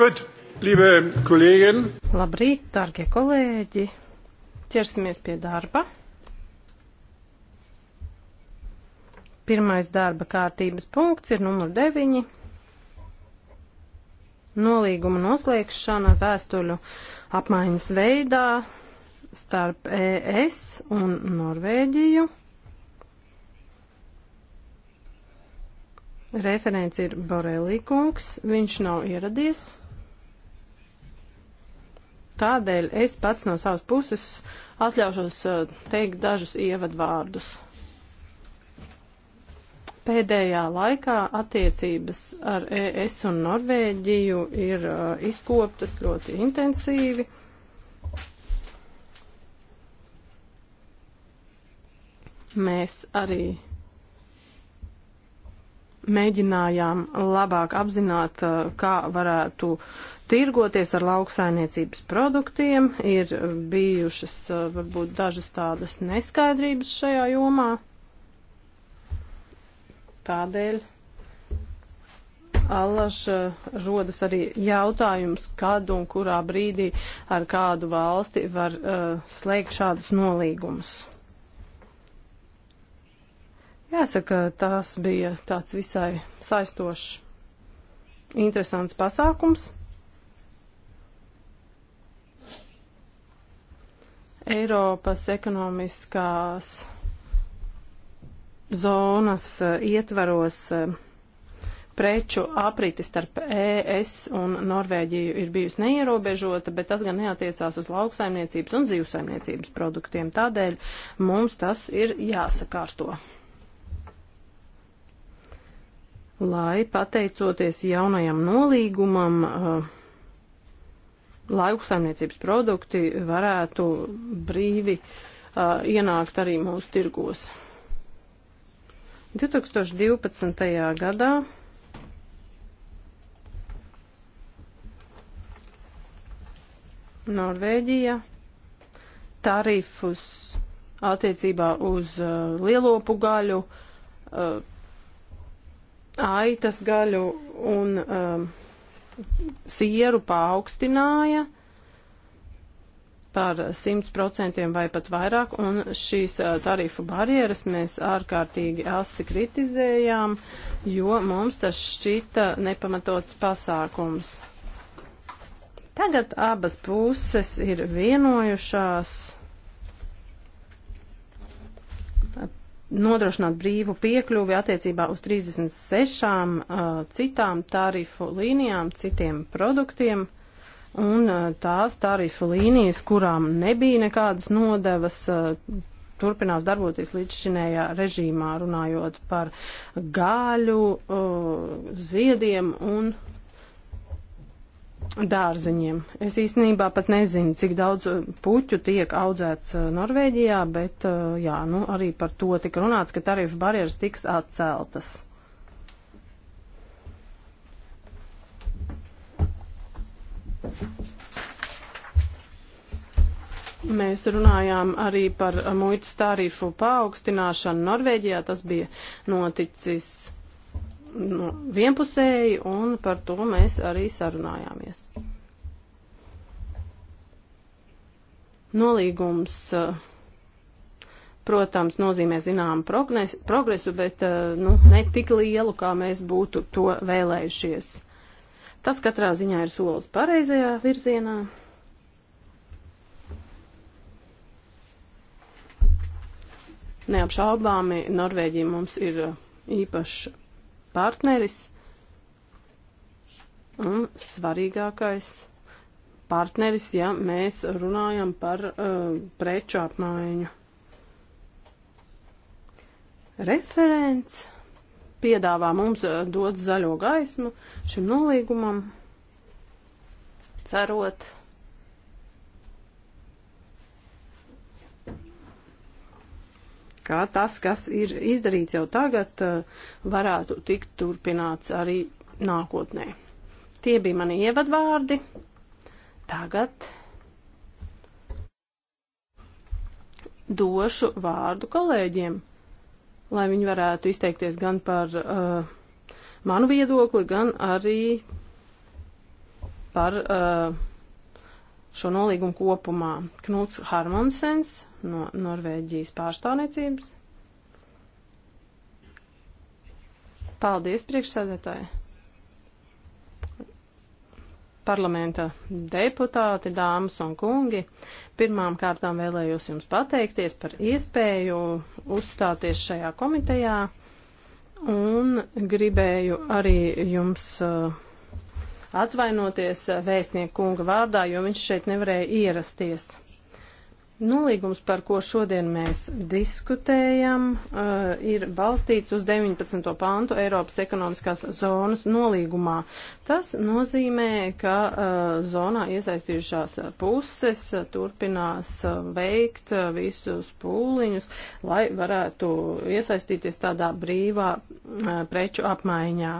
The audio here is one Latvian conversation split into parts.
Good, liebe kolēģi. Labrīt, dārgie kolēģi. Ķersimies pie darba. Pirmais darba kārtības punkts ir numur 9. Nolīguma noslēgšana vēstuļu apmaiņas veidā starp ES un Norvēģiju. Referents ir Borelī kungs, viņš nav ieradies. Tādēļ es pats no savas puses atļaušos eh, teikt dažus ievadvārdus. Pēdējā laikā attiecības ar ES un Norvēģiju ir eh, izkoptas ļoti intensīvi. Mēs arī mēģinājām labāk apzināt, eh, kā varētu uh, tirgoties ar lauksainiecības produktiem. Ir bijušas uh, varbūt dažas tādas neskaidrības šajā jomā. Tādēļ allaža uh, rodas arī jautājums, kad un kurā brīdī ar kādu valsti var uh, slēgt šādus nolīgumus. Jāsaka, tās bija tāds visai saistošs, interesants pasākums. Eiropas ekonomiskās zonas eh, ietvaros eh, preču aprīti starp ES un Norvēģiju ir bijusi neierobežota, bet tas gan neatiecās uz lauksaimniecības un zīvsaimniecības produktiem. Tādēļ mums tas ir jāsakārto. Lai pateicoties jaunajam nolīgumam, uh, lauksaimniecības produkti varētu brīvi uh, ienākt arī mūsu tirgos. 2012. gadā Norvēģija tarifus attiecībā uz uh, lielopu gaļu, uh, aitas gaļu un uh, sieru paaugstināja par 100% vai pat vairāk, un šīs tarifu barjeras mēs ārkārtīgi asi kritizējām, jo mums tas šķita nepamatots pasākums. Tagad abas puses ir vienojušās nodrošināt brīvu piekļuvi attiecībā uz 36 uh, citām tarifu līnijām, citiem produktiem. Un uh, tās tarifu līnijas, kurām nebija nekādas nodevas, uh, turpinās darboties līdzšinējā režīmā, runājot par gāļu, uh, ziediem un dārziņiem. Es īstenībā pat nezinu, cik daudz eh, puķu tiek audzēts eh, Norvēģijā, bet eh, jā, nu, arī par to tika runāts, ka tarifu barjeras tiks atceltas. Mēs runājām arī par muitas tarifu paaugstināšanu Norvēģijā. Tas bija noticis nu, vienpusēji, un par to mēs arī sarunājāmies. Nolīgums, eh, protams, nozīmē zinām progresu, bet eh, nu, ne tik lielu, kā mēs būtu to vēlējušies. Tas katrā ziņā ir solis pareizajā virzienā. Neapšaubāmi Norvēģija mums ir eh, īpašs partneris un svarīgākais partneris, ja mēs runājam par uh, preču apmaiņu. Referents piedāvā mums uh, dot zaļo gaismu šim nolīgumam, cerot ka tas, kas ir izdarīts jau tagad, eh, varētu tikt turpināts arī nākotnē. Tie bija mani ievadvārdi. Tagad došu vārdu kolēģiem, lai viņi varētu izteikties gan par uh, manu viedokli, gan arī par uh, šo nolīgumu kopumā. Knūts Harmonsens no Norvēģijas pārstāvniecības. Paldies priekšsēdētāji! parlamenta deputāti, dāmas un kungi. Pirmām kārtām vēlējos jums pateikties par iespēju uzstāties šajā komitejā un gribēju arī jums uh, atvainoties uh, vēstnieku kunga vārdā, jo viņš šeit nevarēja ierasties. Nolīgums, par ko šodien mēs diskutējam, eh, ir balstīts uz 19. pantu Eiropas ekonomiskās zonas nolīgumā. Tas nozīmē, ka eh, zonā iesaistījušās puses turpinās eh, veikt visus pūliņus, lai varētu iesaistīties tādā brīvā preču apmaiņā.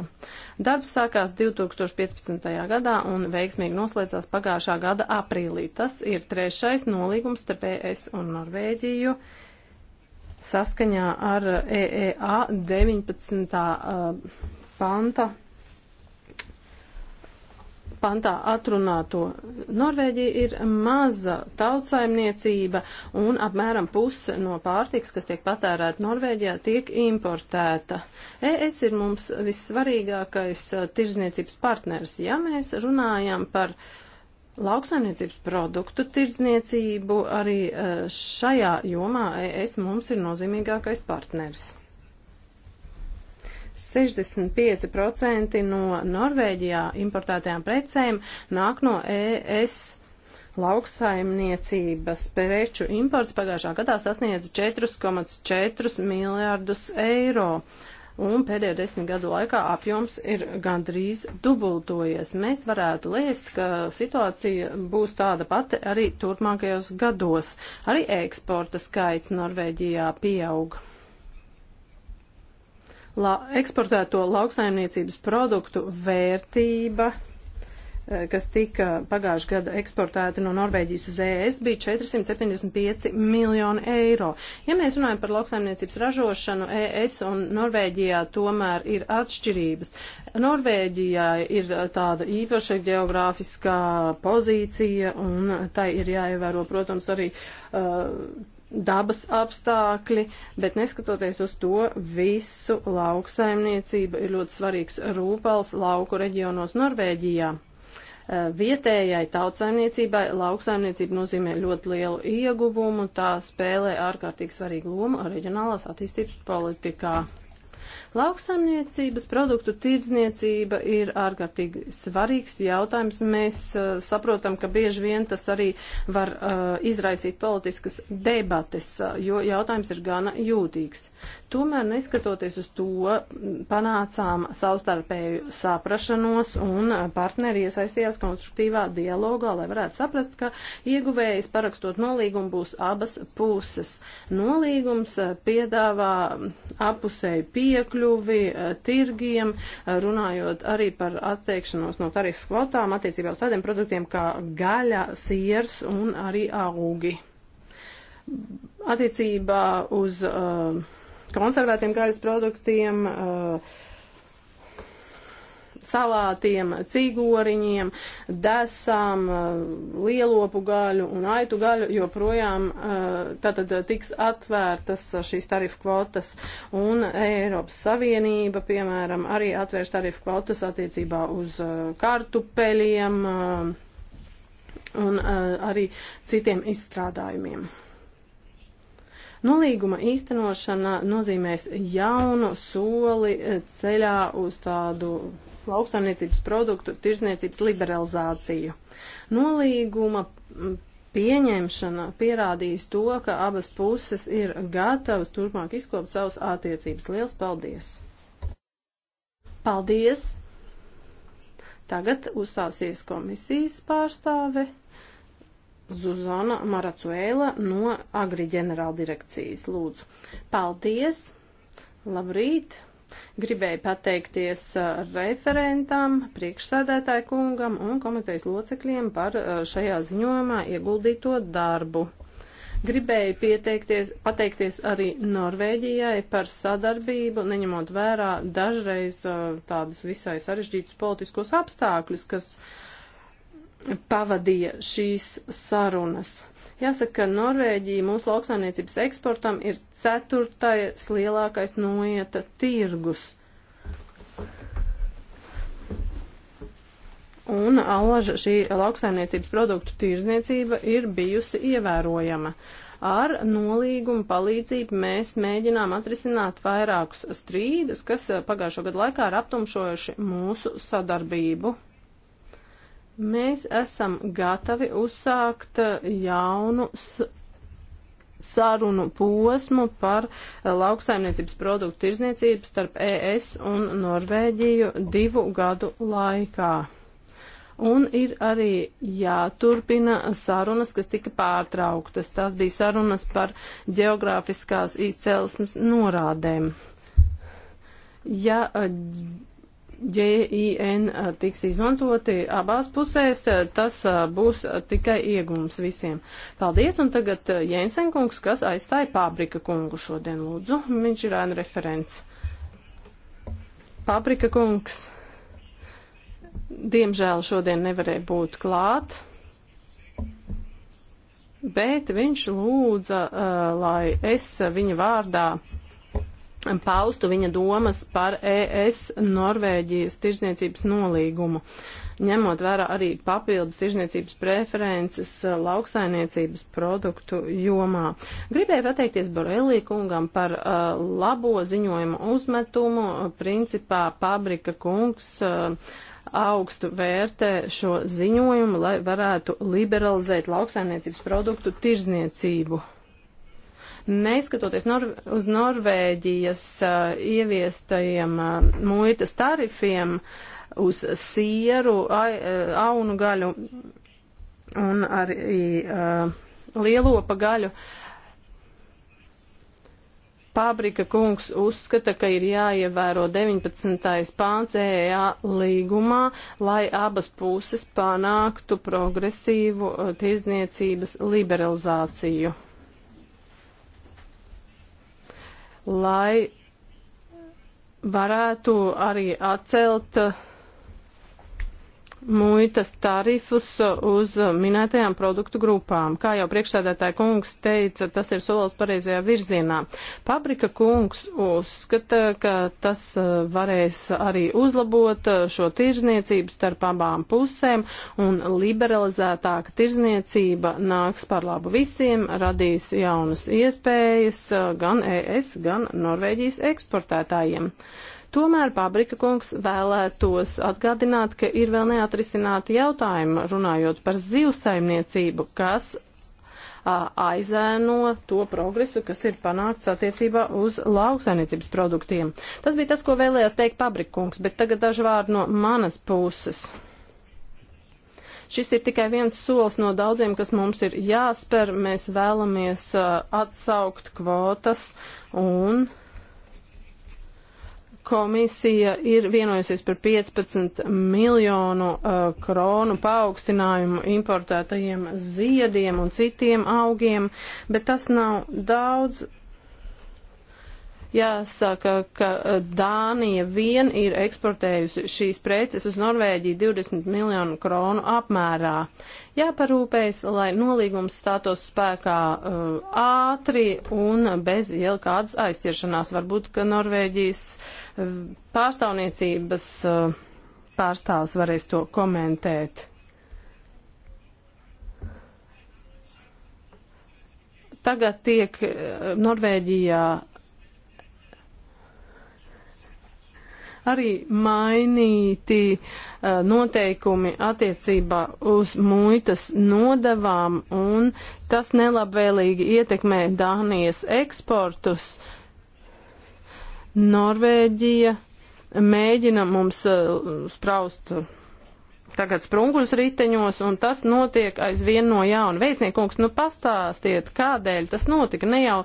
Darbs sākās 2015. gadā un veiksmīgi noslēdzās pagājušā gada aprīlī. Tas ir trešais nolīgums starp ES un Norvēģiju saskaņā ar EEA 19. Eh, panta pantā atrunāto. Norvēģija ir maza tautsaimniecība un apmēram puse no pārtiks, kas tiek patērēta Norvēģijā, tiek importēta. ES e ir mums vissvarīgākais eh, tirzniecības partners. Ja mēs runājam par uh, lauksaimniecības produktu tirdzniecību, arī eh, šajā jomā es mums ir nozīmīgākais partners. 65% no Norvēģijā importētajām precēm nāk no ES lauksaimniecības preču imports pagājušā gadā sasniedza 4,4 miljārdus eiro. Uh, un pēdējo desmit gadu laikā apjoms ir gandrīz dubultojies. Mēs varētu liest, ka situācija būs tāda pati arī turpmākajos gados. Arī eksporta skaits Norvēģijā pieaug. La, eksportēto lauksaimniecības produktu vērtība Eh, kas tika pagājušajā gadā eksportēti no Norvēģijas uz ES, bija 475 miljoni eiro. Ja mēs runājam par lauksaimniecības ražošanu, ES un Norvēģijā tomēr ir atšķirības. Norvēģijā ir tāda īpaša geogrāfiskā pozīcija, un tai ir jāievēro, protams, arī. Uh, dabas apstākļi, bet neskatoties uz to, visu lauksaimniecība ir ļoti svarīgs rūpals lauku reģionos Norvēģijā. Eh, vietējai tautsaimniecībai lauksaimniecība nozīmē ļoti lielu ieguvumu, tā spēlē ārkārtīgi svarīgu lomu reģionālās attīstības politikā. Lauksaimniecības produktu tirdzniecība ir ārkārtīgi svarīgs jautājums. Mēs uh, saprotam, ka bieži vien tas arī var uh, izraisīt politiskas debates, uh, jo jautājums ir gana jūtīgs. Tomēr, neskatoties uz to, panācām savstarpēju saprašanos un uh, partneri iesaistījās konstruktīvā dialogā, lai varētu saprast, ka ieguvējs parakstot nolīgumu būs abas puses. Nolīgums uh, piedāvā uh, apusēju piekļu piekļuvi eh, tirgiem, eh, runājot arī par atteikšanos no tarifu kvotām attiecībā uz tādiem produktiem kā gaļa, siers un arī augi. Attiecībā uz uh, konservētiem gaļas produktiem. Uh, salātiem, cigoriņiem, desām, lielopu gaļu un aitu gaļu, joprojām eh, tātad eh, tiks atvērtas šīs tarifu kvotas. Un Eiropas Savienība, piemēram, arī atvērs tarifu kvotas attiecībā uz eh, kartupeļiem un arī citiem izstrādājumiem. Nolīguma īstenošana nozīmēs jaunu soli ceļā uz tādu lauksaimniecības produktu tirzniecības liberalizāciju. Nolīguma pieņemšana pierādīs to, ka abas puses ir gatavas turpmāk izkopt savas attiecības. Liels paldies! Paldies! Tagad uzstāsies komisijas pārstāve Zuzana Maracuēla no Agri ģenerāldirekcijas. Lūdzu, paldies! Labrīt! Gribēju pateikties uh, referentam, priekšsēdētāju kungam un komitejas locekļiem par uh, šajā ziņojumā ieguldīto darbu. Gribēju pieteikties, pateikties arī Norvēģijai par sadarbību, neņemot vērā dažreiz uh, tādus visai sarežģītus politiskos apstākļus, kas pavadīja šīs sarunas. Jāsaka, ka Norvēģija mūsu lauksaimniecības eksportam ir ceturtais lielākais noieta tirgus. Un alaža šī lauksaimniecības produktu tirzniecība ir bijusi ievērojama. Ar nolīgumu palīdzību mēs mēģinām atrisināt vairākus strīdus, kas pagājušo gadu laikā ir aptumšojuši mūsu sadarbību. Mēs esam gatavi uzsākt eh, jaunu sarunu posmu par eh, lauksaimniecības produktu tirzniecību starp ES un Norvēģiju divu gadu laikā. Un ir arī jāturpina sarunas, kas tika pārtrauktas. Tās bija sarunas par geogrāfiskās izcelsmes norādēm. Ja eh, GIN eh, tiks izmantoti abās pusēs, eh, tas eh, būs tikai iegums visiem. Paldies, un tagad Jēnsen kungs, kas aizstāja Pābrika kungu šodien, lūdzu, viņš ir ēna referents. Pābrika kungs, diemžēl šodien nevarēja būt klāt, bet viņš lūdza, lai es viņa vārdā paustu viņa domas par ES Norvēģijas tirzniecības nolīgumu, ņemot vērā arī papildus tirzniecības preferences eh, lauksainiecības produktu jomā. Gribēju pateikties Borelī kungam par uh, labo ziņojumu uzmetumu, principā Pabrika kungs. Uh, augstu vērtē šo ziņojumu, lai varētu liberalizēt lauksaimniecības produktu tirzniecību. Neskatoties nor uz Norvēģijas uh, ieviestajiem uh, muitas tarifiem, uz sieru, ai, uh, aunu gaļu un arī uh, lielopa gaļu, uh, Pabrika kungs uzskata, ka ir jāievēro 19. pāns EEA līgumā, lai abas puses panāktu progresīvu uh, tirzniecības liberalizāciju. lai varētu arī atcelt uh, muitas tarifus uz minētajām produktu grupām. Kā jau priekšsēdētāja kungs teica, tas ir solis pareizajā virzienā. Paprika kungs uzskata, ka tas eh, varēs arī uzlabot eh, šo tirzniecību starp abām pusēm, un liberalizētāka tirzniecība nāks par labu visiem, radīs jaunas iespējas eh, gan ES, gan Norvēģijas eksportētājiem. Tomēr Pabrika kungs vēlētos atgādināt, ka ir vēl neatrisināti jautājumi runājot par zivsaimniecību, kas aizēno to progresu, kas ir panākts attiecībā uz lauksainiecības produktiem. Tas bija tas, ko vēlējās teikt Pabrikungs, bet tagad daži vārdi no manas puses. Šis ir tikai viens solis no daudziem, kas mums ir jāsper. Mēs vēlamies uh, atsaukt kvotas un uh, Komisija ir vienojusies par 15 miljonu uh, kronu paaugstinājumu importētajiem ziediem un citiem augiem, bet tas nav daudz Jāsaka, ka eh, Dānija vien ir eksportējusi šīs preces uz Norvēģiju 20 miljonu kronu apmērā. Jāparūpējas, lai nolīgums stātos spēkā uh, ātri un bez jau kādas aiztiešanās. Varbūt, ka Norvēģijas uh, pārstāvniecības uh, pārstāvs varēs to komentēt. tagad tiek Norvēģijā arī mainīti uh, noteikumi attiecībā uz muitas nodevām, un tas nelabvēlīgi ietekmē Dānijas eksportus. Norvēģija mēģina mums uh, spraust. Uh, tagad sprunguļus riteņos, un tas notiek aizvien no jauna. Veisniekungs, nu pastāstiet, kādēļ tas notika, ne jau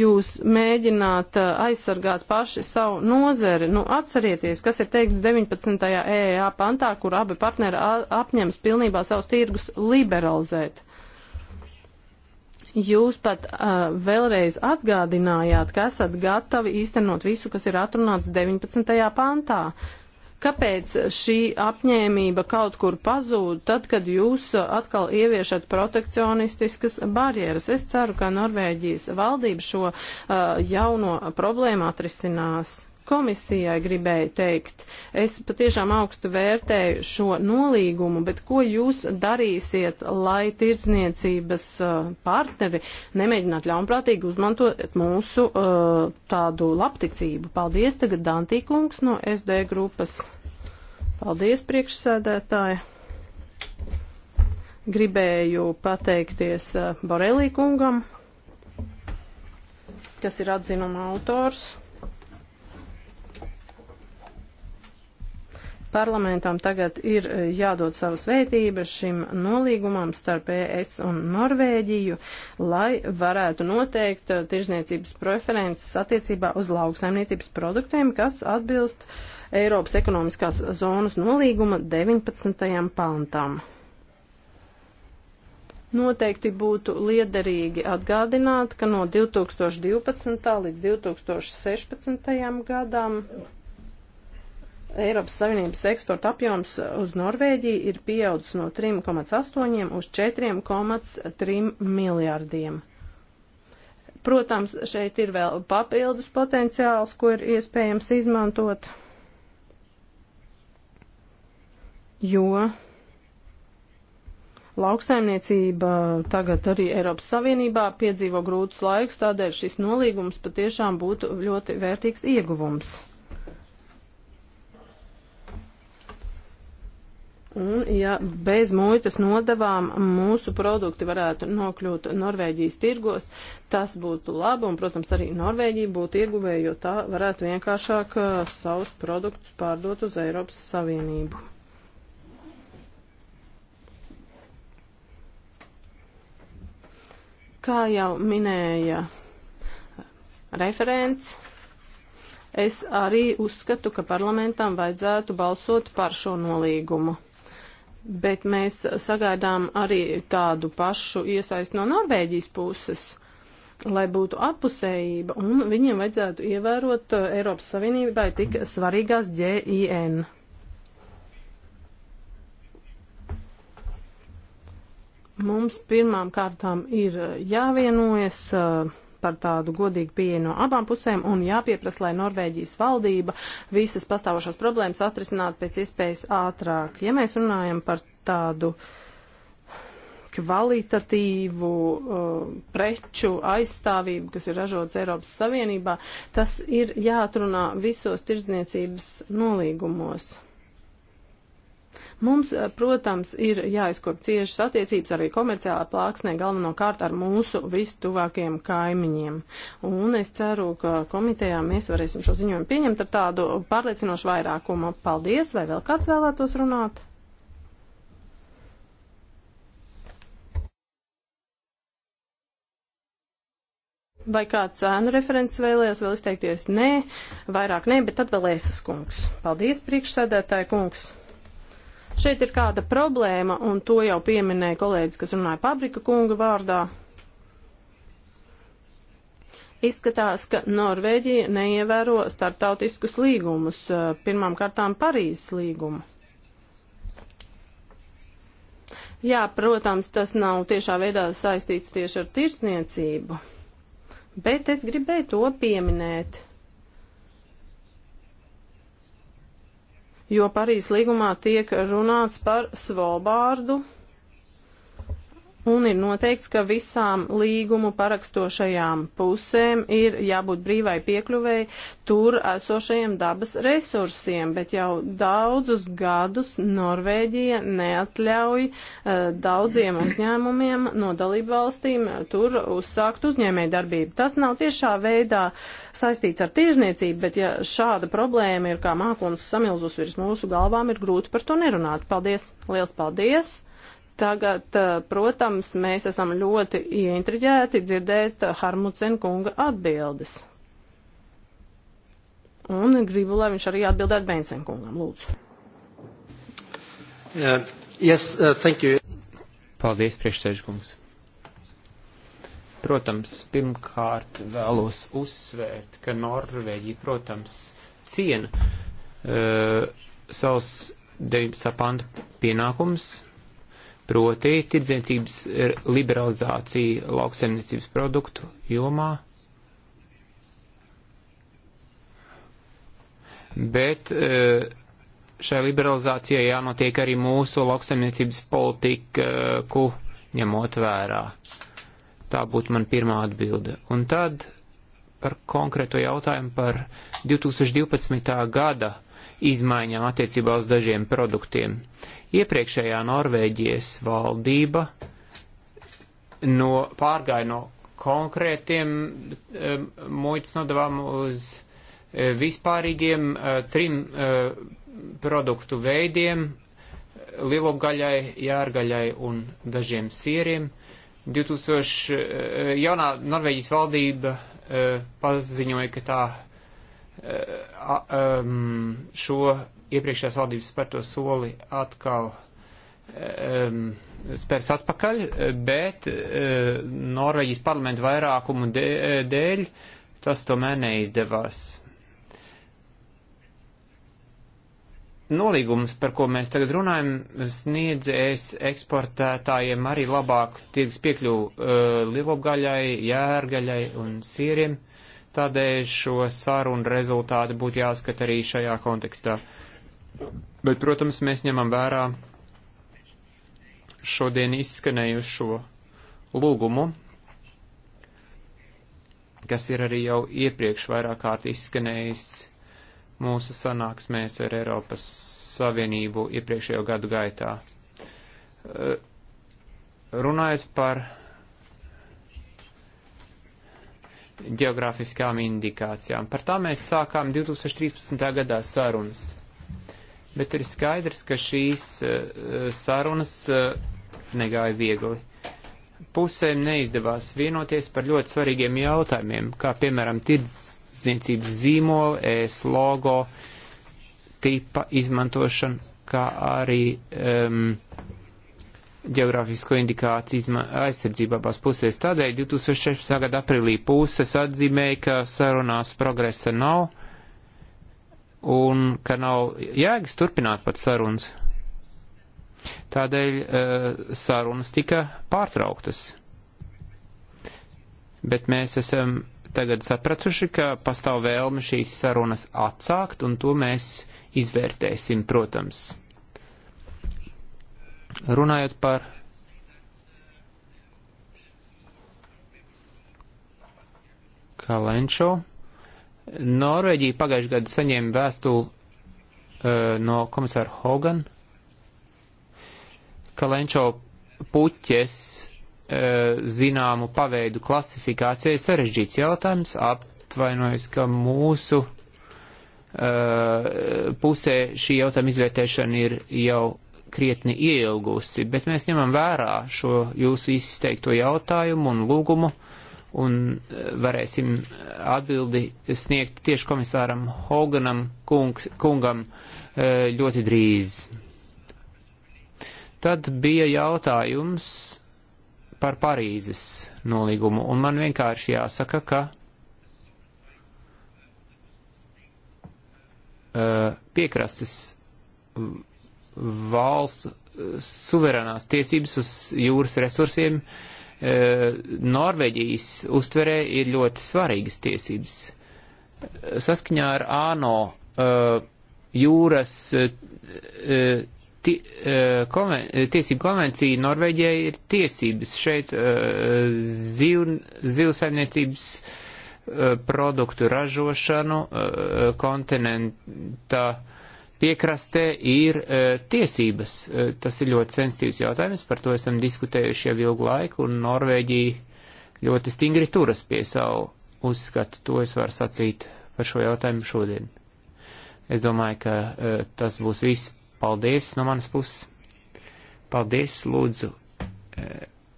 jūs mēģināt uh, aizsargāt paši savu nozari. Nu, atcerieties, kas ir teikts 19. EEA pantā, kur abi partneri apņems pilnībā savus tirgus liberalizēt. Jūs pat uh, vēlreiz atgādinājāt, ka esat gatavi īstenot visu, kas ir atrunāts 19. pantā. Uh, Kāpēc šī apņēmība kaut kur pazūd, tad, kad jūs atkal ieviešat protekcionistiskas barjeras? Es ceru, ka Norvēģijas valdība šo uh, jauno problēmu atrisinās komisijai gribēju teikt. Es patiešām augstu vērtēju šo nolīgumu, bet ko jūs darīsiet, lai tirdzniecības uh, partneri nemēģinātu ļaunprātīgi uzmantot mūsu uh, tādu labticību? Paldies tagad Dantīkungs no SD grupas. Paldies priekšsēdētāji. Gribēju pateikties uh, Borelī kungam, kas ir atzinuma autors. Parlamentam tagad ir e, jādod savas vērtības šim nolīgumam starp ES un Norvēģiju, lai varētu noteikt e, tirzniecības preferences attiecībā uz lauksaimniecības produktiem, kas atbilst Eiropas ekonomiskās zonas nolīguma 19. pantam. Noteikti būtu liederīgi atgādināt, ka no 2012. līdz 2016. gadam Eiropas Savienības eksporta apjoms uz Norvēģiju ir pieaudzis no 3,8 uz 4,3 miljārdiem. Protams, šeit ir vēl papildus potenciāls, ko ir iespējams izmantot, jo lauksaimniecība tagad arī Eiropas Savienībā piedzīvo grūtus laikus, tādēļ šis nolīgums patiešām būtu ļoti vērtīgs ieguvums. Un, ja bez muitas nodavām mūsu produkti varētu nokļūt Norvēģijas tirgos, tas būtu labi, un, protams, arī Norvēģija būtu ieguvēja, jo tā varētu vienkāršāk uh, savus produktus pārdot uz Eiropas Savienību. Kā jau minēja referents, es arī uzskatu, ka parlamentam vajadzētu balsot par šo nolīgumu bet mēs sagaidām arī tādu pašu iesaist no Norvēģijas puses, lai būtu apusējība, un viņiem vajadzētu ievērot uh, Eiropas Savienībai tik svarīgās GIN. Mums pirmām kārtām ir uh, jāvienojas uh, par tādu godīgu pieeju no abām pusēm un jāpieprasa, lai Norvēģijas valdība visas pastāvošās problēmas atrisinātu pēc iespējas ātrāk. Ja mēs runājam par tādu kvalitatīvu uh, preču aizstāvību, kas ir ražots Eiropas Savienībā, tas ir jāatrunā visos tirdzniecības nolīgumos. Mums, eh, protams, ir jāizkop ciešas attiecības arī komerciālā plāksnē galvenokārt ar mūsu vistuvākajiem kaimiņiem. Un es ceru, ka komitejā mēs varēsim šo ziņojumu pieņemt ar tādu pārliecinošu vairākumu. Paldies, vai vēl kāds vēlētos runāt? Vai kāds ēnu referents vēlējās vēl izteikties? Nē, vairāk nē, bet tad vēl ēsas kungs. Paldies, priekšsēdētāja kungs. Šeit ir kāda problēma, un to jau pieminēja kolēģis, kas runāja Pabrika kunga vārdā. Izskatās, ka Norvēģija neievēro startautiskus līgumus, eh, pirmām kārtām Parīzes līgumu. Jā, protams, tas nav tiešā veidā saistīts tieši ar tirsniecību, bet es gribēju to pieminēt. jo Parīzes līgumā tiek runāts par Svalbārdu un ir noteikts, ka visām līgumu parakstošajām pusēm ir jābūt brīvai piekļuvēji tur esošajiem dabas resursiem, bet jau daudzus gadus Norvēģija neatļauj uh, daudziem uzņēmumiem no dalību valstīm tur uzsākt uzņēmēju darbību. Tas nav tiešā veidā saistīts ar tirzniecību, bet ja šāda problēma ir kā mākons samilzus virs mūsu galvām, ir grūti par to nerunāt. Paldies! Liels paldies! Tagad, eh, protams, mēs esam ļoti ieintriģēti dzirdēt eh, Harmucena kunga atbildes. Un gribu, lai viņš arī atbildētu Bensena kungam, lūdzu. Uh, yes, uh, thank you. Paldies, priekšsēžkungs. Protams, pirmkārt vēlos uzsvērt, ka Norvēģija, protams, ciena uh, savus 19. pantu pienākums proti tirdzniecības er, liberalizācija lauksaimniecības produktu jomā, bet eh, šai liberalizācijai jānotiek arī mūsu lauksaimniecības politiku eh, ņemot vērā. Tā būtu man pirmā atbilde. Un tad par konkrēto jautājumu par 2012. gada izmaiņām attiecībā uz dažiem produktiem. Uh, Iepriekšējā Norvēģijas valdība no, pārgāja no konkrētiem um, muitas nodavām uz uh, vispārīgiem uh, trim uh, produktu veidiem - lielopgaļai, jārgaļai un dažiem sieriem. 2000 uh, jaunā Norvēģijas valdība uh, paziņoja, ka tā uh, um, šo iepriekšējās valdības spērto soli atkal um, ehm, spērs atpakaļ, bet uh, Norvēģijas parlamenta vairākumu eh, dēļ tas tomēr neizdevās. Nolīgums, par ko mēs tagad runājam, sniedzēs eksportētājiem arī labāku tirgus piekļuvu uh, eh, lielopgaļai, jērgaļai un sieriem. Tādēļ šo sarunu rezultāti būtu jāskat arī šajā kontekstā. Uh, Bet, protams, mēs ņemam vērā šodien izskanējušo lūgumu, kas ir arī jau iepriekš vairāk kārt izskanējis mūsu sanāksmēs ar Eiropas Savienību iepriekšējo gadu gaitā. Eh, runājot par geogrāfiskām indikācijām. Par tā mēs sākām 2013. gadā sarunas bet ir skaidrs, ka šīs eh, sarunas eh, negāja viegli. Pusēm neizdevās vienoties par ļoti svarīgiem jautājumiem, kā piemēram tirdzniecības zīmola, ēs logo, tipa izmantošana, kā arī um, ģeogrāfisko indikāciju aizsardzību abās pusēs. Tādēļ 2016. gada aprīlī puses atzīmēja, ka sarunās progresa nav un ka nav jēgas turpināt pat sarunas. Tādēļ eh, sarunas tika pārtrauktas. Bet mēs esam tagad sapratuši, ka pastāv vēlme šīs sarunas atsākt, un to mēs izvērtēsim, protams. Runājot par Kalenčo, Norvēģija pagājušajā gadā saņēma vēstuli uh, no komisāra Hogan, ka Lenčo puķes uh, zināmu paveidu klasifikācijai sarežģīts jautājums, aptvainojas, ka mūsu uh, pusē šī jautājuma izvērtēšana ir jau krietni ieilgusi, bet mēs ņemam vērā šo jūsu izteikto jautājumu un lūgumu. Uh, un e, varēsim e, atbildi sniegt tieši komisāram Hoganam kungs, kungam e, ļoti drīz. Tad bija jautājums par Parīzes nolīgumu, un man vienkārši jāsaka, ka piekrastes valsts suverenās tiesības uz jūras resursiem uh, E, Norvēģijas uztverē ir ļoti svarīgas tiesības. Saskaņā ar ANO e, jūras e, konven, tiesību konvencija Norvēģijai ir tiesības šeit ziv, zivsaimniecības produktu ražošanu kontinenta uh, piekrastē ir e, tiesības. E, tas ir ļoti sensitīvs jautājums, par to esam diskutējuši jau ilgu laiku, un Norvēģija ļoti stingri turas pie savu uzskatu. To es varu sacīt par šo jautājumu šodien. Es domāju, ka e, tas būs viss. Paldies no manas puses. Paldies, lūdzu. E,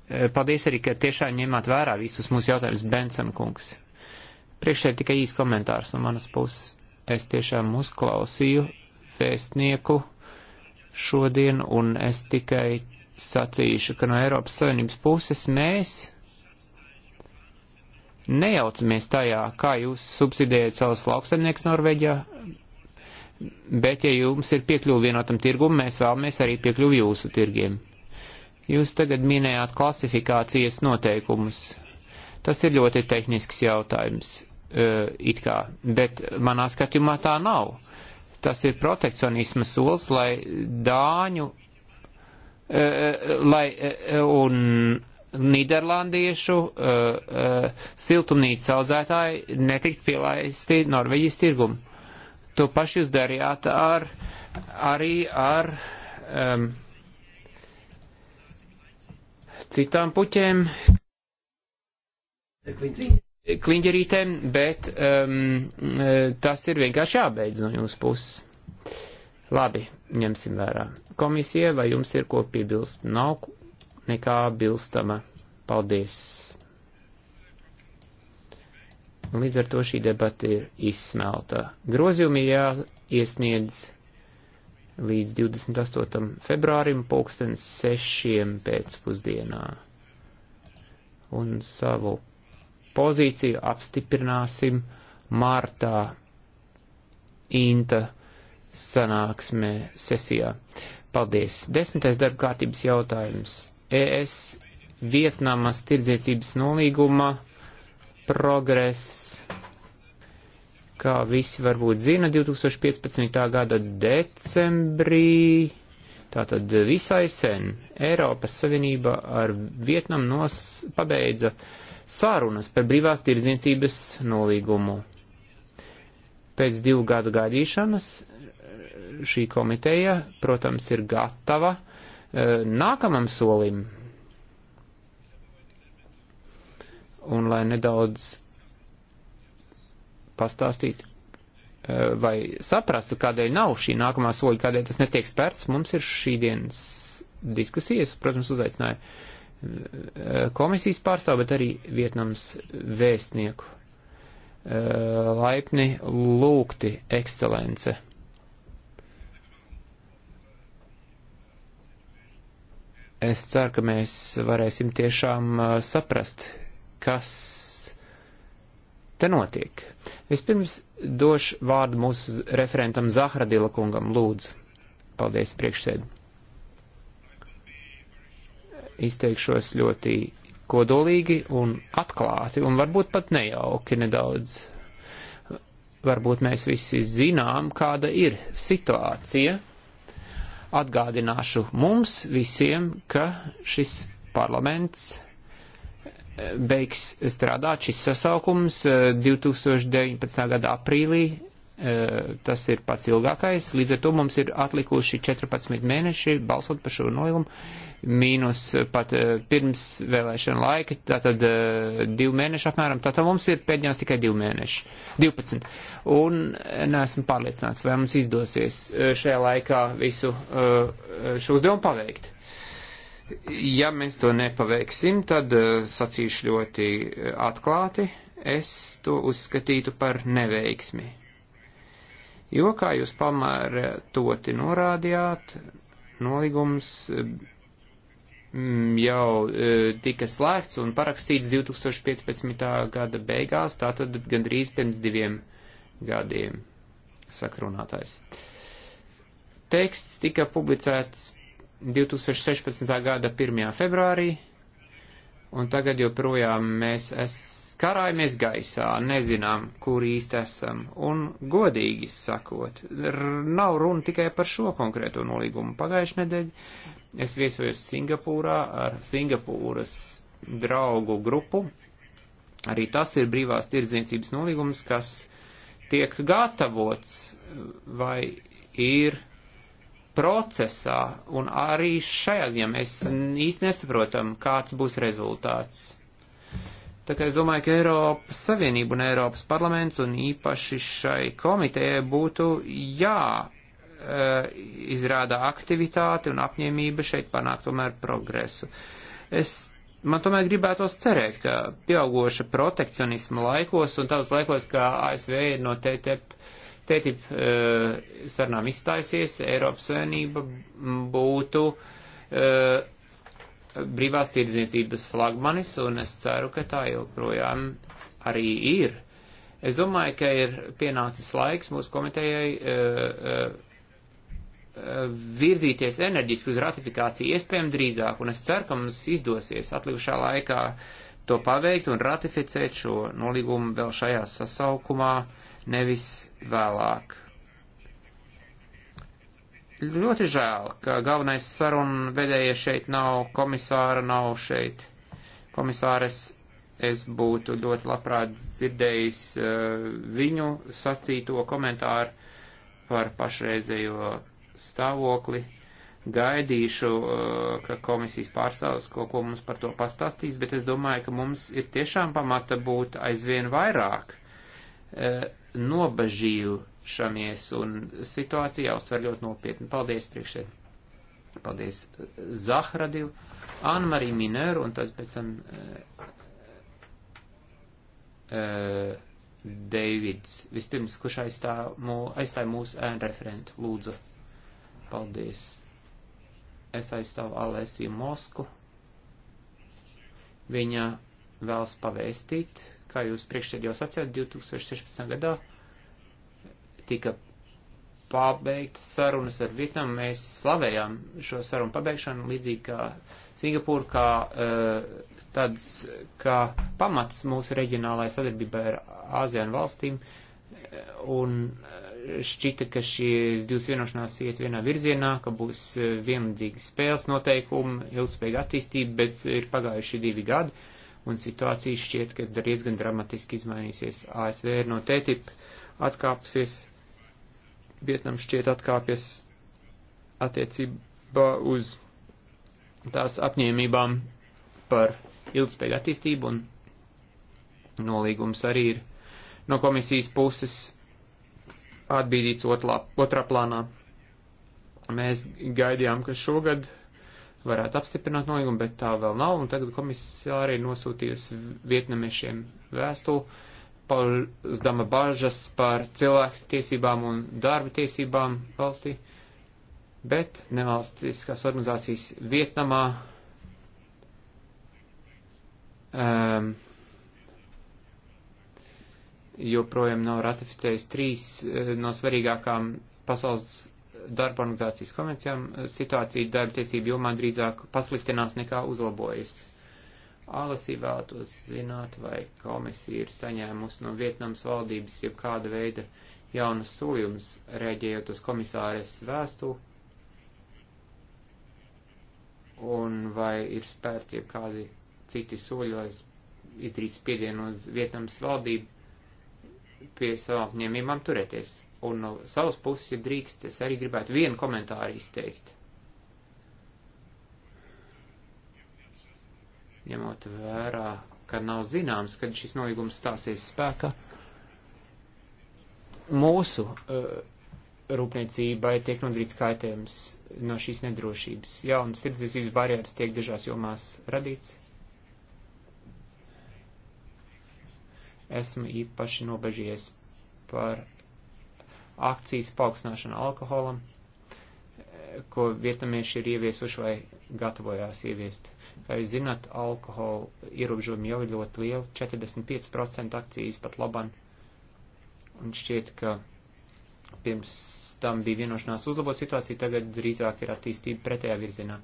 e, paldies arī, ka tiešām ņemāt vērā visus mūsu jautājumus, Benson kungs. Priekšē tikai īs komentārs no manas puses. Es tiešām uzklausīju vēstnieku šodien, un es tikai sacīšu, ka no Eiropas Savienības puses mēs nejaucamies tajā, kā jūs subsidējat savus lauksaimnieks Norvēģijā, bet ja jums ir piekļuvi vienotam tirgum, mēs vēlamies arī piekļuvi jūsu tirgiem. Jūs tagad minējāt klasifikācijas noteikumus. Tas ir ļoti tehnisks jautājums, eh, it kā, bet manā skatījumā tā nav. Tas ir protekcionisma solis, lai dāņu e, e, lai, e, un Nīderlandiešu siltumnīca audzētāji netikt pielaisti Norvēģijas tirgumu. To paši jūs darījāt ar, arī ar um, citām puķēm. Kvintiņa kliņģerītēm, bet um, tas ir vienkārši jābeidz no jūsu puses. Labi, ņemsim vērā. Komisija, vai jums ir ko piebilst? Nav nekā bilstama. Paldies. Līdz ar to šī debata ir izsmelta. Grozījumi jāiesniedz līdz 28. februārim pulkstens sešiem pēcpusdienā. Un savu pozīciju apstiprināsim martā Inta sanāksmē sesijā. Paldies. Desmitais darba kārtības jautājums. ES Vietnamas tirdzniecības nolīguma progress. Kā visi varbūt zina, 2015. gada decembrī Tātad visai sen Eiropas Savienība ar Vietnam nos pabeidza sārunas par brīvās tirdzniecības nolīgumu. Pēc divu gadu gaidīšanas šī komiteja, protams, ir gatava e, nākamam solim. Un lai nedaudz pastāstītu, Eh, vai saprastu, kādēļ nav šī nākamā soļa, kādēļ tas netiek spērts, mums ir šī dienas diskusijas, protams, uzaicināja eh, komisijas pārstāvu, bet arī Vietnams vēstnieku eh, laipni lūgti ekscelence. Es ceru, ka mēs varēsim tiešām saprast, kas te notiek. Vispirms Došu vārdu mūsu referentam Zahradila kungam, lūdzu. Paldies, priekšsēd. Izteikšos ļoti kodolīgi un atklāti, un varbūt pat nejauki nedaudz. Varbūt mēs visi zinām, kāda ir situācija. Atgādināšu mums visiem, ka šis parlaments beigs strādāt šis sasaukums 2019. Eh, gada aprīlī. Eh, tas ir pats ilgākais. Līdz ar to mums ir atlikuši 14 mēneši balsot par šo nolīgumu, mīnus pat eh, pirms vēlēšana laika, tātad divi mēneši apmēram. Tātad mums ir pēdējās tikai divi mēneši, 12. Un neesmu pārliecināts, vai mums izdosies šajā laikā visu šo uzdevumu paveikt. Ja mēs to nepaveiksim, tad eh, sacīšu ļoti eh, atklāti, es to uzskatītu par neveiksmi. Jo, kā jūs pamērtoti norādījāt, nolīgums mm, jau eh, tika slēgts un parakstīts 2015. gada beigās, tātad gandrīz pirms diviem gadiem, sakrunātājs. Teksts tika publicēts 2016. gada 1. februārī, un tagad joprojām mēs karājamies gaisā, nezinām, kur īsti esam, un godīgi sakot, nav runa tikai par šo konkrēto nolīgumu. Pagājušajā nedēļā es viesojos Singapūrā ar Singapūras draugu grupu. Arī tas ir brīvās tirdzniecības nolīgums, kas tiek gatavots vai ir procesā, un arī šajā ziņā mēs īsti nesaprotam, kāds būs rezultāts. Tā kā es domāju, ka Eiropas Savienība un Eiropas parlaments un īpaši šai komitejai būtu jā eh, izrāda aktivitāti un apņēmība šeit panākt tomēr progresu. Es man tomēr gribētos cerēt, ka pieaugoša protekcionisma laikos un tās laikos, kā ASV ir no TTIP TTIP eh, sarunām izstājusies, Eiropas Savienība būtu eh, brīvās tirdzniecības flagmanis, un es ceru, ka tā joprojām arī ir. Es domāju, ka ir pienācis laiks mūsu komitejai eh, virzīties enerģiski uz ratifikāciju iespējami drīzāk, un es ceru, ka mums izdosies atlikušā laikā to paveikt un ratificēt šo nolīgumu vēl šajā sasaukumā. Uh, nevis vēlāk. Ļoti žēl, ka galvenais saruna vedējies šeit nav, komisāra nav šeit. Komisāres es būtu ļoti labprāt dzirdējis uh, viņu sacīto komentāru par pašreizējo stāvokli. Gaidīšu, uh, ka komisijas pārstāvis kaut ko mums par to pastāstīs, bet es domāju, ka mums ir tiešām pamata būt aizvien vairāk uh, nobežījušamies un situācija jāuztver ļoti nopietni. Paldies priekšē. Paldies Zahradivu, Anmarī Mineru un tad pēc tam uh, eh, uh, eh, Deivids. Vispirms, kurš aizstāja mū, aizstā mūsu ēnu referentu, lūdzu. Paldies. Es aizstāvu Alēsiju Mosku. Viņa vēlas pavēstīt Kā jūs priekšsēd jau sacījāt, 2016. gadā tika pabeigtas sarunas ar Vietnamu. Mēs slavējām šo sarunu pabeigšanu līdzīgi kā Singapūra, kā uh, tāds, kā pamats mūsu reģionālajai sadarbībai ar ASEAN valstīm. Eh, un eh, šķita, ka šīs divas vienošanās iet vienā virzienā, ka būs vienlīdzīgi spēles noteikumi, ilgspējīga attīstība, bet ir pagājuši divi gadi un situācija šķiet, ka diezgan dramatiski izmainīsies. ASV ir no TTIP atkāpsies, Vietnam šķiet atkāpjas attiecībā uz tās apņēmībām par ilgspējīgu attīstību un nolīgums arī ir no komisijas puses atbīdīts otrā, otrā plānā. Mēs gaidījām, ka šogad varētu apstiprināt nolīgumu, bet tā vēl nav, un tagad komisija arī nosūtījusi vietnamiešiem vēstuli, pauzdama bažas par cilvēku tiesībām un darba tiesībām valstī, bet nevalstiskās organizācijas Vietnamā um, joprojām nav ratificējis trīs eh, no svarīgākām pasaules darba organizācijas konvencijām situācija darba tiesību jomā drīzāk pasliktinās nekā uzlabojas. Alasī vēlētos zināt, vai komisija ir saņēmusi no Vietnams valdības jeb kāda veida jaunus solījumus, rēģējot uz komisāres vēstuli, un vai ir spērti jeb kādi citi soļi, lai izdarītu spiedienu uz Vietnams valdību pie savām apņēmībām turēties. Un no savas puses, ja drīkst, es arī gribētu vienu komentāru izteikt. Ņemot vērā, ka nav zināms, kad šis nolīgums stāsies spēkā, mūsu uh, rūpniecībai tiek nodarīts kaitējums no šīs nedrošības. Jaunas tirdzniecības barjeras tiek dažās jomās radīts. Esmu īpaši nobežies par akcijas paaugstināšana alkoholam, ko vietnamieši ir ieviesuši vai gatavojās ieviest. Kā jūs zināt, alkohola ierobežojumi jau ir ļoti lieli, 45% akcijas pat laban. Un šķiet, ka pirms tam bija vienošanās uzlabot situāciju, tagad drīzāk ir attīstība pretējā virzienā.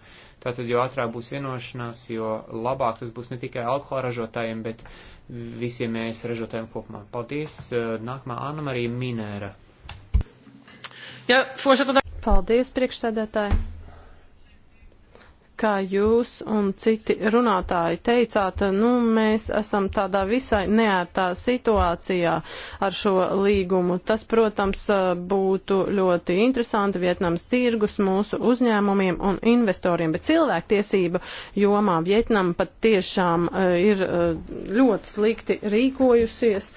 Tātad, jo ātrāk būs vienošanās, jo labāk tas būs ne tikai alkohola ražotājiem, bet visiem mēs ražotājiem kopumā. Paldies! Nākamā Anna Marija Minēra. Ja, Paldies, priekšsēdētāji! kā jūs un citi runātāji teicāt, nu, mēs esam tādā visai neērtā situācijā ar šo līgumu. Tas, protams, būtu ļoti interesanti Vietnams tirgus mūsu uzņēmumiem un investoriem, bet cilvēktiesība jomā Vietnam pat tiešām eh, ir eh, ļoti slikti rīkojusies.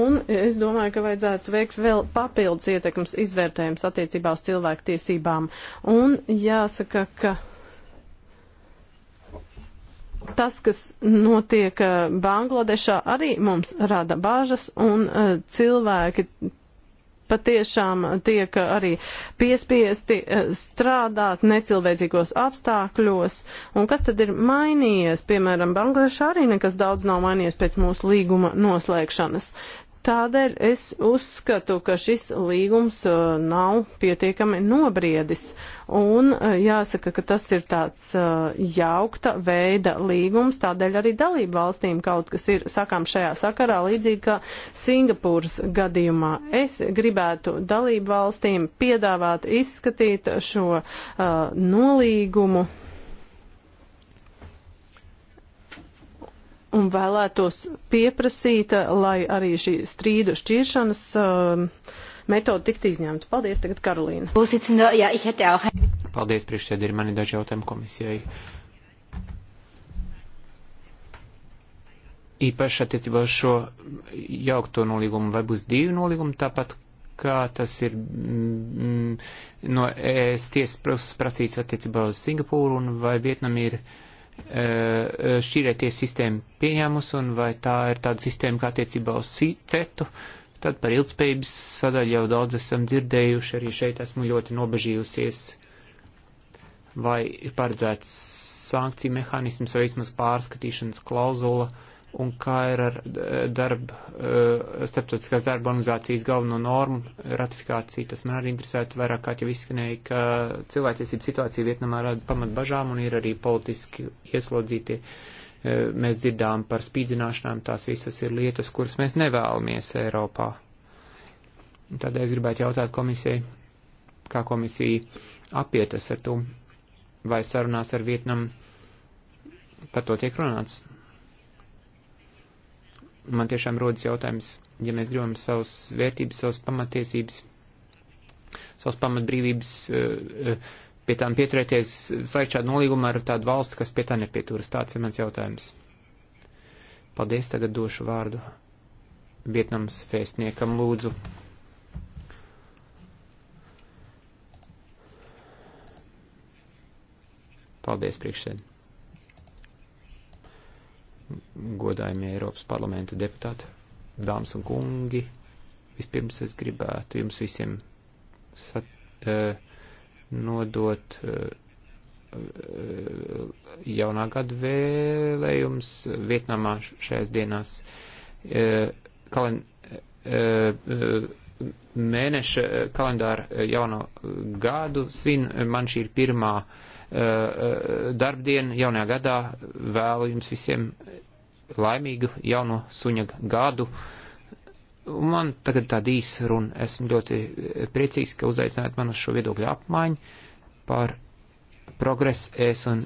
Un es domāju, ka vajadzētu veikt vēl papildus ietekmes izvērtējums attiecībā uz cilvēktiesībām. Un jāsaka, ka tas, kas notiek eh, Bangladešā, arī mums rada bažas un eh, cilvēki patiešām tiek arī piespiesti eh, strādāt necilvēcīgos apstākļos. Un kas tad ir mainījies? Piemēram, Bangladešā arī nekas daudz nav mainījies pēc mūsu līguma noslēgšanas. Tādēļ es uzskatu, ka šis līgums nav pietiekami nobriedis. Uh, Un eh, jāsaka, ka tas ir tāds eh, jaukta veida līgums, tādēļ arī dalību valstīm kaut kas ir sakām šajā sakarā, līdzīgi kā Singapūras gadījumā. Es gribētu dalību valstīm piedāvāt izskatīt šo uh, nolīgumu. un vēlētos pieprasīt, lai arī šī strīdu šķiršanas uh, metoda tikt izņemta. Paldies, tagad Karolīna. Paldies, priekšsēdē, ir mani daži jautājumi komisijai. Īpaši attiecībā uz šo jaukto nolīgumu, vai būs divi nolīgumi, tāpat kā tas ir mm, no ES tiesas prasīts attiecībā uz Singapūru, un vai Vietnam ir e, šķīrēties sistēma pieņēmus, un vai tā ir tāda sistēma kā attiecībā uz CETU. Uh, Tad par ilgspējības sadaļu jau daudz esam dzirdējuši, arī šeit esmu ļoti nobežījusies, vai ir paredzēts sankciju mehānisms vai vismaz pārskatīšanas klauzula, un kā ir ar darba, e, starptautiskās darba organizācijas galveno normu ratifikāciju. Tas man arī interesētu vairāk, kā jau izskanēja, ka cilvēktiesību situācija Vietnamā rada pamat bažām un ir arī politiski ieslodzītie. Uh, Eh, mēs dzirdām par spīdzināšanām, tās visas ir lietas, kuras mēs nevēlamies Eiropā. Tādēļ es gribētu jautāt komisijai, kā komisija apietas ar to, vai sarunās ar Vietnam par to tiek runāts. Man tiešām rodas jautājums, ja mēs gribam savas vērtības, savas pamatiesības, savas pamatbrīvības. Uh, uh, pie tām pieturēties, slēgt šādu nolīgumu ar tādu valsti, kas pie tā nepieturas. Tāds ir mans jautājums. Paldies, tagad došu vārdu Vietnams vēstniekam lūdzu. Paldies, priekšsēdētāji godājumie Eiropas parlamenta deputāti, dāmas un kungi, vispirms es gribētu jums visiem sat, uh, nodot eh, jaunā gada vēlējums Vietnamā šajās dienās. Eh, Kalen, eh, mēneša kalendāra jauno gadu svin, man šī ir pirmā darbdiena jaunajā gadā. Vēlu jums visiem laimīgu jauno suņa gadu. Uh, Man tagad tāda īsa runa. Esmu ļoti eh, priecīgs, ka uzaicinājāt man uz šo viedokļu apmaiņu par progresu es un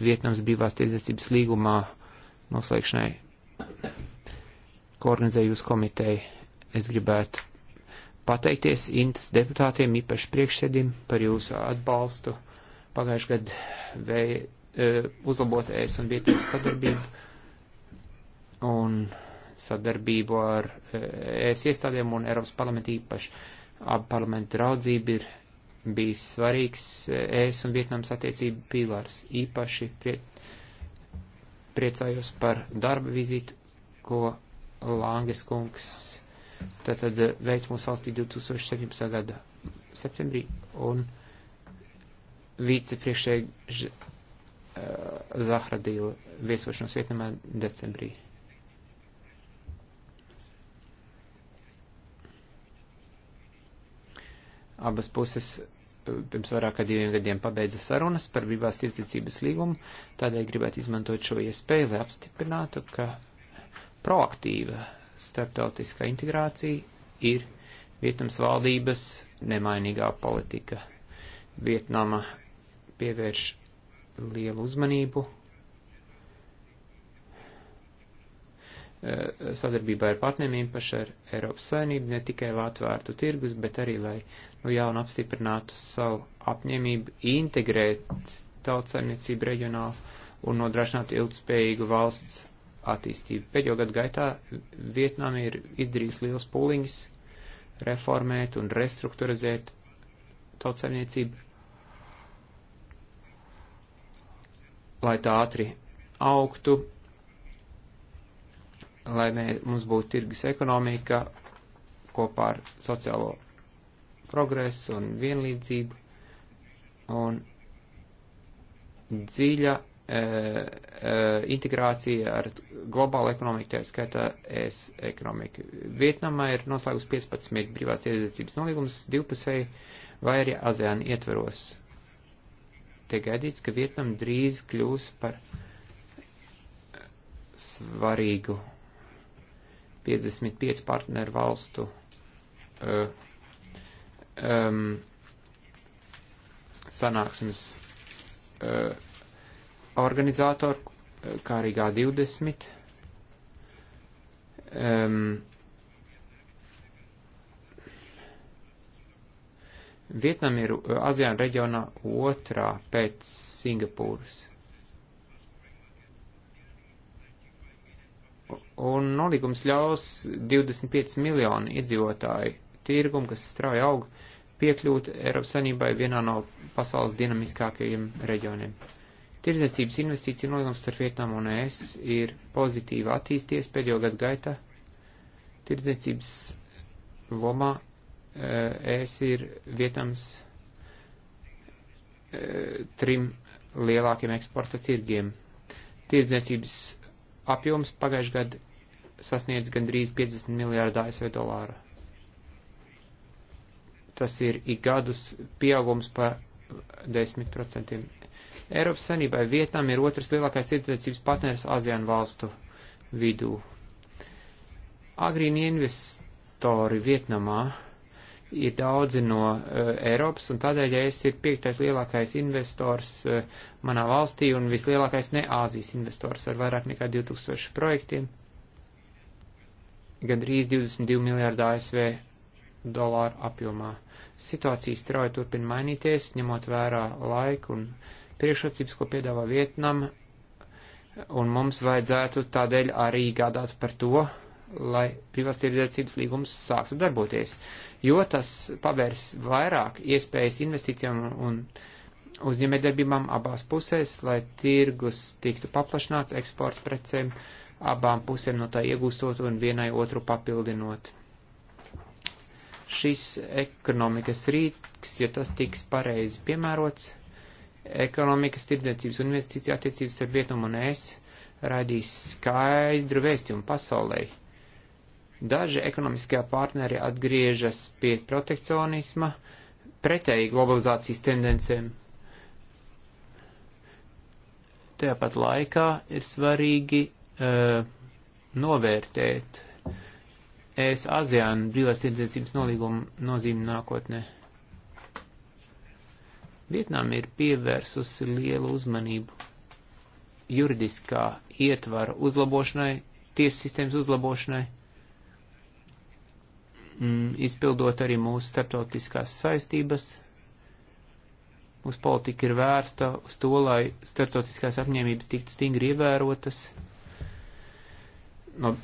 Vietnams brīvās tirdzniecības līgumā noslēgšanai, ko organizēju uz komiteju. Es gribētu pateikties Intas deputātiem, īpaši priekšsēdim, par jūsu atbalstu pagājušajā gadā vēja eh, uzlabot es un Vietnams sadarbību. Un sadarbību ar eh, ES iestādēm un Eiropas parlamentu īpaši. Abu parlamentu draudzība ir bijis svarīgs eh, ES un Vietnams attiecību pīlārs. Īpaši prie, priecājos par darba vizīti, ko Langes kungs tātad eh, veids mūsu valstī 2017. gada septembrī un vicepriekšēji Zahradīla viesošanos Vietnamā decembrī. Abas puses eh, pirms vairāk kā diviem gadiem pabeidza sarunas par brīvās tirdzniecības līgumu, tādēļ gribētu izmantot šo iespēju, lai apstiprinātu, ka proaktīva starptautiskā integrācija ir Vietnams valdības nemainīgā politika. Vietnama pievērš lielu uzmanību Eh, sadarbībā ar partneriem īpaši ar Eiropas Savienību, ne tikai lai atvērtu tirgus, bet arī lai nu jaunu apstiprinātu savu apņēmību integrēt tautsaimniecību reģionāli un nodrošināt ilgspējīgu valsts attīstību. Pēdējo gadu gaitā Vietnam ir izdarījis liels pūliņus reformēt un restruktūrizēt tautsaimniecību, lai tā ātri augtu lai mē, mums būtu tirgus ekonomika kopā ar sociālo progresu un vienlīdzību un dziļa e, e, integrācija ar globālu ekonomiku, tā skaitā es ekonomiku. Vietnamā ir noslēgus 15 brīvās tirdzniecības nolīgums divpusēji vai arī ASEAN ietveros. Tiek gaidīts, ka Vietnam drīz kļūs par svarīgu 55 partneru valstu uh, um, sanāksmes uh, eh, organizātori, kā arī G20. Um, Vietnam ir eh, ASEAN reģionā otrā pēc Singapūras. un nolīgums ļaus 25 miljonu iedzīvotāju tirgumu, kas strauji aug, piekļūt Eiropas Sanībai vienā no pasaules dinamiskākajiem reģioniem. Tirdzniecības investīcija nolīgums starp Vietnamu un ES ir pozitīvi attīsties pēdējo gadu gaitā. Tirdzniecības lomā eh, ES ir Vietnams eh, trim lielākiem eksporta tirgiem. Tirdzniecības apjoms pagājušajā gadā sasniedz gandrīz 50 miljārdu ASV dolāru. Tas ir ik gadus pieaugums pa 10%. Eiropas Sanībai Vietnam ir otrs lielākais iedzniecības partners ASEAN valstu vidū. Agrīni investori Vietnamā ir daudzi no uh, Eiropas, un tādēļ ja es ir piektais lielākais investors uh, manā valstī un vislielākais ne Āzijas investors ar vairāk nekā 2000 projektiem, gandrīz 22 miljārdu ASV dolāru apjomā. Situācija strauji turpina mainīties, ņemot vērā laiku un priekšrocības, ko piedāvā Vietnam, un mums vajadzētu tādēļ arī gādāt par to, lai privāstirdzniecības līgums sāktu darboties. Uh, jo tas pavērs vairāk iespējas investīcijām un uzņēmējdarbībām abās pusēs, lai tirgus tiktu paplašināts eksporta precēm, abām pusēm no tā iegūstot un vienai otru papildinot. Šis ekonomikas rīks, ja tas tiks pareizi piemērots, ekonomikas tirdzniecības un investīcija attiecības starp Vietnamu un ES radīs skaidru vēstījumu pasaulē Daži ekonomiskajā partneri atgriežas pie protekcionisma, pretēji globalizācijas tendencēm. Tāpat laikā ir svarīgi uh, novērtēt ES ASEAN brīvās tirdzniecības nolīguma nozīmi nākotnē. Vietnām ir pievērsusi lielu uzmanību juridiskā ietvara uzlabošanai, tiesas sistēmas uzlabošanai mm, izpildot arī mūsu starptautiskās saistības. Mūsu politika ir vērsta uz to, lai starptautiskās apņēmības tiktu stingri ievērotas. No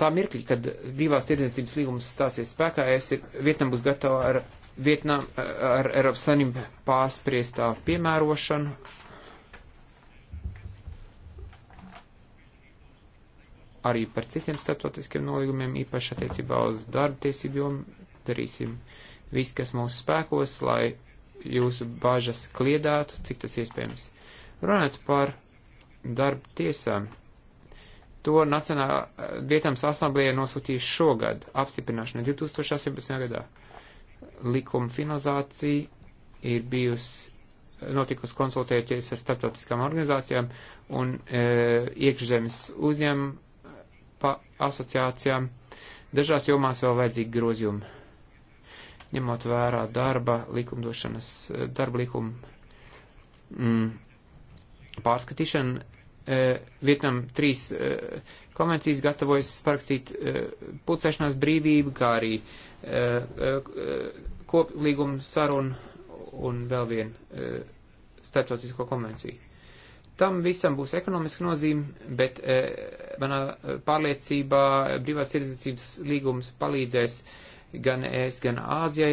tā mirkļa, kad brīvās tirdzniecības līgums stāsies spēkā, es ir, Vietnam būs gatava ar, Vietnam, ar Eiropas Sanību pārspriestā piemērošanu arī par citiem starptautiskiem nolīgumiem, īpaši attiecībā uz darba tiesību jomu. Darīsim visu, kas mūsu spēkos, lai jūsu bažas kliedētu, cik tas iespējams. Runājot par darba tiesām, to Nacionālā vietams asamblēja nosūtīja šogad apstiprināšanai 2018. gadā. Likuma finalizācija ir bijusi notikusi konsultējoties ar starptautiskām organizācijām un e, iekšzemes uzņēmumu pa asociācijām. Dažās jomās vēl vajadzīgi grozījumi, ņemot vērā darba likumdošanas, eh, darba likuma mm, pārskatīšanu. E, Vietnam trīs e, konvencijas gatavojas parakstīt e, pulcēšanās brīvību, kā arī e, e, koplīguma sarunu un vēl vienu e, starptautisko konvenciju. Tam visam būs ekonomiska nozīme, bet e, manā pārliecībā brīvās tirdzniecības līgums palīdzēs gan es, gan Āzijai,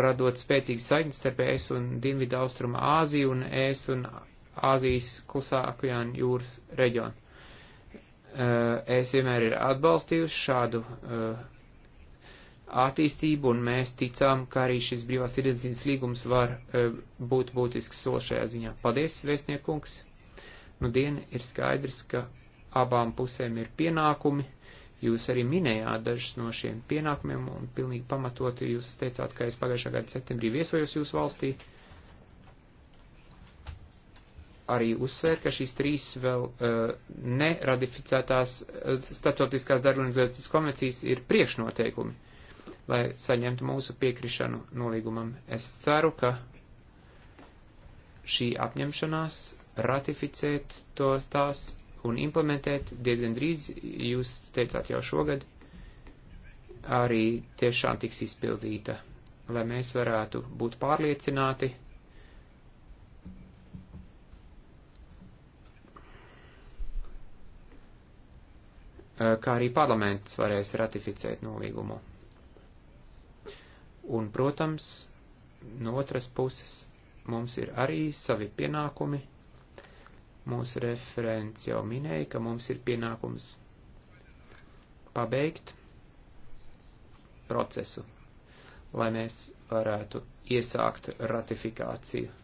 radot spēcīgas saiknes starp es un Dienvidu Austrumu Āziju un es un Āzijas klusākajām jūras reģionu. E, es vienmēr ir atbalstījusi šādu e, attīstību, un mēs ticām, ka arī šis brīvās tirdzniecības līgums var e, būt būtisks solis šajā ziņā. Paldies, vēstniekungs! Nu, diena ir skaidrs, ka abām pusēm ir pienākumi. Jūs arī minējāt dažus no šiem pienākumiem, un pilnīgi pamatot jūs teicāt, ka es pagājušā gada septembrī viesojos jūsu valstī. Arī uzsver, ka šīs trīs vēl uh, neratificētās uh, e, statotiskās darba organizācijas konvencijas ir priekšnoteikumi. Uh, lai saņemtu mūsu piekrišanu nolīgumam. Es ceru, ka šī apņemšanās ratificēt to tās un implementēt diezgan drīz, jūs teicāt jau šogad, arī tiešām tiks izpildīta, lai mēs varētu būt pārliecināti, kā arī parlaments varēs ratificēt nolīgumu. Un, protams, no otras puses mums ir arī savi pienākumi. Mūsu referents jau minēja, ka mums ir pienākums pabeigt procesu, lai mēs varētu iesākt ratifikāciju.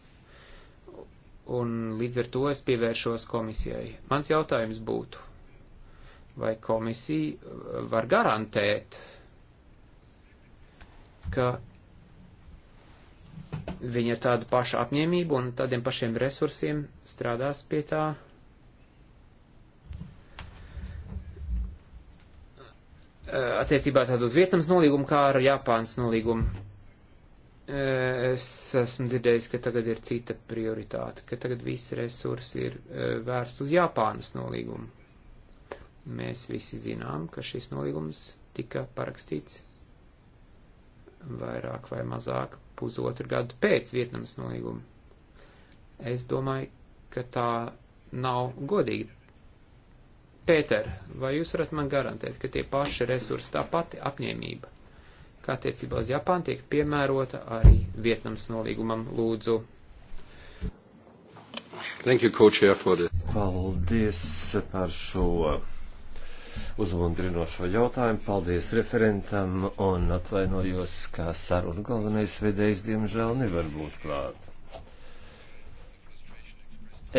Un līdz ar to es pievēršos komisijai. Mans jautājums būtu, vai komisija var garantēt, ka viņi ar tādu pašu apņēmību un tādiem pašiem resursiem strādās pie tā. Attiecībā tādu uz Vietnams nolīgumu, kā ar Japānas nolīgumu. Es esmu dzirdējis, ka tagad ir cita prioritāte, ka tagad visi resursi ir vērst uz Japānas nolīgumu. Mēs visi zinām, ka šis nolīgums tika parakstīts vairāk vai mazāk pusotru gadu pēc Vietnamas nolīguma. Es domāju, ka tā nav godīga. Pēter, vai jūs varat man garantēt, ka tie paši resursi, tā pati apņēmība, kā attiecībā uz Japānu, tiek piemērota arī Vietnams nolīgumam lūdzu? Thank you, Coach, for the... Paldies par šo uzmundrinošo jautājumu. Paldies referentam un atvainojos, ka sarunu galvenais vedējs diemžēl nevar būt klāt.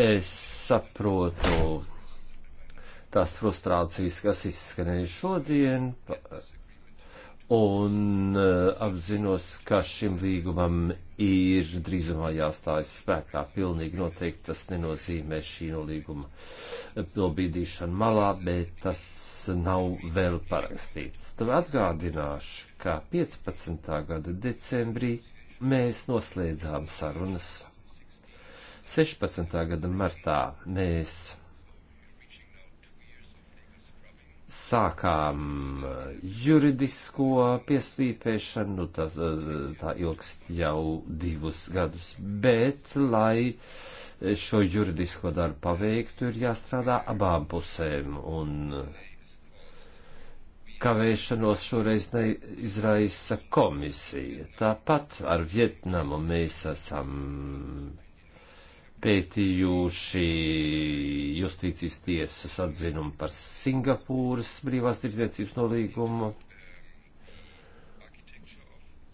Es saprotu tās frustrācijas, kas izskanēja šodien, un eh, apzinos, ka šim līgumam ir drīzumā jāstājas spēkā. Pilnīgi noteikti tas nenozīmē šī nolīguma nobīdīšanu malā, bet tas nav vēl parakstīts. Tad atgādināšu, ka 15. gada decembrī mēs noslēdzām sarunas. 16. gada martā mēs sākām eh, juridisko pieslīpēšanu, nu, tā, eh, tā ilgst jau divus gadus, bet, lai eh, šo juridisko darbu paveiktu, ir jāstrādā abām pusēm, un kavēšanos šoreiz neizraisa komisija. Tāpat ar Vietnamu mēs esam pētījuši justīcijas tiesas atzinumu par Singapūras brīvās tirdzniecības nolīgumu.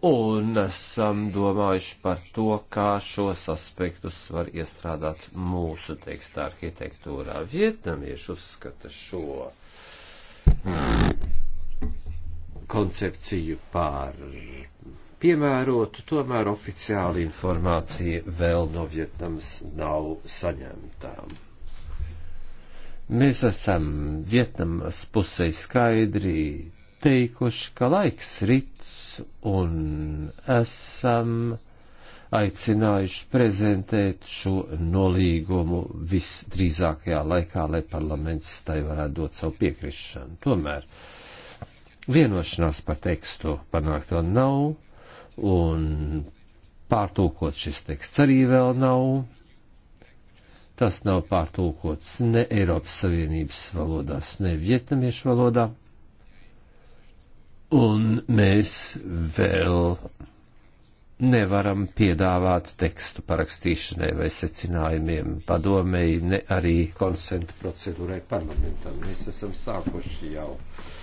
Un esam domājuši par to, kā šos aspektus var iestrādāt mūsu tekstā arhitektūrā. Vietnamieši uzskata šo koncepciju par piemērotu, tomēr oficiāla informācija vēl no Vietnamas nav saņemta. Mēs esam Vietnamas pusē skaidri teikuši, ka laiks rits un esam aicinājuši prezentēt šo nolīgumu visdrīzākajā laikā, lai parlaments tai varētu dot savu piekrišanu. Tomēr vienošanās par tekstu panākt vēl nav, un pārtulkot šis teksts arī vēl nav. Tas nav pārtulkots ne Eiropas Savienības valodās, ne vietnamiešu valodā. Un mēs vēl nevaram piedāvāt tekstu parakstīšanai vai secinājumiem padomēji, ne arī konsentu procedūrai parlamentam. Mēs esam sākuši jau uh,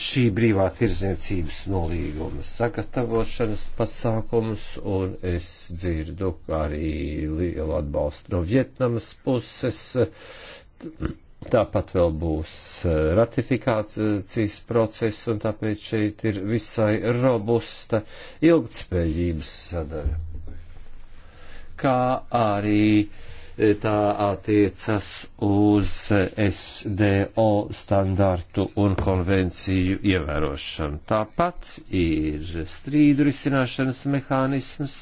šī brīvā tirzniecības nolīguma sagatavošanas pasākums, un es dzirdu arī lielu atbalstu no Vietnamas puses. Tāpat vēl būs ratifikācijas process, un tāpēc šeit ir visai robusta ilgtspējības sadaļa. Kā arī uh, tā attiecas uz SDO standārtu un konvenciju ievērošanu. Tāpat ir strīdu risināšanas mehānisms,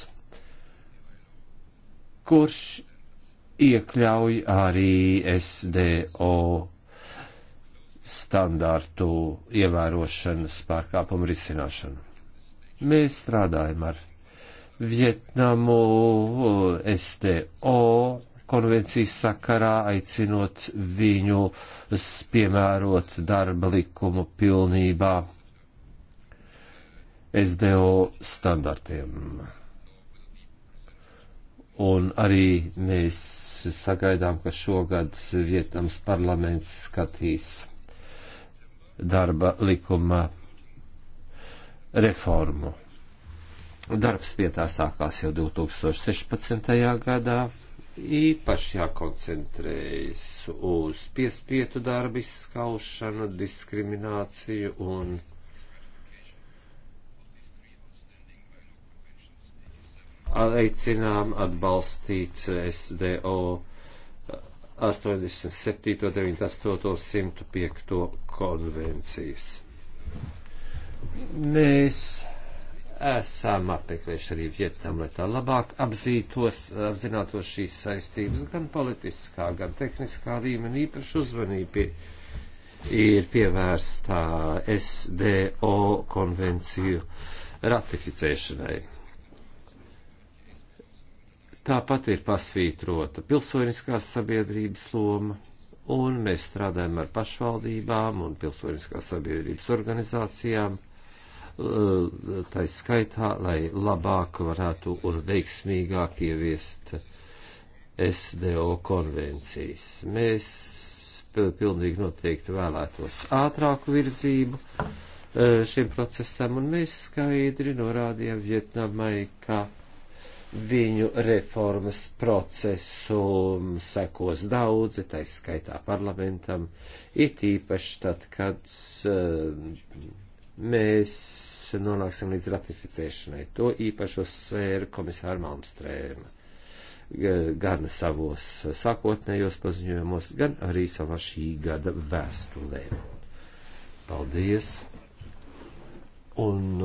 kurš iekļauj arī SDO standārtu ievērošanas pārkāpumu risināšanu. Mēs strādājam ar Vietnamu, SDO konvencijas sakarā, aicinot viņu piemērot darba likumu pilnībā SDO standartiem. Un arī mēs sagaidām, ka šogad Vietnams parlaments skatīs darba likuma reformu. Darbs pie tā sākās jau 2016. gadā īpaši jākoncentrējas uz piespietu darbu izskaušanu, diskrimināciju un aicinām atbalstīt SDO 87, 98, 105 konvencijas. Mēs esam apmeklējuši arī Vietnamu, lai tā labāk apzītos, apzinātos šīs saistības gan politiskā, gan tehniskā līmenī, īpaši uzmanību pie, ir pievērstā SDO konvenciju ratificēšanai. Tāpat ir pasvītrota pilsoniskās sabiedrības loma, un mēs strādājam ar pašvaldībām un pilsoniskās sabiedrības organizācijām Uh, tā skaitā, lai labāk varētu un veiksmīgāk ieviest SDO konvencijas. Mēs pilnīgi noteikti vēlētos ātrāku virzību uh, šim procesam, un mēs skaidri norādījām Vietnamai, ka viņu reformas procesu um, sekos daudzi, tā skaitā parlamentam, it īpaši tad, kad uh, mēs nonāksim līdz ratificēšanai. To īpaši uzsvēra komisāra Malmstrēma gan savos sākotnējos paziņojumos, gan arī savā šī gada vēstulē. Paldies! Un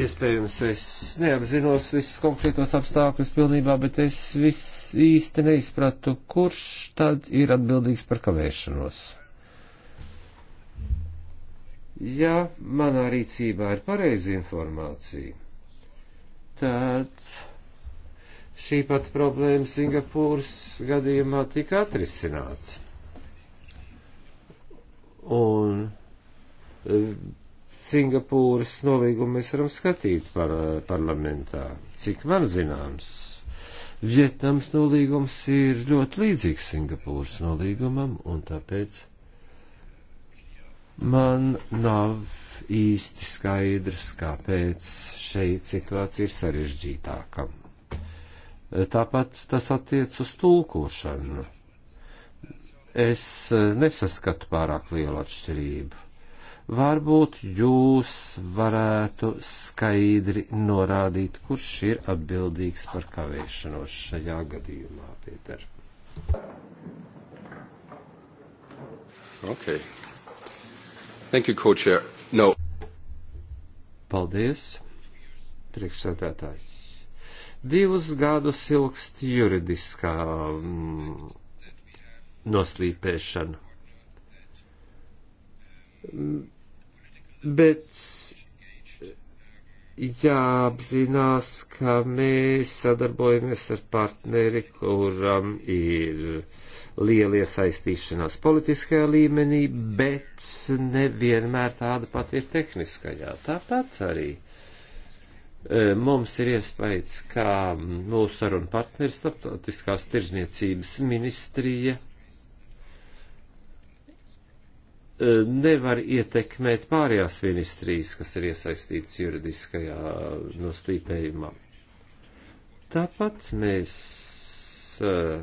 iespējams es neapzinos visus konfliktos apstākļus pilnībā, bet es vis īsti neizpratu, kurš tad ir atbildīgs par kavēšanos. Ja manā rīcībā ir pareiza informācija, tad šī pat problēma Singapūras gadījumā tika atrisināta. Un e, Singapūras nolīgumu mēs varam skatīt par, e, parlamentā. Cik man zināms, Vietnams nolīgums ir ļoti līdzīgs Singapūras nolīgumam, un tāpēc Man nav īsti skaidrs, kāpēc šeit situācija ir sarežģītāka. Tāpat tas attiec uz tulkošanu. Es nesaskatu pārāk lielu atšķirību. Varbūt jūs varētu skaidri norādīt, kurš ir atbildīgs par kavēšanos šajā gadījumā, Pēter. Okay. Thank you, co-chair. No. Paldies, priekšsēdētāji. Divus gadus ilgst juridiskā mm, noslīpēšana. Bet jāapzinās, ka mēs sadarbojamies ar partneri, kuram ir uh, liela iesaistīšanās politiskajā līmenī, bet nevienmēr tāda pat ir tehniskajā. Tāpat arī e, mums ir iespējas, kā mūsu saruna partneri starptautiskās tirzniecības ministrija e, nevar ietekmēt pārējās ministrijas, kas ir iesaistītas juridiskajā nostīpējumā. Tāpat mēs uh,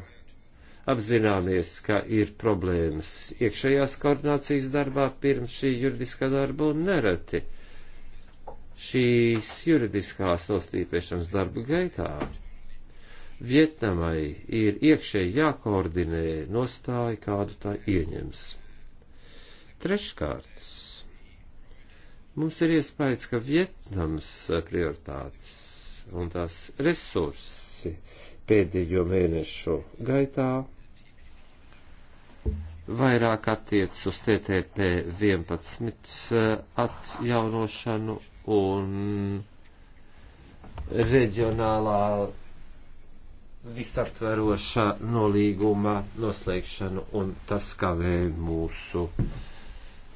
apzināmies, ka ir problēmas iekšējās koordinācijas darbā pirms šī juridiskā darba un nereti šīs juridiskās nostīpēšanas darba gaitā. Vietnamai ir iekšēji jākoordinē nostāja, kādu tā ieņems. Treškārt, mums ir iespējas, ka Vietnams prioritātes un tās resursi pēdējo mēnešu gaitā vairāk attiec uz TTP 11 eh, atjaunošanu un reģionālā visaptveroša nolīguma noslēgšanu un tas kavē mūsu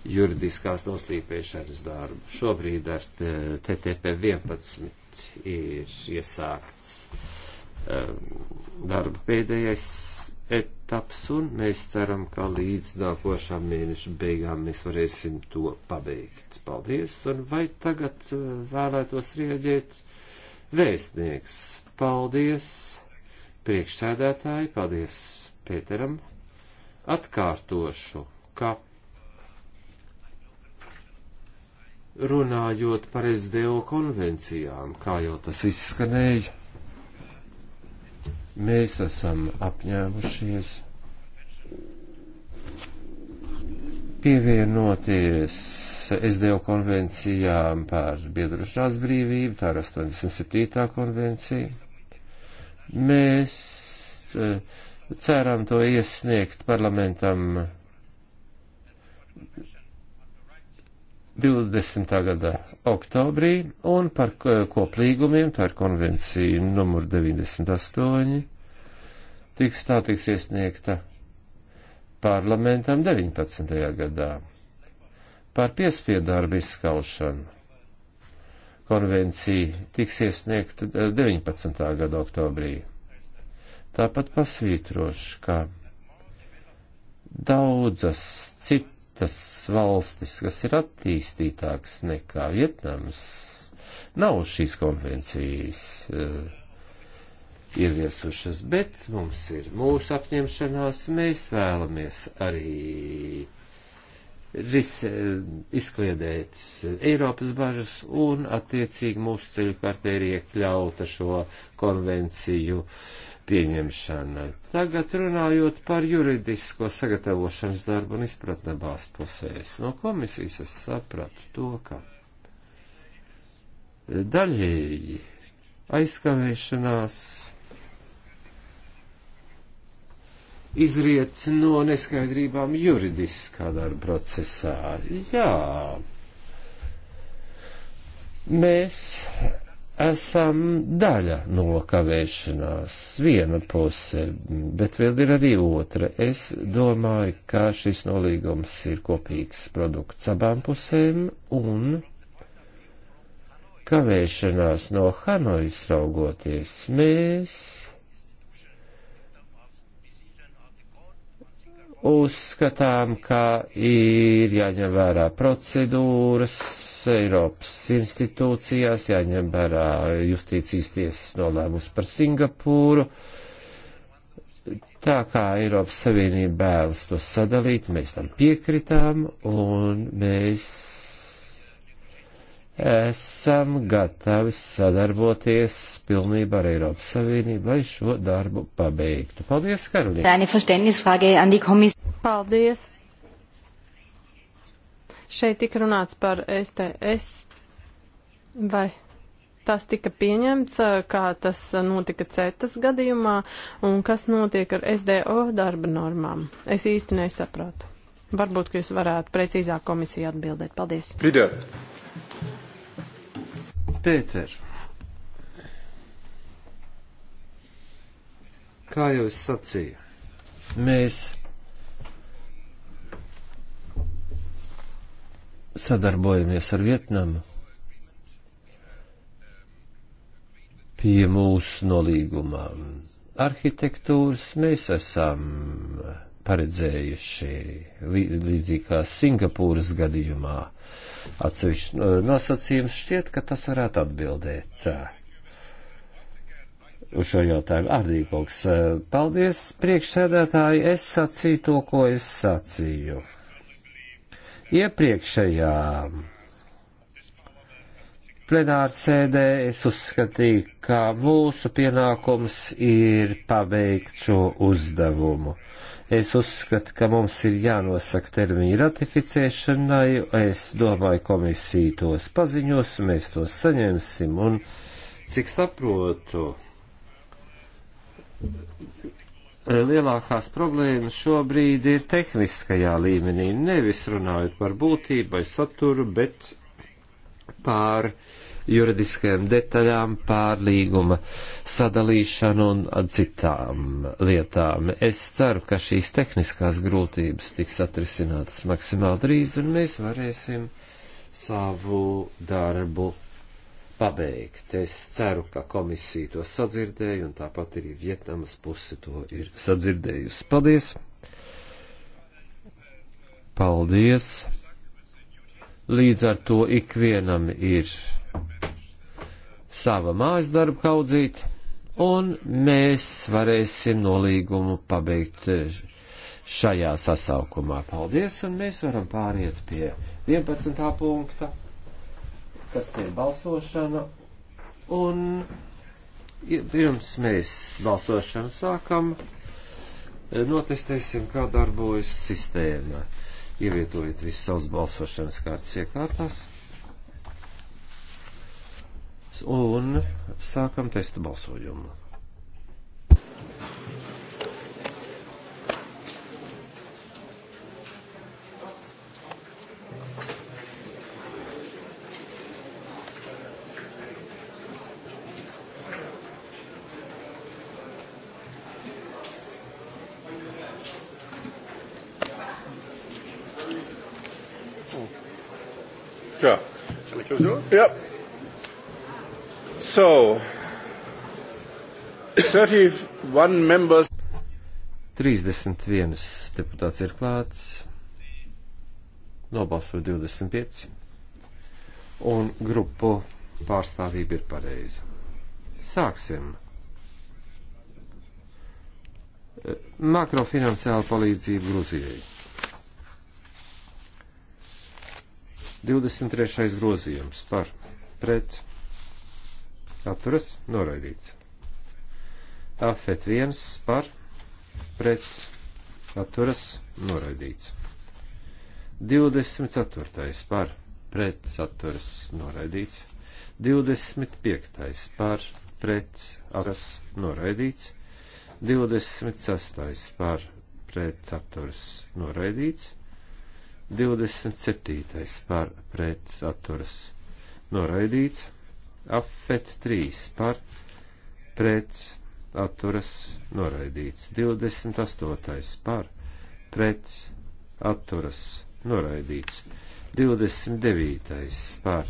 juridiskās noslīpēšanas darbu. Šobrīd ar TTP 11 ir iesākts um, darba pēdējais etaps, un mēs ceram, ka līdz nākošā mēneša beigām mēs varēsim to pabeigt. Paldies, un vai tagad uh, vēlētos rieģēt vēstnieks? Paldies, priekšsēdētāji, paldies Pēteram. Atkārtošu, ka runājot par SDO konvencijām, kā jau tas izskanēja, Mēs esam apņēmušies pievienoties SDO konvencijām par biedrušanās brīvību, tā ir 87. konvencija. Mēs e, ceram to iesniegt parlamentam 20. gada oktobrī un par koplīgumiem, tā ir konvencija numur 98 tiks tā tiks iesniegta parlamentam 19. gadā par piespiedarbu izskaušanu. Konvencija tiks iesniegta 19. Eh, gada oktobrī. Tāpat pasvītroši, ka daudzas citas valstis, kas ir attīstītākas nekā Vietnams, nav šīs konvencijas. Uh, ieviesušas, bet mums ir mūsu apņemšanās, mēs vēlamies arī ris, izkliedēt Eiropas bažas un attiecīgi mūsu ceļu kartē ir iekļauta šo konvenciju pieņemšana. Tagad runājot par juridisko sagatavošanas darbu un izpratne abās pusēs. No komisijas es sapratu to, ka daļēji aizkavēšanās izriet no neskaidrībām juridiskā darba procesā. Jā, mēs esam daļa no kavēšanās, viena puse, bet vēl ir arī otra. Es domāju, ka šis nolīgums ir kopīgs produkts abām pusēm un kavēšanās no Hanojas raugoties mēs uzskatām, ka ir jāņem vērā procedūras Eiropas institūcijās, jāņem vērā justīcijas tiesas nolēmums par Singapūru. Tā kā Eiropas Savienība vēlas to sadalīt, mēs tam piekritām un mēs esam gatavi sadarboties pilnībā ar Eiropas Savienību, lai šo darbu pabeigtu. Paldies, Karolīna! Paldies! Šeit tika runāts par STS vai tas tika pieņemts, kā tas notika CETAS gadījumā, un kas notiek ar SDO darba normām. Es īsti nesapratu. Varbūt, ka jūs varētu precīzāk komisija atbildēt. Paldies. Prīdā. Pēter. Kā jau es sacīju, mēs sadarbojamies ar Vietnamu pie mūsu nolīgumām. Arhitektūras mēs esam paredzējuši līdzīgi kā Singapūras gadījumā atsevišķi nu, nosacījums šķiet, ka tas varētu atbildēt uh, uz šo jautājumu. Ārdīkoks, uh, paldies priekšsēdētāji, es sacīju to, ko es sacīju. Iepriekšējā plenārsēdē es uzskatīju, ka mūsu pienākums ir pabeigt šo uzdevumu. Uh, Es uzskatu, ka mums ir jānosaka termiņi ratificēšanai. Es domāju, komisija tos paziņos, mēs tos saņemsim. Un, cik saprotu, lielākās problēmas šobrīd ir tehniskajā līmenī. Nevis runājot par būtību vai saturu, bet pār uh, juridiskajām detaļām, pārlīguma sadalīšanu un citām lietām. Es ceru, ka šīs tehniskās grūtības tiks atrisinātas maksimāli drīz un mēs varēsim savu darbu pabeigt. Es ceru, ka komisija to sadzirdēja un tāpat arī Vietnamas puse to ir sadzirdējusi. Paldies! Paldies! Līdz ar to ikvienam ir sava mājas darba kaudzīt, un mēs varēsim nolīgumu pabeigt šajā sasaukumā. Paldies, un mēs varam pāriet pie 11. punkta, kas ir balsošana, un pirms mēs balsošanu sākam, notestēsim, kā darbojas sistēma. Ievietojiet visus savus balsošanas kārtas iekārtās. Un sākam testu balsojumu. Yep. So, 31 members. 31 deputāts ir klāts, nobalsoja 25, un grupu pārstāvība ir pareiza. Sāksim. Eh, makrofinanciāla palīdzība Gruzijai. 23. grozījums par pret atturas noraidīts. Afet 1 par pret atturas noraidīts. 24. par pret atturas noraidīts. 25. par pret atturas noraidīts. 26. par pret atturas noraidīts. 27. par pret atturas noraidīts, afet 3 par pret atturas noraidīts, 28. par pret atturas noraidīts, 29. par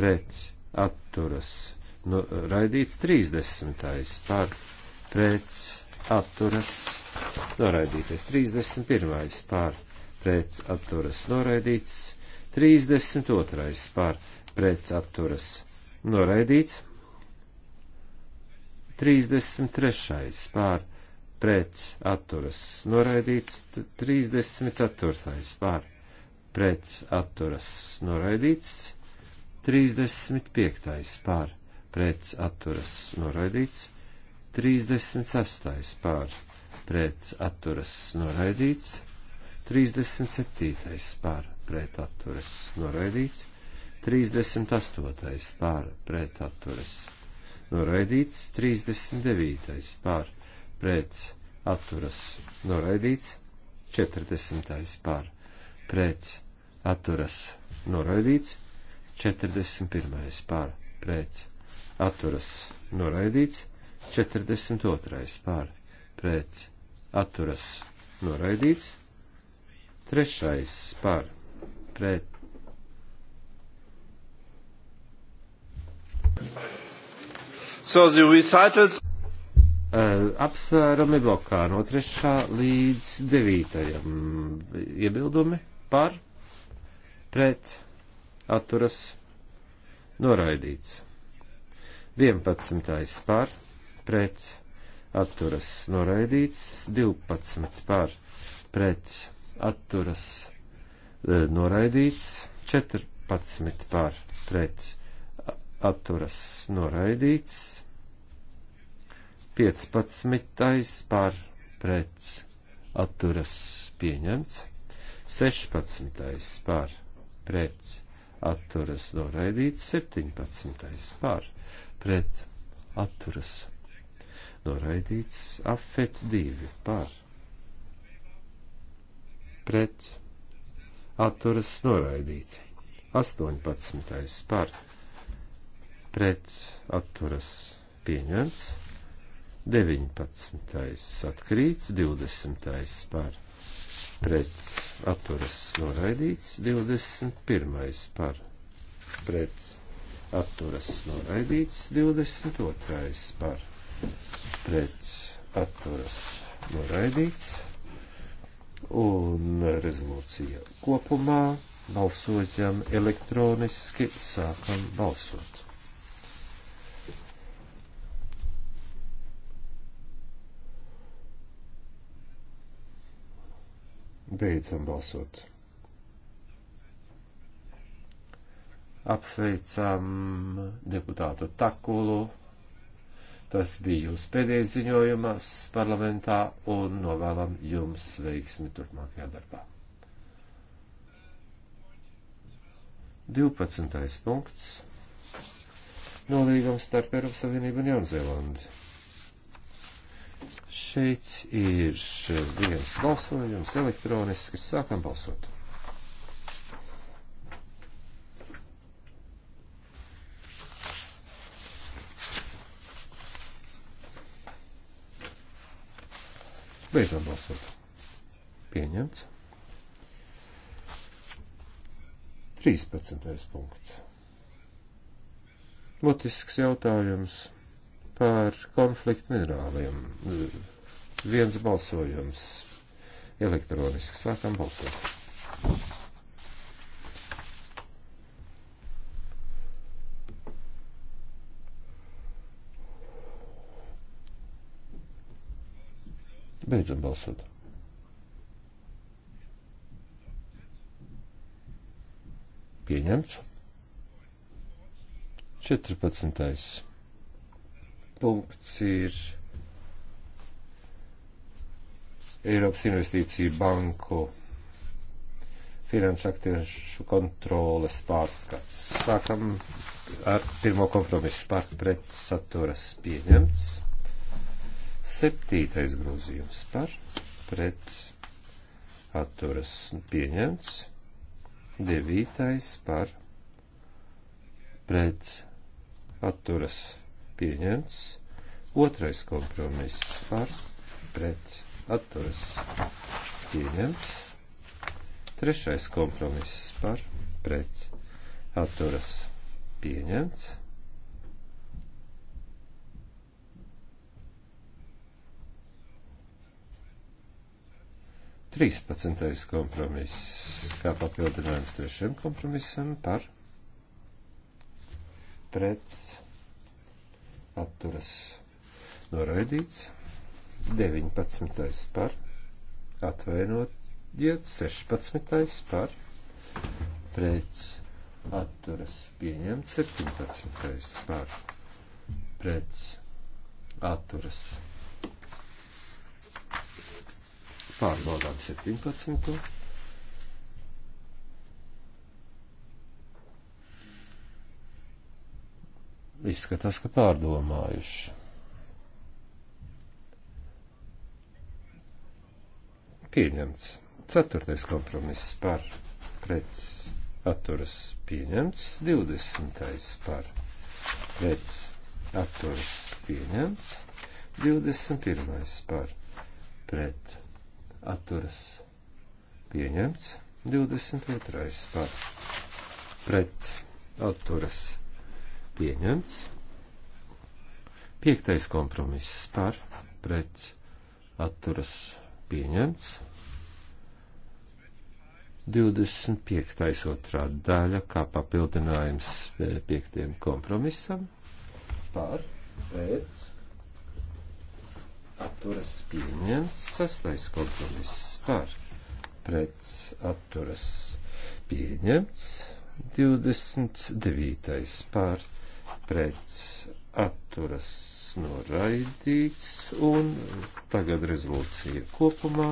pret atturas nu, raidīts 30. par pēc atturas, noraidīties 31. par pret atturas noraidīts, 32. par pret atturas noraidīts, 33. par pret atturas noraidīts, 34. par pret atturas noraidīts, 35. par pret atturas noraidīts, 36. par pret atturas noraidīts, 37. par pretaturas noraidīts, 38. par pretaturas noraidīts, 39. par pretaturas noraidīts, 40. par pretaturas noraidīts, 41. par pretaturas noraidīts, 42. par pretaturas noraidīts, Trešais par pret. So the recitals. Uh, apsvērumi blokā no 3. līdz 9. iebildumi par, pret, atturas, noraidīts. 11. par, pret, atturas, noraidīts. 12. par, pret, E, atturas noraidīts, 14 par pret atturas noraidīts, 15 par pret atturas pieņemts, 16 par pret atturas noraidīts, 17 par pret atturas noraidīts, afet 2 par pret atturas noraidīts. 18. par pret atturas pieņemts. 19. atkrīts, 20. par pret atturas noraidīts, 21. par pret atturas noraidīts, 22. par pret atturas noraidīts, un rezolūcija kopumā. Balsojam elektroniski, sākam balsot. Beidzam balsot. Apsveicam deputātu Takulu. Tas bija jūsu pēdējais ziņojums parlamentā un novēlam jums veiksmi turpmākajā darbā. 12. punkts. Nolīgums starp Eiropas Savienību un Jaunzēlandi. Šeit ir viens balsojums elektroniski. Sākam balsot. Beidzam balsot. Pieņemts. 13. punkts. Mutisks jautājums par konfliktu minerāliem. Viens balsojums elektroniski. Sākam balsot. Beidzam balsot. Pieņemts. 14. punkts ir Eiropas Investīciju banku finanšu aktiešu kontroles pārskats. Sākam ar pirmo kompromisu par pretaturas pieņemts. Septītais grozījums par pret atturas pieņemts. Devītais par pret atturas pieņemts. Otrais kompromiss par pret atturas pieņemts. Trešais kompromiss par pret atturas pieņemts. 13. kompromiss, kā papildinājums trešiem kompromisam par pret atturas noraidīts, 19. par atvainojiet, 16. par pret atturas pieņemt, 17. par pret atturas pieņemt Pārbaudām 17. Izskatās, ka pārdomājuši. Pieņemts. Ceturtais kompromiss par pret atturas pieņemts. 20. par pret atturas pieņemts. 21. par pret atturas pieņemts. 22. par pret atturas pieņemts. 5. kompromiss par pret atturas pieņemts. 25. otrā daļa kā papildinājums 5. Eh, kompromisam par pret atturas pieņemts. Sastais kompromiss par pret atturas pieņemts. 29. par pret atturas noraidīts. Un tagad rezolūcija kopumā.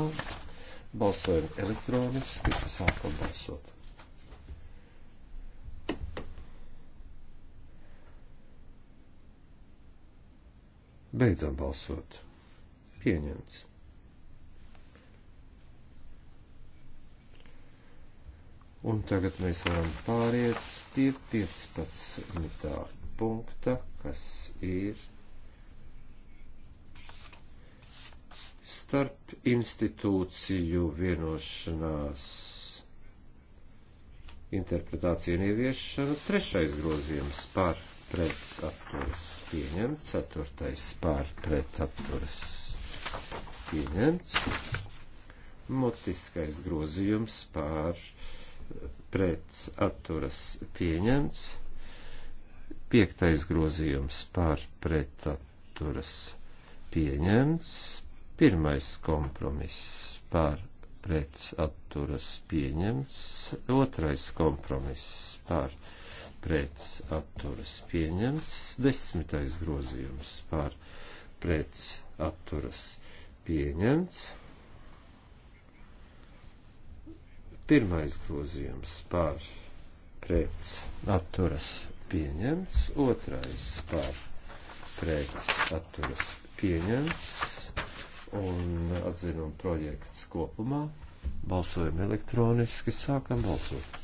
Balsojam elektroniski, sākam balsot. Beidzam balsot pieņemts. Un tagad mēs varam pāriet pie 15. punkta, kas ir starp institūciju vienošanās interpretācija un ieviešana. Trešais grozījums par pret atturas pieņemts, ceturtais par pret atturas pieņemts. Motiskais grozījums pār pret atturas pieņemts. Piektais grozījums pār pret atturas pieņemts. Pirmais kompromiss pār pret atturas pieņemts. Otrais kompromiss pār pret atturas pieņemts. Desmitais grozījums pār pret atturas pieņemts pieņemts. Pirmais grozījums par pret atturas pieņemts, otrais par pret atturas pieņemts un atzinuma projekts kopumā. Balsojam elektroniski, sākam balsot.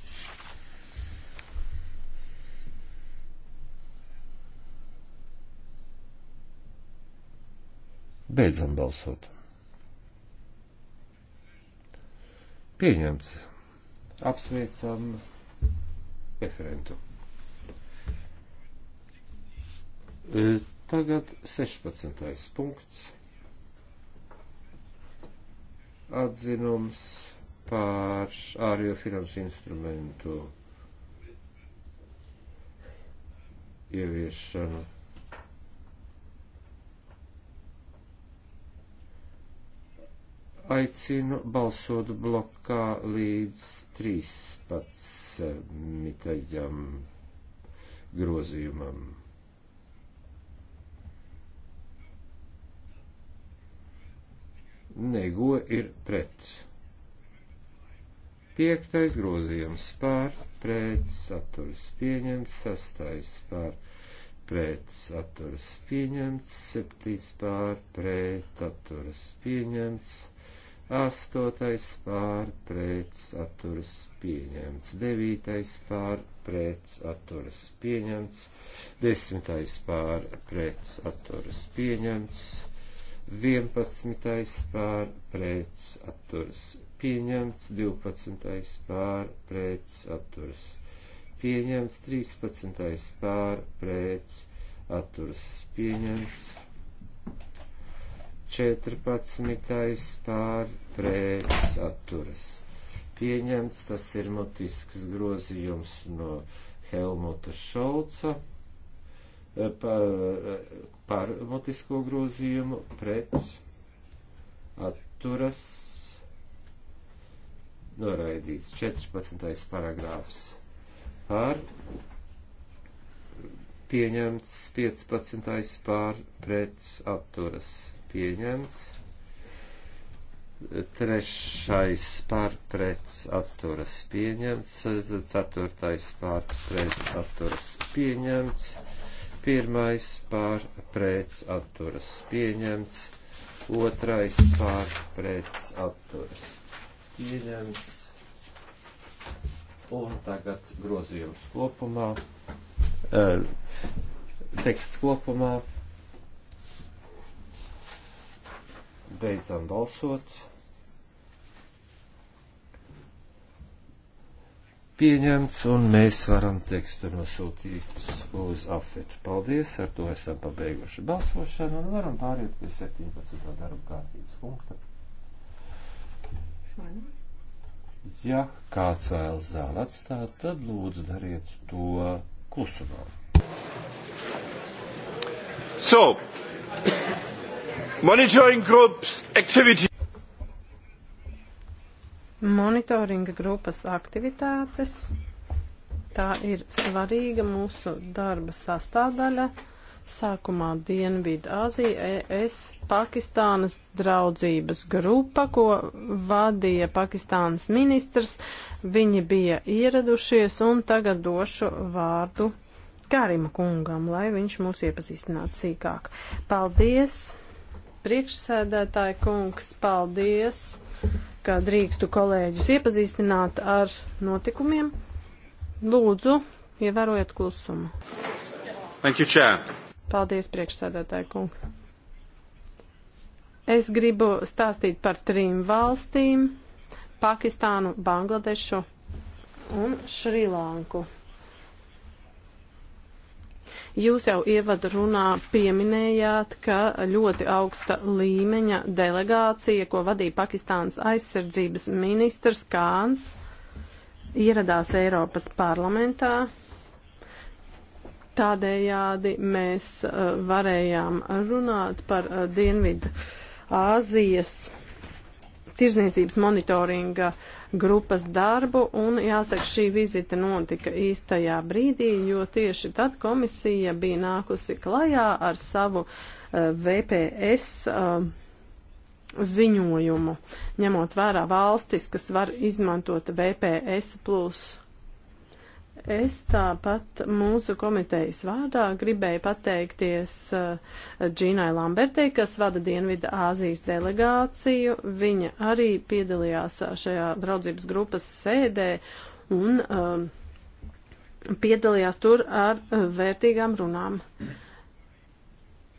Beidzam balsot. Pieņemts. Apsveicam referentu. E, tagad 16. punkts. Atzinums par ārējo finanšu instrumentu ieviešanu aicinu balsot blokā līdz 13. grozījumam. Nego ir pret. Piektais grozījums pār, pret, saturs pieņemts, sastais pār, pret, saturs pieņemts, septīs pār, pret, saturs pieņemts. Astotais pār pret atturas pieņemts. Devītais pār pret atturas pieņemts. Desmitais pār pret atturas pieņemts. Vienpadsmitais pār pret atturas pieņemts. Divpadsmitais pār pret atturas pieņemts. Trīspadsmitais pār pret atturas pieņemts. 14. pār pret atturas. Pieņemts, tas ir mutisks grozījums no Helmuta Šolca eh, par, eh, par mutisko grozījumu pret atturas noraidīts 14. paragrāfs par pieņemts 15. pār pret atturas pieņemts. Trešais pārprets atturas pieņemts. Ceturtais pārprets atturas pieņemts. Pirmais pārprets atturas pieņemts. Otrais pārprets atturas pieņemts. Un tagad grozījums kopumā. Uh, teksts kopumā Beidzam balsot. Pieņemts, un mēs varam tekstu nosūtīt uz afetu. Paldies, ar to esam pabeiguši balsošanu un varam pāriet pie 17. darba kārtības punkta. Ja kāds vēlas zāli atstāt, tad lūdzu dariet to klusumā. So, Monitoring groups activity. Monitoringa grupas aktivitātes. Tā ir svarīga mūsu darba sastāvdaļa. Sākumā Dienvidā Azija ES Pakistānas draudzības grupa, ko vadīja Pakistānas ministrs. Viņi bija ieradušies un tagad došu vārdu Karima kungam, lai viņš mūs iepazīstinātu sīkāk. Paldies! Priekšsēdētāja kungs, paldies, ka drīkstu kolēģus iepazīstināt ar notikumiem. Lūdzu, ievērojiet klusumu. Thank you, Chair. Paldies, priekšsēdētāja kungs. Es gribu stāstīt par trim valstīm - Pakistānu, Bangladešu un Šrilanku. Jūs jau ievada runā pieminējāt, ka ļoti augsta līmeņa delegācija, ko vadīja Pakistānas aizsardzības ministrs Kāns, ieradās Eiropas parlamentā. Tādējādi mēs uh, varējām runāt par uh, Dienvidu Āzijas tirzniecības monitoringa uh, grupas darbu, un jāsaka, šī vizita notika īstajā brīdī, jo tieši tad komisija bija nākusi klajā ar savu uh, eh, VPS. Uh, eh, ziņojumu, ņemot vērā valstis, kas var izmantot VPS plus Es tāpat mūsu komitejas vārdā gribēju pateikties eh, Džīnai Lambertei, kas vada Dienvidu Āzijas delegāciju. Viņa arī piedalījās eh, šajā draudzības grupas sēdē un um, piedalījās tur ar vērtīgām runām. Mm.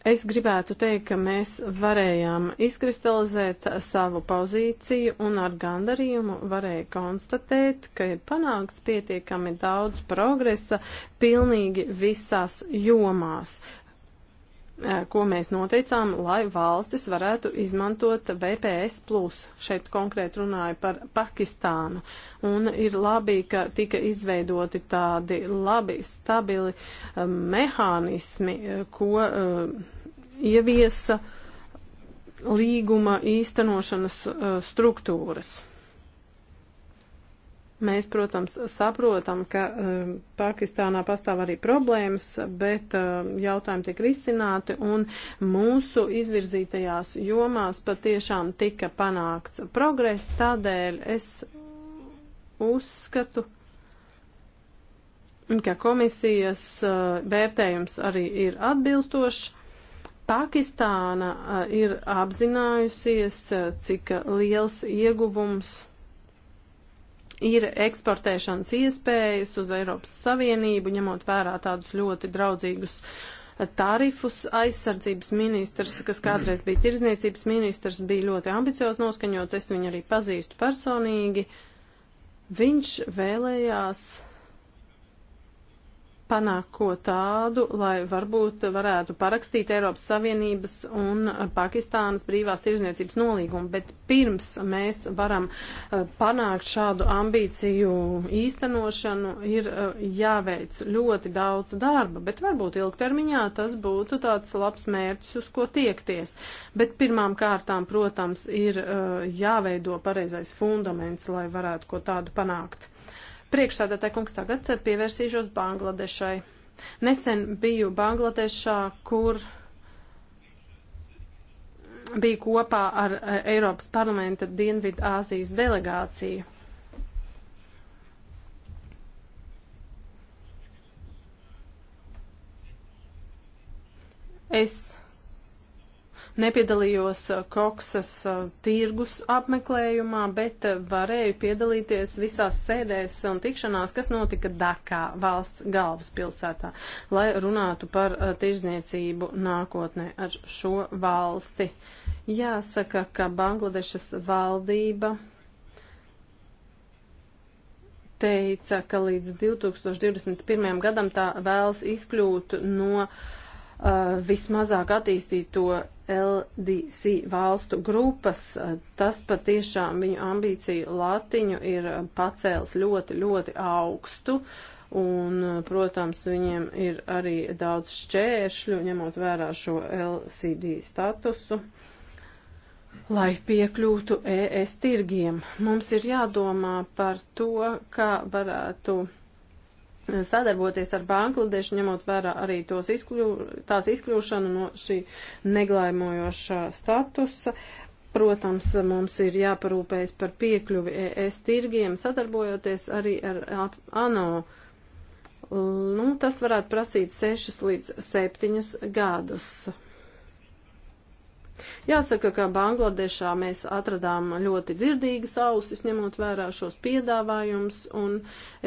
Es gribētu teikt, ka mēs varējām izkristalizēt savu pozīciju un ar gandarījumu varēja konstatēt, ka ir panākts pietiekami daudz progresa pilnīgi visās jomās eh, ko mēs noteicām, lai valstis varētu izmantot VPS. Plus. Šeit konkrēti runāju par Pakistānu. Un ir labi, ka tika izveidoti tādi labi, stabili eh, mehānismi, eh, ko. Uh, ieviesa līguma īstenošanas uh, struktūras. Mēs, protams, saprotam, ka uh, Pakistānā pastāv arī problēmas, bet uh, jautājumi tiek risināti un mūsu izvirzītajās jomās patiešām tika panākts progress. Tādēļ es uzskatu, ka komisijas uh, vērtējums arī ir atbilstošs. Pakistāna ir apzinājusies, cik liels ieguvums ir eksportēšanas iespējas uz Eiropas Savienību, ņemot vērā tādus ļoti draudzīgus tarifus. Aizsardzības ministrs, kas kādreiz bija tirzniecības ministrs, bija ļoti ambiciozs noskaņots, es viņu arī pazīstu personīgi. Viņš vēlējās panākt ko tādu, lai varbūt varētu parakstīt Eiropas Savienības un Pakistānas brīvās tirzniecības nolīgumu, bet pirms mēs varam eh, panākt šādu ambīciju īstenošanu, ir eh, jāveic ļoti daudz darba, bet varbūt ilgtermiņā tas būtu tāds labs mērķis, uz ko tiekties. Bet pirmām kārtām, protams, ir eh, jāveido pareizais fundaments, lai varētu ko tādu panākt. Priekšsādātāja kungs tagad pievērsīšos Bangladešai. Nesen biju Bangladešā, kur biju kopā ar e, Eiropas parlamenta Dienvidu Āzijas delegāciju. Es Nepiedalījos Koksas eh, eh, tirgus apmeklējumā, bet eh, varēju piedalīties visās sēdēs un tikšanās, kas notika Dakā, valsts galvaspilsētā, lai runātu par tirzniecību nākotnē ar šo valsti. Jāsaka, ka Bangladešas valdība teica, ka līdz 2021. gadam tā vēlas izkļūt no uh, Uh, vismazāk attīstīto LDC valstu grupas, uh, tas patiešām viņu ambīciju latiņu ir uh, pacēls ļoti, ļoti augstu. Un, protams, viņiem ir arī daudz šķēršļu, ņemot vērā šo LCD statusu. Lai piekļūtu ES tirgiem, mums ir jādomā par to, kā varētu uh, sadarboties ar Bangladešu, ņemot vērā arī tos izkļū, tās izkļūšanu no šī neglājmojošā statusa. Protams, mums ir jāparūpējas par piekļuvi ES tirgiem, sadarbojoties arī ar ANO. Nu, tas varētu prasīt 6 līdz 7 gadus. Jāsaka, ka Bangladešā mēs atradām ļoti dzirdīgas ausis, ņemot vērā šos piedāvājumus, un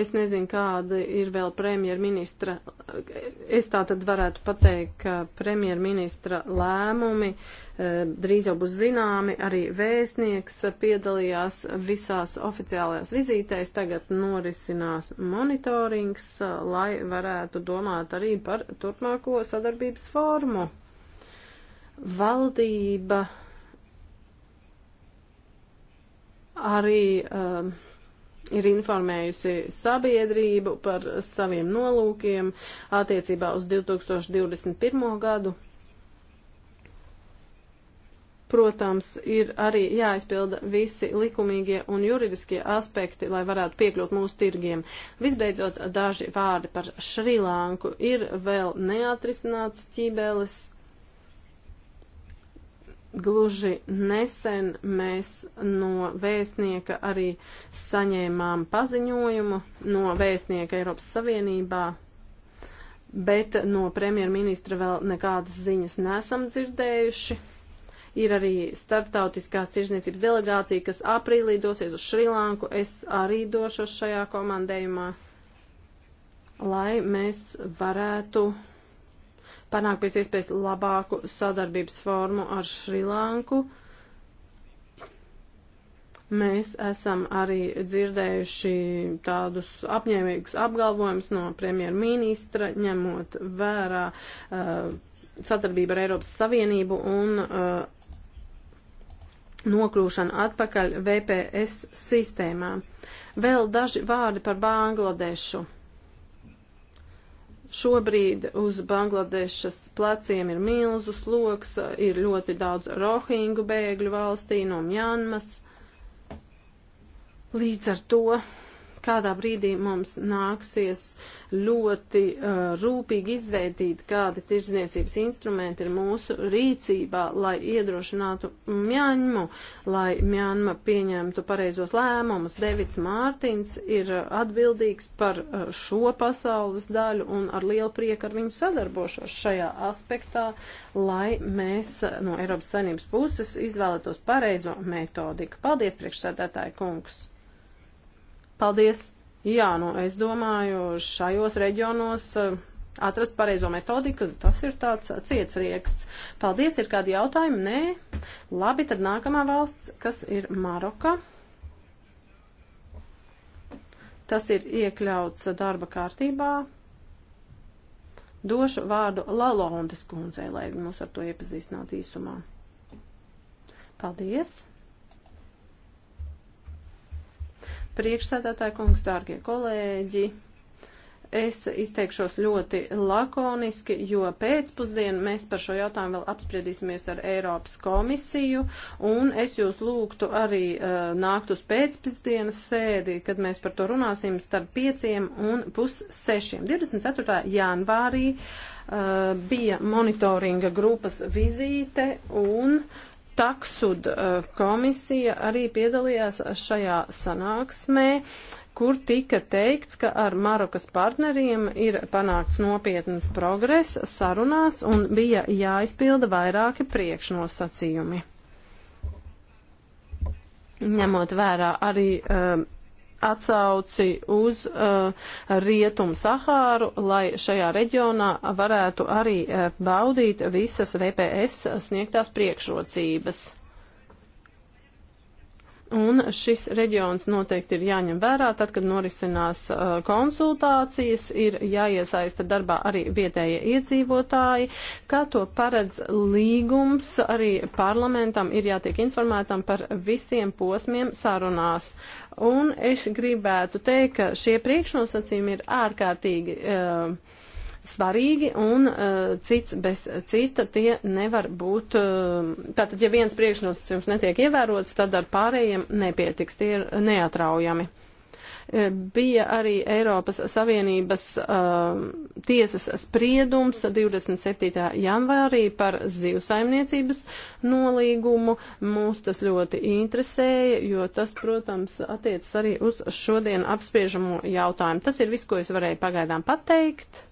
es nezinu, kāda ir vēl premjerministra, es tā tad varētu pateikt, ka premjerministra lēmumi eh, drīz jau būs zināmi, arī vēstnieks piedalījās visās oficiālajās vizītēs, tagad norisinās monitorings, eh, lai varētu domāt arī par turpmāko sadarbības formu. Valdība arī um, ir informējusi sabiedrību par saviem nolūkiem attiecībā uz 2021. gadu. Protams, ir arī jāizpilda visi likumīgie un juridiskie aspekti, lai varētu piekļūt mūsu tirgiem. Visbeidzot, daži vārdi par Šrilanku ir vēl neatrisināts ķībeles. Gluži nesen mēs no vēstnieka arī saņēmām paziņojumu no vēstnieka Eiropas Savienībā, bet no premjerministra vēl nekādas ziņas nesam dzirdējuši. Ir arī starptautiskās tirzniecības delegācija, kas aprīlī dosies uz Šrilanku. Es arī došos šajā komandējumā, lai mēs varētu panākt pēc iespējas labāku sadarbības formu ar Šrilanku. Mēs esam arī dzirdējuši tādus apņēmīgus apgalvojumus no premjerministra, ņemot vērā uh, sadarbību ar Eiropas Savienību un uh, nokļūšana atpakaļ VPS sistēmā. Vēl daži vārdi par Bangladešu. Šobrīd uz Bangladešas pleciem ir milzu sloks, ir ļoti daudz rohingu bēgļu valstī no Mjanmas. Līdz ar to Kādā brīdī mums nāksies ļoti uh, rūpīgi izveidīt, kādi tirzniecības instrumenti ir mūsu rīcībā, lai iedrošinātu Mjaņmu, lai Mjaņma pieņemtu pareizos lēmumus. Devits Mārtiņs ir atbildīgs par uh, šo pasaules daļu un ar lielu prieku ar viņu sadarbošos šajā aspektā, lai mēs uh, no Eiropas saimnības puses izvēlētos pareizo metodiku. Paldies, priekšsēdētāji kungs! Paldies! Jā, nu es domāju, šajos reģionos eh, atrast pareizo metodiku, tas ir tāds ciets rieksts. Paldies, ir kādi jautājumi? Nē. Labi, tad nākamā valsts, kas ir Maroka. Tas ir iekļauts darba kārtībā. Došu vārdu Lalondes kundzei, lai mūs ar to iepazīstinātu īsumā. Paldies! Priekšsēdētāji kungs, dārgie kolēģi, es izteikšos ļoti lakoniski, jo pēcpusdienu mēs par šo jautājumu vēl apspriedīsimies ar Eiropas komisiju, un es jūs lūgtu arī uh, nākt uz pēcpusdienas sēdi, kad mēs par to runāsim starp pieciem un pus sešiem. 24. janvārī uh, bija monitoringa grupas vizīte, un uh, Taksud eh, komisija arī piedalījās šajā sanāksmē, kur tika teikts, ka ar Marokas partneriem ir panākts nopietnas progress sarunās un bija jāizpilda vairāki priekšnosacījumi. Ņemot vērā arī uh, atsauci uz uh, Rietumu Sahāru, lai šajā reģionā varētu arī uh, baudīt visas VPS sniegtās priekšrocības. Un šis reģions noteikti ir jāņem vērā, tad, kad norisinās uh, konsultācijas, ir jāiesaista darbā arī vietējie iedzīvotāji, kā to paredz līgums, arī parlamentam ir jātiek informētam par visiem posmiem sarunās. Uh, un es gribētu teikt, ka šie priekšnosacījumi ir ārkārtīgi uh, svarīgi, un uh, cits bez cita tie nevar būt. Uh, tātad, ja viens priekšnosacījums netiek ievērots, tad ar pārējiem nepietiks, tie ir neatraujami. Eh, bija arī Eiropas Savienības um, tiesas spriedums 27. janvārī par zivsaimniecības nolīgumu. Mūs tas ļoti interesēja, jo tas, protams, attiecas arī uz šodien apspriežamo jautājumu. Tas ir viss, ko es varēju pagaidām pateikt.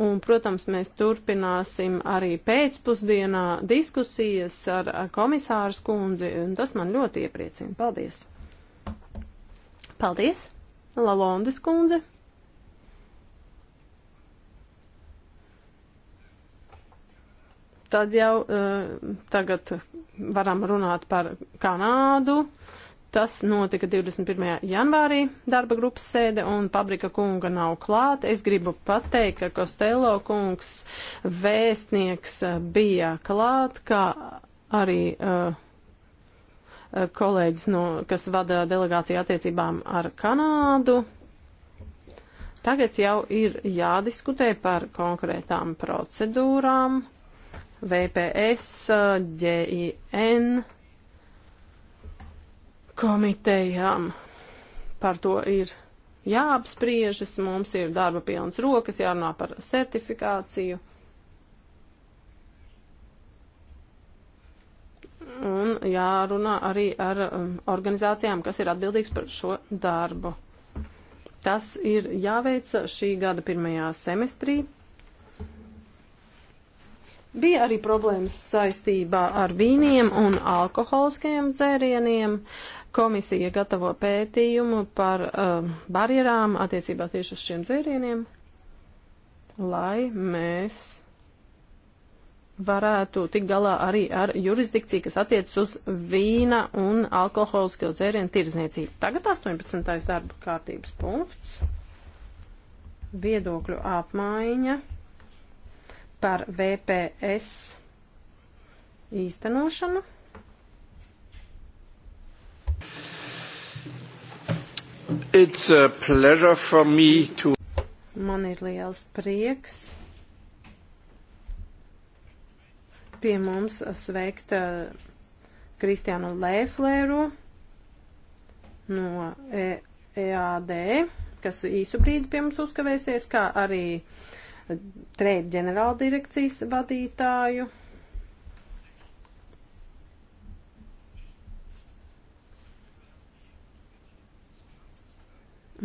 Un, protams, mēs turpināsim arī pēcpusdienā diskusijas ar komisāru skundzi, un tas man ļoti iepriecina. Paldies! Paldies, Lalondes kundze. Tad jau uh, tagad varam runāt par Kanādu. Tas notika 21. janvārī darba grupas sēde un pabrika kunga nav klāt. Es gribu pateikt, ka Kostelo kungs vēstnieks bija klāt, kā arī. Uh, Eh, kolēģis, no, kas vada delegāciju attiecībām ar Kanādu. Tagad jau ir jādiskutē par konkrētām procedūrām, VPS, GIN komitejām. Par to ir jāapspriežas, mums ir darba pilnas rokas, jārunā par certifikāciju. un jārunā arī ar um, organizācijām, kas ir atbildīgs par šo darbu. Tas ir jāveic šī gada pirmajā semestrī. Bija arī problēmas saistībā ar vīniem un alkoholiskajiem dzērieniem. Komisija gatavo pētījumu par uh, barjerām attiecībā tieši uz šiem dzērieniem, lai mēs varētu tikt galā arī ar jurisdikciju, kas attiecas uz vīna un alkoholisko dzērienu tirzniecību. Tagad 18. darba kārtības punkts. Viedokļu apmaiņa par VPS īstenošanu. It's a pleasure for me to. Man ir liels prieks pie mums sveikt eh, Kristiānu Lēflēru no EAD, e kas īsu brīdi pie mums uzkavēsies, kā arī trade ģenerāldirekcijas vadītāju.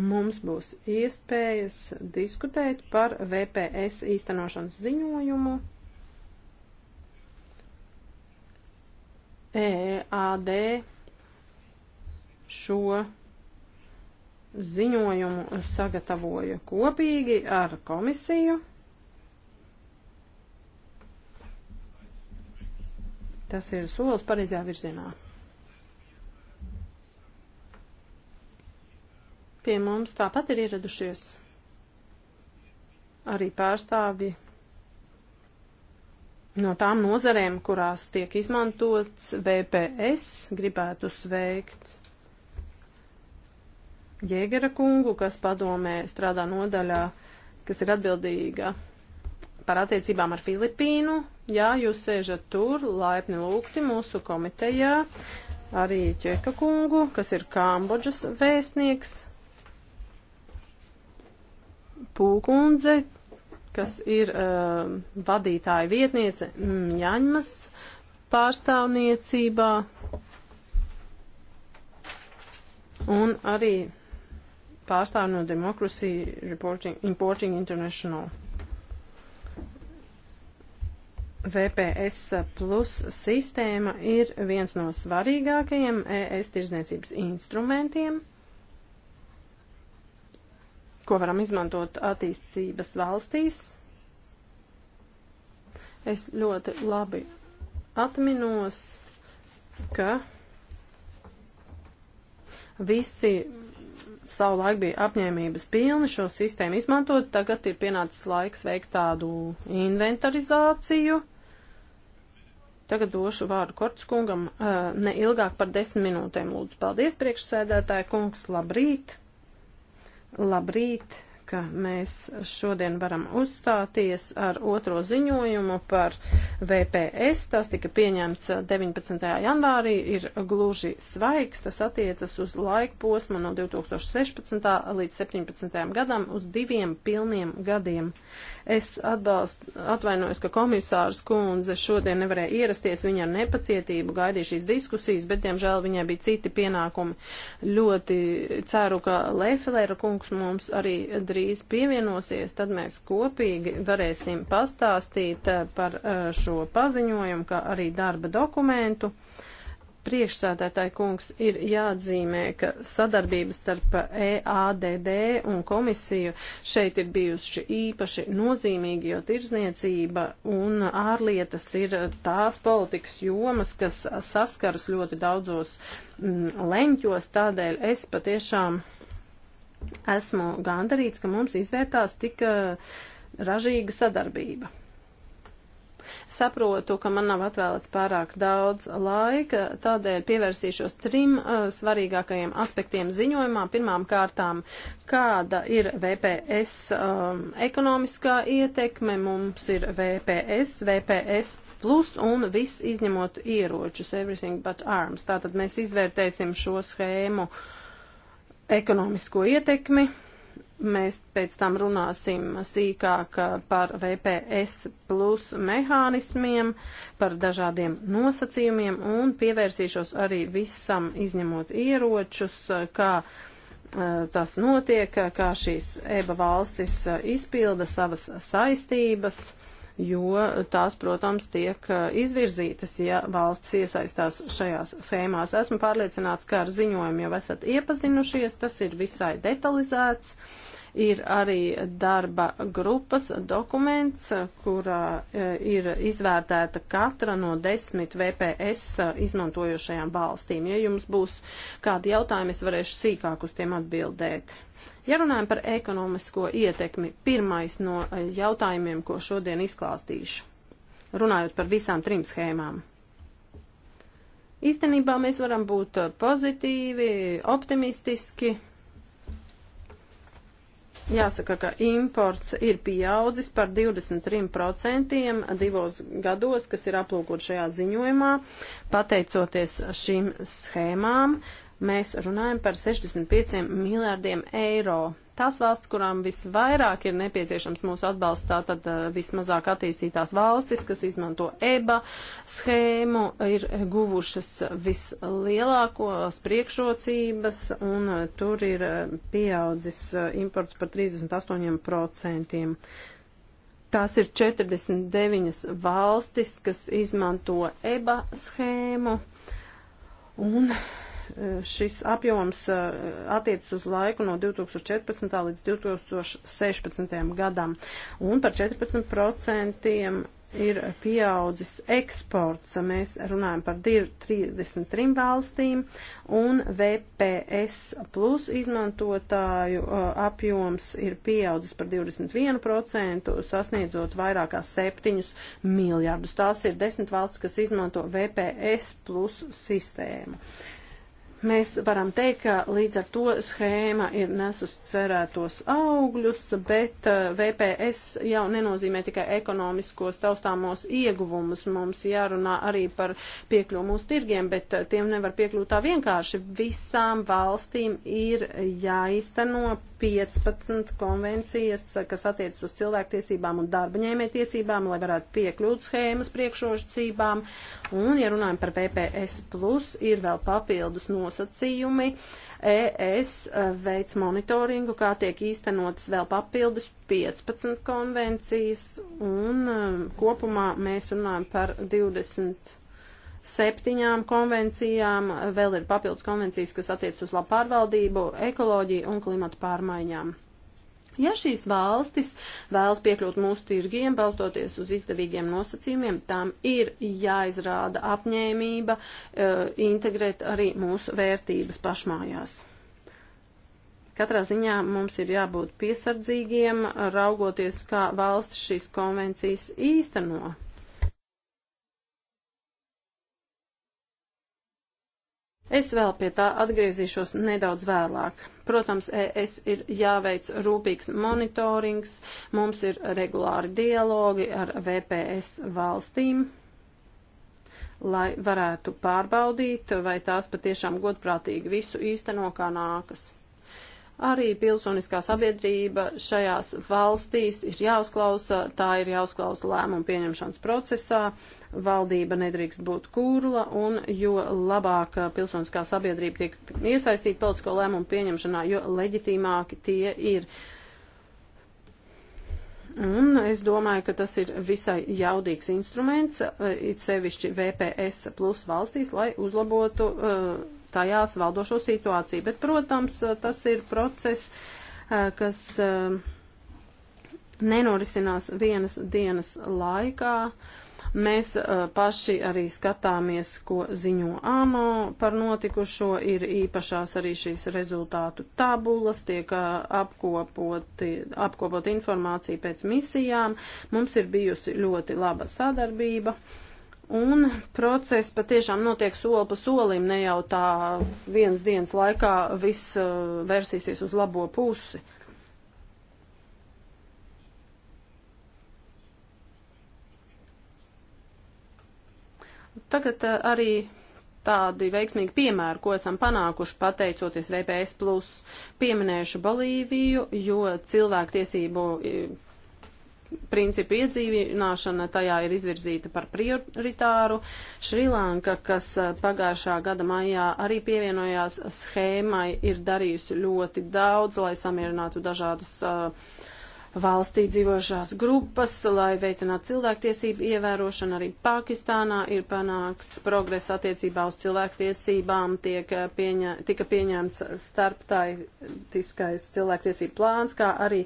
mums būs iespējas diskutēt par VPS īstenošanas ziņojumu. EAD šo ziņojumu sagatavoja kopīgi ar komisiju. Tas ir solis pareizajā virzienā. Pie mums tāpat ir ieradušies arī pārstāvji no tām nozarēm, kurās tiek izmantots VPS, gribētu sveikt Jēgera kungu, kas padomē strādā nodaļā, kas ir atbildīga par attiecībām ar Filipīnu. Jā, jūs sēžat tur, laipni lūgti mūsu komitejā. Arī Čeka kungu, kas ir Kambodžas vēstnieks. Pūkundze, kas ir uh, vadītāja vietniece Mjaņmas pārstāvniecībā. Un arī pārstāv no Democracy Reporting, Importing International. VPS plus sistēma ir viens no svarīgākajiem ES tirzniecības instrumentiem ko varam izmantot attīstības valstīs. Es ļoti labi atminos, ka visi savu laiku bija apņēmības pilni šo sistēmu izmantot, tagad ir pienācis laiks veikt tādu inventarizāciju. Tagad došu vārdu Kortskungam eh, neilgāk par desmit minūtēm. Lūdzu, paldies priekšsēdētāja kungs, labrīt! Labrīt, ka mēs šodien varam uzstāties ar otro ziņojumu par VPS. Tas tika pieņemts 19. janvārī, ir gluži svaigs. Tas attiecas uz laiku posmu no 2016. līdz 2017. gadam uz diviem pilniem gadiem. Es atbalstu, atvainojos, ka komisārs kundze šodien nevarēja ierasties, viņa ar nepacietību gaidīja šīs diskusijas, bet, diemžēl, viņai bija citi pienākumi. Ļoti ceru, ka Leifelēra kungs mums arī drīz pievienosies, tad mēs kopīgi varēsim pastāstīt par eh, šo paziņojumu, kā arī darba dokumentu. Uh, priekšsādātāja kungs, ir jāatzīmē, ka sadarbības starp EADD un komisiju šeit ir bijuši īpaši nozīmīgi, jo tirzniecība un ārlietas ir tās politikas jomas, kas saskaras ļoti daudzos mm, leņķos, tādēļ es patiešām esmu gandarīts, ka mums izvērtās tik eh, ražīga sadarbība. Saprotu, ka man nav atvēlēts pārāk daudz laika, tādēļ pievērsīšos trim uh, svarīgākajiem aspektiem ziņojumā. Pirmām kārtām, kāda ir VPS um, ekonomiskā ietekme, mums ir VPS, VPS plus un viss izņemot ieročus, everything but arms. Tātad mēs izvērtēsim šo schēmu ekonomisko ietekmi Mēs pēc tam runāsim sīkāk par VPS plus mehānismiem, par dažādiem nosacījumiem un pievērsīšos arī visam izņemot ieročus, kā eh, tas notiek, kā šīs EBA valstis eh, izpilda savas saistības jo tās, protams, tiek uh, izvirzītas, ja valsts iesaistās šajās schēmās. Esmu pārliecināts, ka ar ziņojumu jau esat iepazinušies, tas ir visai detalizēts. Uh, Ir arī darba grupas dokuments, kurā e, ir izvērtēta katra no desmit VPS e, izmantojošajām valstīm. Ja jums būs kādi jautājumi, es varēšu sīkāk uz tiem atbildēt. Ja runājam par ekonomisko ietekmi, pirmais no e, jautājumiem, ko šodien izklāstīšu, runājot par visām trim schēmām. Īstenībā mēs varam būt pozitīvi, optimistiski, Jāsaka, ka imports ir pieaudzis par 23% divos gados, kas ir aplūkot šajā ziņojumā, pateicoties šīm schēmām. Uh, Mēs runājam par 65 miljārdiem eiro. Tās valsts, kurām visvairāk ir nepieciešams mūsu atbalsts, tātad eh, vismazāk attīstītās valstis, kas izmanto EBA schēmu, ir guvušas vislielākos priekšrocības, un eh, tur ir eh, pieaudzis imports par 38%. Tās ir 49 valstis, kas izmanto EBA schēmu. Un šis apjoms eh, attiecas uz laiku no 2014. līdz 2016. gadam, un par 14% ir pieaudzis eksports. Mēs runājam par 33 valstīm, un VPS plus izmantotāju eh, apjoms ir pieaudzis par 21%, sasniedzot vairāk kā 7 miljardus. Tās ir 10 valstis, kas izmanto VPS plus sistēmu. Mēs varam teikt, ka līdz ar to schēma ir nesus cerētos augļus, bet eh, VPS jau nenozīmē tikai ekonomiskos taustāmos ieguvumus. Mums jārunā arī par piekļuvu uz tirgiem, bet eh, tiem nevar piekļūt tā vienkārši. Visām valstīm ir jāizteno 15 konvencijas, kas attiecas uz cilvēktiesībām un darba ņēmētiesībām, lai varētu piekļūt schēmas priekšrocībām. Un, ja runājam par VPS, plus, ir vēl papildus nosacījumi. ES veids monitoringu, kā tiek īstenotas vēl papildus 15 konvencijas, un um, kopumā mēs runājam par 20 septiņām konvencijām, vēl ir papildus konvencijas, kas attiec uz labu pārvaldību, ekoloģiju un klimatu pārmaiņām. Ja šīs valstis vēlas piekļūt mūsu tirgiem, balstoties uz izdevīgiem nosacījumiem, tām ir jāizrāda apņēmība eh, integrēt arī mūsu vērtības pašmājās. Katrā ziņā mums ir jābūt piesardzīgiem, raugoties, kā valsts šīs konvencijas īsteno. Es vēl pie tā atgriezīšos nedaudz vēlāk. Protams, ES ir jāveic rūpīgs monitorings, mums ir regulāri dialogi ar VPS valstīm, lai varētu pārbaudīt, vai tās patiešām godprātīgi visu īsteno, kā nākas. Arī pilsoniskā sabiedrība šajās valstīs ir jāuzklausa, tā ir jāuzklausa lēmumu pieņemšanas procesā, valdība nedrīkst būt kūrla, un jo labāk pilsoniskā sabiedrība tiek iesaistīta politisko lēmumu pieņemšanā, jo leģitīmāki tie ir. Un es domāju, ka tas ir visai jaudīgs instruments, it sevišķi VPS plus valstīs, lai uzlabotu uh, tajās valdošo situāciju. Bet, protams, eh, tas ir process, eh, kas eh, nenorisinās vienas dienas laikā. Mēs paši arī skatāmies, ko ziņo ANO par notikušo. Ir īpašās arī šīs rezultātu tabulas, tiek apkopoti, apkopot informāciju pēc misijām. Mums ir bijusi ļoti laba sadarbība. Uh, Un process patiešām notiek soli pa solim, ne jau tā vienas dienas laikā viss uh, versīsies uz labo pusi. Tagad uh, arī tādi veiksmīgi piemēri, ko esam panākuši pateicoties VPS, pieminēšu Bolīviju, jo cilvēktiesību principu iedzīvināšana tajā ir izvirzīta par prioritāru. Šrilanka, kas eh, pagājušā gada maijā arī pievienojās schēmai, ir darījusi ļoti daudz, lai samierinātu dažādus uh, valstī dzīvošās grupas, lai veicinātu cilvēktiesību ievērošanu. Arī Pakistānā ir panākts progress attiecībā uz cilvēktiesībām, tiek eh, pieņa, tika pieņemts starptautiskais cilvēktiesību plāns, kā arī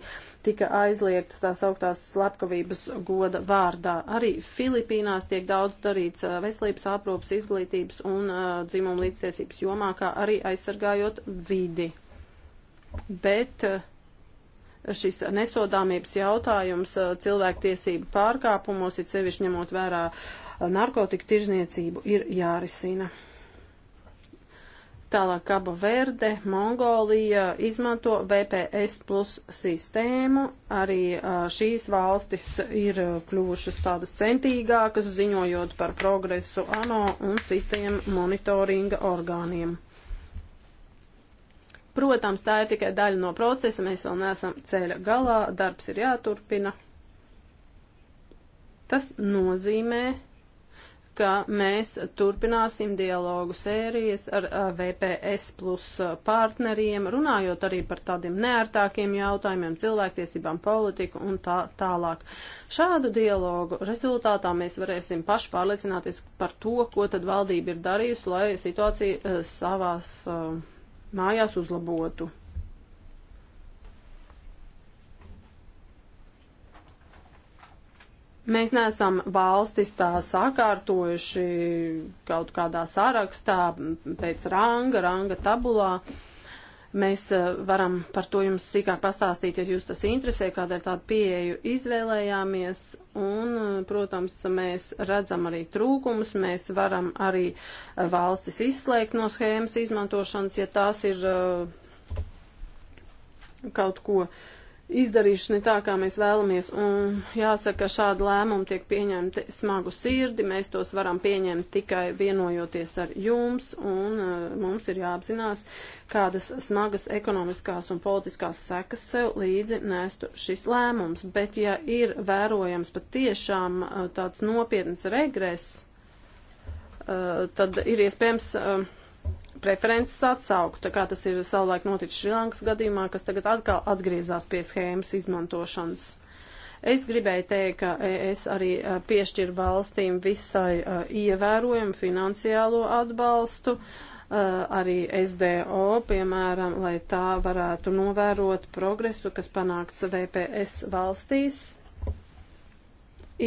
tika aizliegtas tās augtās slepkavības goda vārdā. Arī Filipīnās tiek daudz darīts eh, veselības aprūpas, izglītības un uh, dzimuma līdztiesības jomā, kā arī aizsargājot vidi. Bet uh, šis nesodāmības jautājums eh, cilvēktiesību pārkāpumos, it sevišķi ņemot vērā eh, narkotiku tirzniecību, ir jārisina. Tālāk Kaba Verde, Mongolija izmanto VPS plus sistēmu. Arī eh, šīs valstis ir kļuvušas tādas centīgākas, ziņojot par progresu ANO un citiem monitoringa orgāniem. Protams, tā ir tikai daļa no procesa, mēs vēl neesam ceļa galā, darbs ir jāturpina. Tas nozīmē, ka mēs turpināsim dialogu sērijas ar VPS plus uh, partneriem, runājot arī par tādiem neērtākiem jautājumiem, cilvēktiesībām, politiku un tā tālāk. Šādu dialogu rezultātā mēs varēsim paši pārliecināties par to, ko tad valdība ir darījusi, lai situācija uh, savās uh, mājās uzlabotu. Mēs neesam valstis tā sakārtojuši kaut kādā sarakstā pēc ranga, ranga tabulā. Uh, Mēs eh, varam par to jums sīkāk pastāstīt, ja jūs tas interesē, kādēļ tādu pieeju izvēlējāmies. Un, eh, protams, mēs redzam arī trūkumus, mēs varam arī eh, valstis izslēgt no schēmas izmantošanas, ja tās ir kaut ko uh, izdarījušas ne tā, kā mēs vēlamies. Un jāsaka, ka šādi lēmumi tiek pieņemti smagu sirdi, mēs tos varam pieņemt tikai vienojoties ar jums, un uh, mums ir jāapzinās, kādas smagas ekonomiskās un politiskās sekas sev līdzi nestu šis lēmums. Bet ja ir vērojams patiešām uh, tāds nopietns regress, uh, tad ir iespējams preferences atsaukt, tā kā tas ir savulaik noticis Šrilankas gadījumā, kas tagad atkal atgriezās pie schēmas izmantošanas. Es gribēju teikt, ka es arī eh, piešķiru valstīm visai eh, ievērojumu finansiālo atbalstu, eh, arī SDO, piemēram, lai tā varētu novērot progresu, kas panākts VPS valstīs.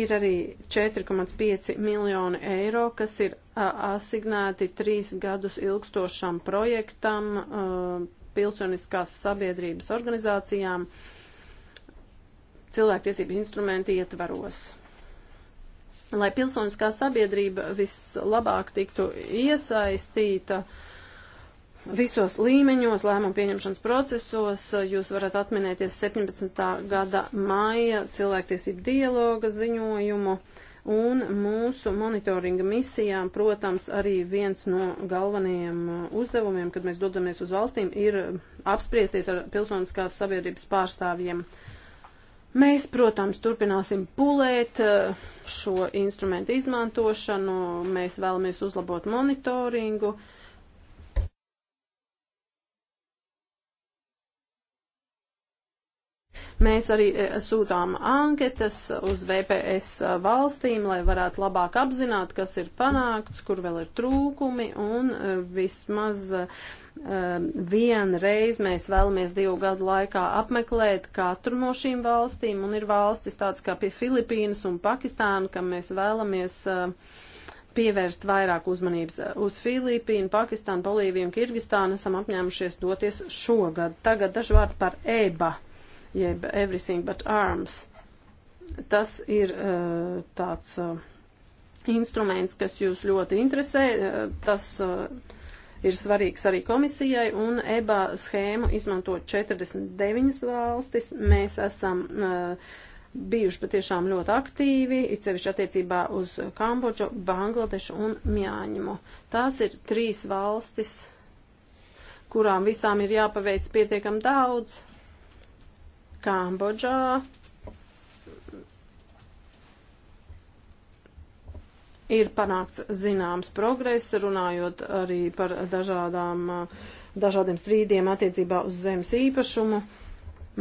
Ir arī 4,5 miljoni eiro, kas ir asignēti trīs gadus ilgstošam projektam pilsoniskās sabiedrības organizācijām cilvēktiesību instrumenti ietvaros. Lai pilsoniskā sabiedrība vislabāk tiktu iesaistīta visos līmeņos, lēmumu pieņemšanas procesos, jūs varat atminēties 17. gada maija cilvēktiesību dialoga ziņojumu. Uh, Un mūsu monitoringa misijām, protams, arī viens no galvenajiem uh, uzdevumiem, kad mēs dodamies uz valstīm, ir apspriesties ar pilsoniskās sabiedrības pārstāvjiem. Mēs, protams, turpināsim pulēt uh, šo instrumentu izmantošanu, mēs vēlamies uzlabot monitoringu, uh, Mēs arī e, sūtām anketas uz VPS valstīm, lai varētu labāk apzināt, kas ir panākts, kur vēl ir trūkumi un e, vismaz e, vienreiz mēs vēlamies divu gadu laikā apmeklēt katru no šīm valstīm, un ir valstis tāds kā pie Filipīnas un Pakistāna, kam mēs vēlamies pievērst vairāk uzmanības. Uz Filipīnu, Pakistānu, Bolīviju un Kirgistānu esam apņēmušies doties šogad. Tagad dažu vārdu par EBA jeb Everything But Arms. Tas ir uh, tāds uh, instruments, kas jūs ļoti interesē. Uh, tas uh, ir svarīgs arī komisijai, un EBA schēmu izmanto 49 valstis. Mēs esam uh, bijuši patiešām ļoti aktīvi, it sevišķi attiecībā uz Kambodžu, Bangladešu un Mjāņumu. Tās ir trīs valstis, kurām visām ir jāpaveic pietiekam daudz, Kambodžā ir panākts zināms progress, runājot arī par dažādām, dažādiem strīdiem attiecībā uz zemes īpašumu.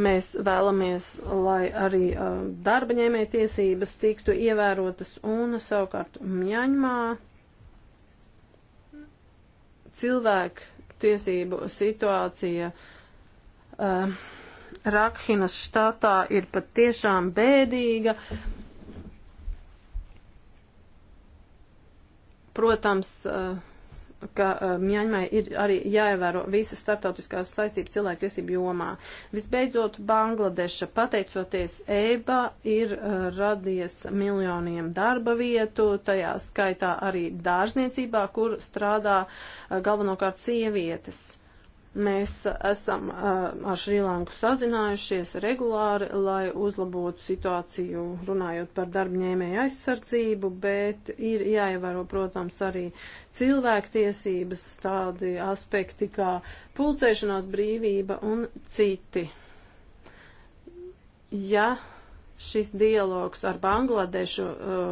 Mēs vēlamies, lai arī darba ņēmēja tiesības tiktu ievērotas un savukārt Mjaņmā cilvēku tiesību situācija uh, Rakhinas štatā ir patiešām bēdīga. Protams, eh, ka eh, Mjaņmai ir arī jāievēro visas starptautiskās saistības cilvēktiesību jomā. Visbeidzot, Bangladeša, pateicoties EBA, ir eh, radies miljoniem darba vietu, tajā skaitā arī dārzniecībā, kur strādā galvenokārt sievietes Mēs esam ar Šrilanku sazinājušies regulāri, lai uzlabotu situāciju runājot par darbņēmēju aizsardzību, bet ir jāievēro, protams, arī cilvēktiesības, tādi aspekti kā pulcēšanās brīvība un citi. Ja šis dialogs ar Bangladešu uh,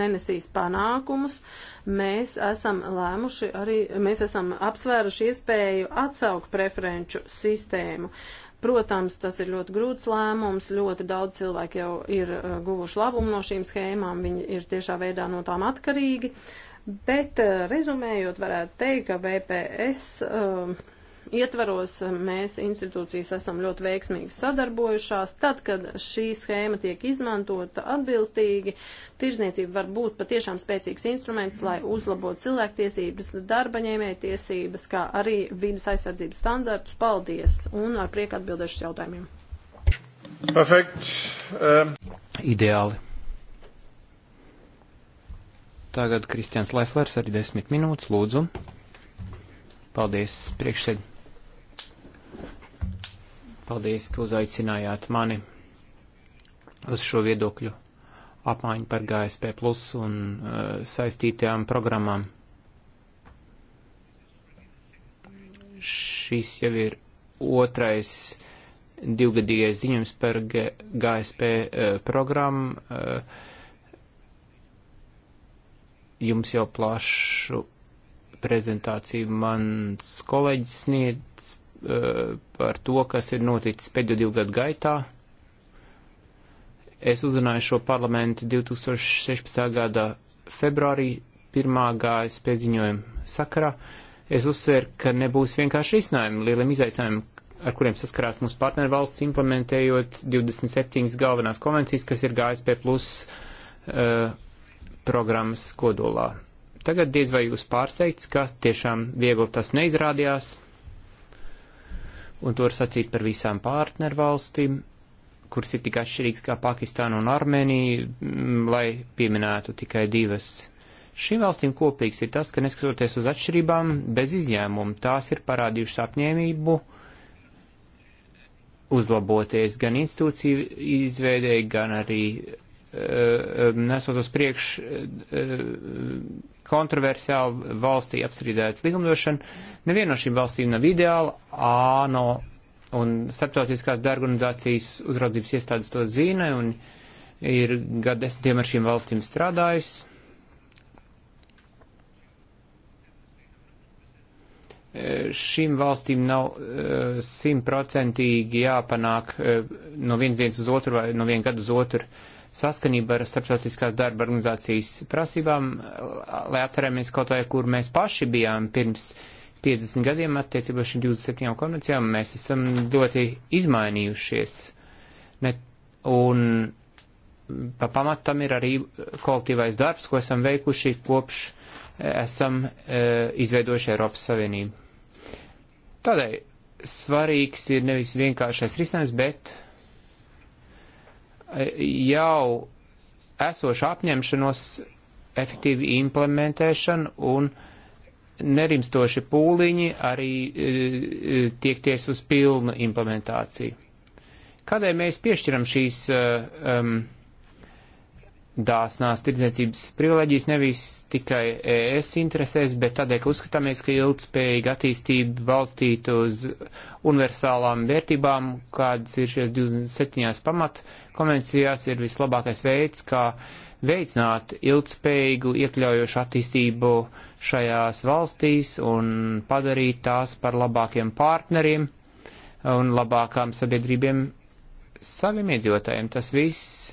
nenesīs panākumus, mēs esam lēmuši arī, mēs esam apsvēruši iespēju atsaukt preferenču sistēmu. Protams, tas ir ļoti grūts lēmums, ļoti daudz cilvēku jau ir uh, guvuši labumu no šīm schēmām, viņi ir tiešā veidā no tām atkarīgi, bet uh, rezumējot varētu teikt, ka VPS uh, ietvaros eh, mēs institūcijas esam ļoti veiksmīgi sadarbojušās. Tad, kad šī schēma tiek izmantota atbilstīgi, tirzniecība var būt patiešām spēcīgs instruments, lai uzlabotu cilvēktiesības, darba ņēmēja tiesības, kā arī vidas aizsardzības standartus. Paldies un ar prieku atbildēšu jautājumiem. Perfekt. Um. Ideāli. Tagad Kristians Leflers arī desmit minūtes, lūdzu. Paldies, priekšsēd. Paldies, ka uzaicinājāt mani uz šo viedokļu apmaiņu par GSP plus un uh, saistītajām programmām. Šis jau ir otrais divgadīgais ziņojums par G GSP uh, eh, programmu. Uh, jums jau plašu prezentāciju mans kolēģis sniedz Eh, par to, kas ir noticis pēdējo divu gadu gaitā. Es uzrunāju šo parlamentu 2016. gada februārī pirmā gājas pieziņojuma sakarā. Es uzsveru, ka nebūs vienkārši risinājumi lieliem izaicinājumiem, ar kuriem saskarās mūsu partnervalsts, implementējot 27 galvenās konvencijas, kas ir GSP plus uh, programmas kodolā. Tagad diez vai jūs pārsteigts, ka tiešām viegli tas neizrādījās un to var sacīt par visām partnervalstīm, kuras ir tik atšķirīgas kā Pakistāna un Armēnija, mm, lai pieminētu tikai divas. Šīm valstīm kopīgs ir tas, ka neskatoties uz atšķirībām, bez izņēmumu tās ir parādījušas apņēmību uzlaboties gan institūciju izveidēji, gan arī uh, nesot uz priekšu uh, eh, kontroversiāli valstī apstrīdēt likumdošanu. Neviena no šīm valstīm nav ideāla, ANO un starptautiskās deorganizācijas uzraudzības iestādes to zina un ir gadu desmitiem ar šīm valstīm strādājis. Šīm valstīm nav eh, simtprocentīgi jāpanāk eh, no vienas dienas uz otru vai no viena gada uz otru uh, saskanība ar starptautiskās darba organizācijas prasībām, lai atcerēmies kaut vai, kur mēs paši bijām pirms 50 gadiem attiecībā šīm 27 konvencijām, mēs esam ļoti izmainījušies. Ne, un pa pamatam ir arī kolektīvais darbs, ko esam veikuši kopš eh, esam e, izveidojuši Eiropas Savienību. Tādēļ svarīgs ir nevis vienkāršais risinājums, bet jau esošu apņemšanos efektīvi implementēšanu un nerimstoši pūliņi arī e, e, tiekties uz pilnu implementāciju. Kādēļ mēs piešķiram šīs um, dāsnās tirdzniecības privileģijas nevis tikai ES interesēs, bet tādēļ, ka uzskatāmies, ka ilgspējīga attīstība balstīta uz universālām vērtībām, kādas ir šies 27. pamat konvencijās ir vislabākais veids, kā veicināt ilgspējīgu iekļaujošu attīstību šajās valstīs un padarīt tās par labākiem partneriem un labākām sabiedrībiem saviem iedzīvotājiem. Tas viss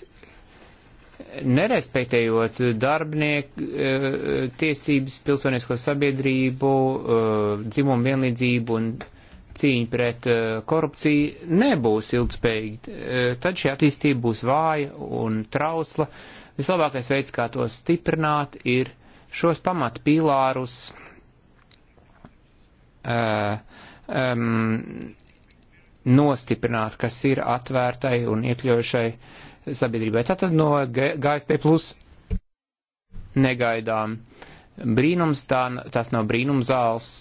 nerespektējot darbinieku eh, tiesības, pilsonisko sabiedrību, eh, dzimumu vienlīdzību un cīņa pret eh, korupciju nebūs ilgspējīga, eh, tad šī attīstība būs vāja un trausla. Vislabākais veids, kā to stiprināt, ir šos pamatpīlārus uh, um, nostiprināt, kas ir atvērtai un iekļaujušai sabiedrībai. Tātad no GSP plus negaidām brīnums, tā, tas nav brīnumzāls,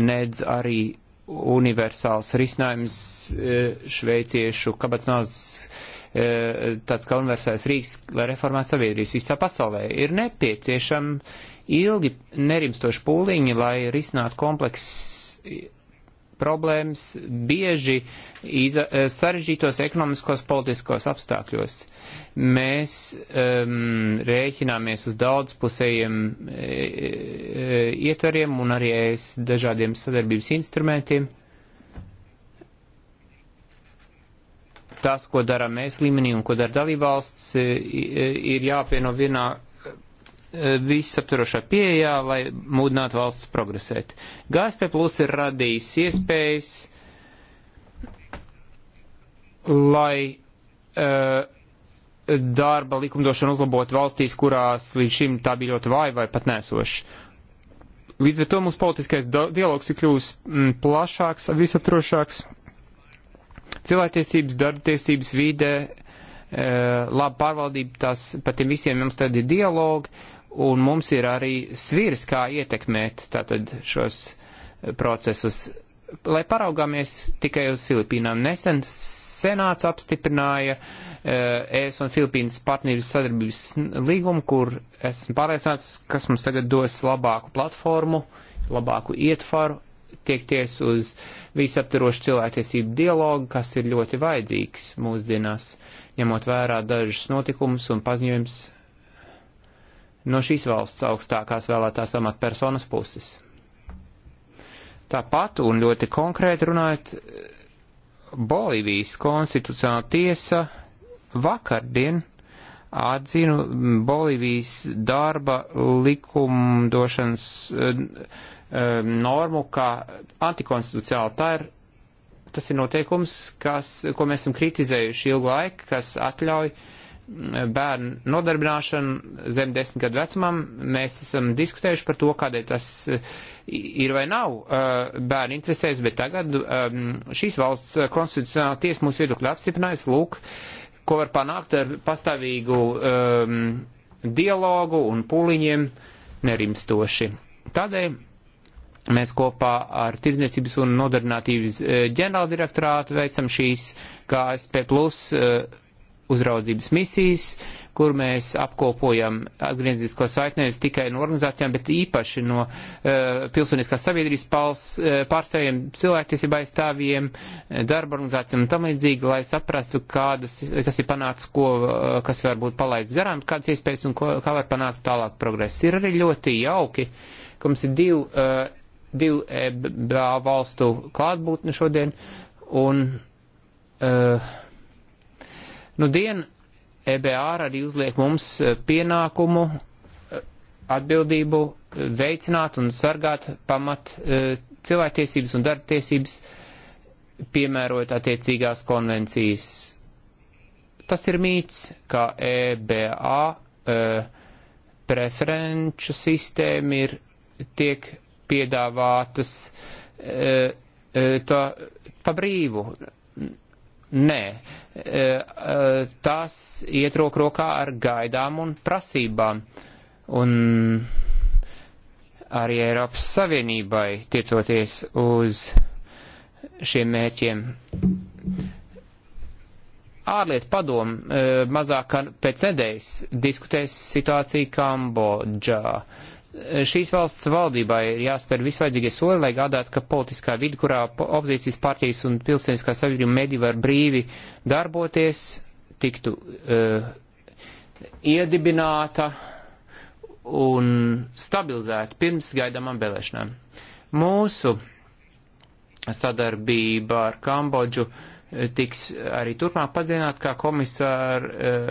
nedz arī universāls risinājums e, šveiciešu kabatnāzes e, tāds kā universāls rīks, lai reformētu sabiedrības visā pasaulē. Ir nepieciešama ilgi nerimstoši pūliņi, lai risinātu komplekss problēmas bieži e, sarežģītos ekonomiskos politiskos apstākļos. Uh, Mēs um, rēķināmies uz daudzpusējiem e, e, ietvariem un arī es dažādiem sadarbības instrumentiem. Tas, ko dara mēs līmenī un ko dara dalībvalsts, e, e, ir jāpieno vienā e, visaptvarošā pieejā, lai mūdinātu valsts progresēt. GSP plus ir radījis iespējas, lai uh, darba likumdošanu uzlabot valstīs, kurās līdz šim tā bija ļoti vāja vai pat nesoša. Līdz ar to mūsu politiskais dialogs ir kļuvis mm, plašāks, visaptrošāks. Cilvēktiesības, darba tiesības, vīdē, eh, laba pārvaldība, tas par tiem visiem mums tad ir dialogi, un mums ir arī svirs, kā ietekmēt tātad šos eh, procesus. Lai paraugāmies tikai uz Filipīnām, nesen senāts apstiprināja uh, Eh, ES un Filipīnas partneris sadarbības līgumu, kur esmu pārliecināts, kas mums tagad dos labāku platformu, labāku ietvaru, tiekties uz visaptarošu cilvēktiesību dialogu, kas ir ļoti vajadzīgs mūsdienās, ņemot vērā dažus notikumus un paziņojums no šīs valsts augstākās vēlētās amatpersonas puses. Tāpat un ļoti konkrēti runājot, Bolīvijas konstitucionāla tiesa vakardien atzinu Bolīvijas darba likumdošanas eh, eh, normu, kā antikonstitucionāli. Tā ir, tas ir noteikums, kas, ko mēs esam kritizējuši ilgu laiku, kas atļauj uh, bērnu nodarbināšanu zem desmit gadu vecumam. Mēs esam diskutējuši par to, kādēļ tas eh, ir vai nav bērnu interesēs, bet tagad šīs valsts konstitucionāla tiesa mūsu viedokļu apstiprinājis, lūk, uh, ko var panākt ar pastāvīgu um, dialogu un pūliņiem nerimstoši. Tādēļ mēs kopā ar Tirdzniecības un nodarbinātības eh, ģenerāldirektorātu veicam šīs KSP plus uh, uzraudzības misijas, kur mēs apkopojam atgriezisko saikni nevis tikai no organizācijām, bet īpaši no uh, pilsoniskās sabiedrības pals, uh, pārstāvjiem, cilvēktiesība aizstāvjiem, eh, darba organizācijām un tam līdzīgi, lai saprastu, kādas, kas ir panācis, ko, uh, kas var būt palaists garām, kādas iespējas un ko, kā var panākt tālāk progresu. Ir arī ļoti jauki, ka mums ir divi, uh, divi EBA valstu klātbūtne šodien un uh, Nu, dien EBR arī uzliek mums e, pienākumu e, atbildību e, veicināt un sargāt pamat cilvēktiesības un darba tiesības, piemērojot attiecīgās konvencijas. Tas ir mīts, ka EBA preferenču sistēma ir tiek piedāvātas tā, pa brīvu. Nē, e, e, tas iet roku rokā ar gaidām un prasībām. Un arī Eiropas Savienībai tiecoties uz šiem mērķiem. Ārlietu padomu e, mazāk pēc nedēļas diskutēs situāciju Kambodžā šīs valsts valdībai ir jāspēr visvaidzīgie soļi, lai gādātu, ka politiskā vidi, kurā opozīcijas partijas un pilsēniskā sabiedrība mediji var brīvi darboties, tiktu uh, iedibināta un stabilizēta pirms gaidāmām vēlēšanām. Mūsu sadarbība ar Kambodžu uh, tiks arī turpmāk padzināt, kā komisāra eh,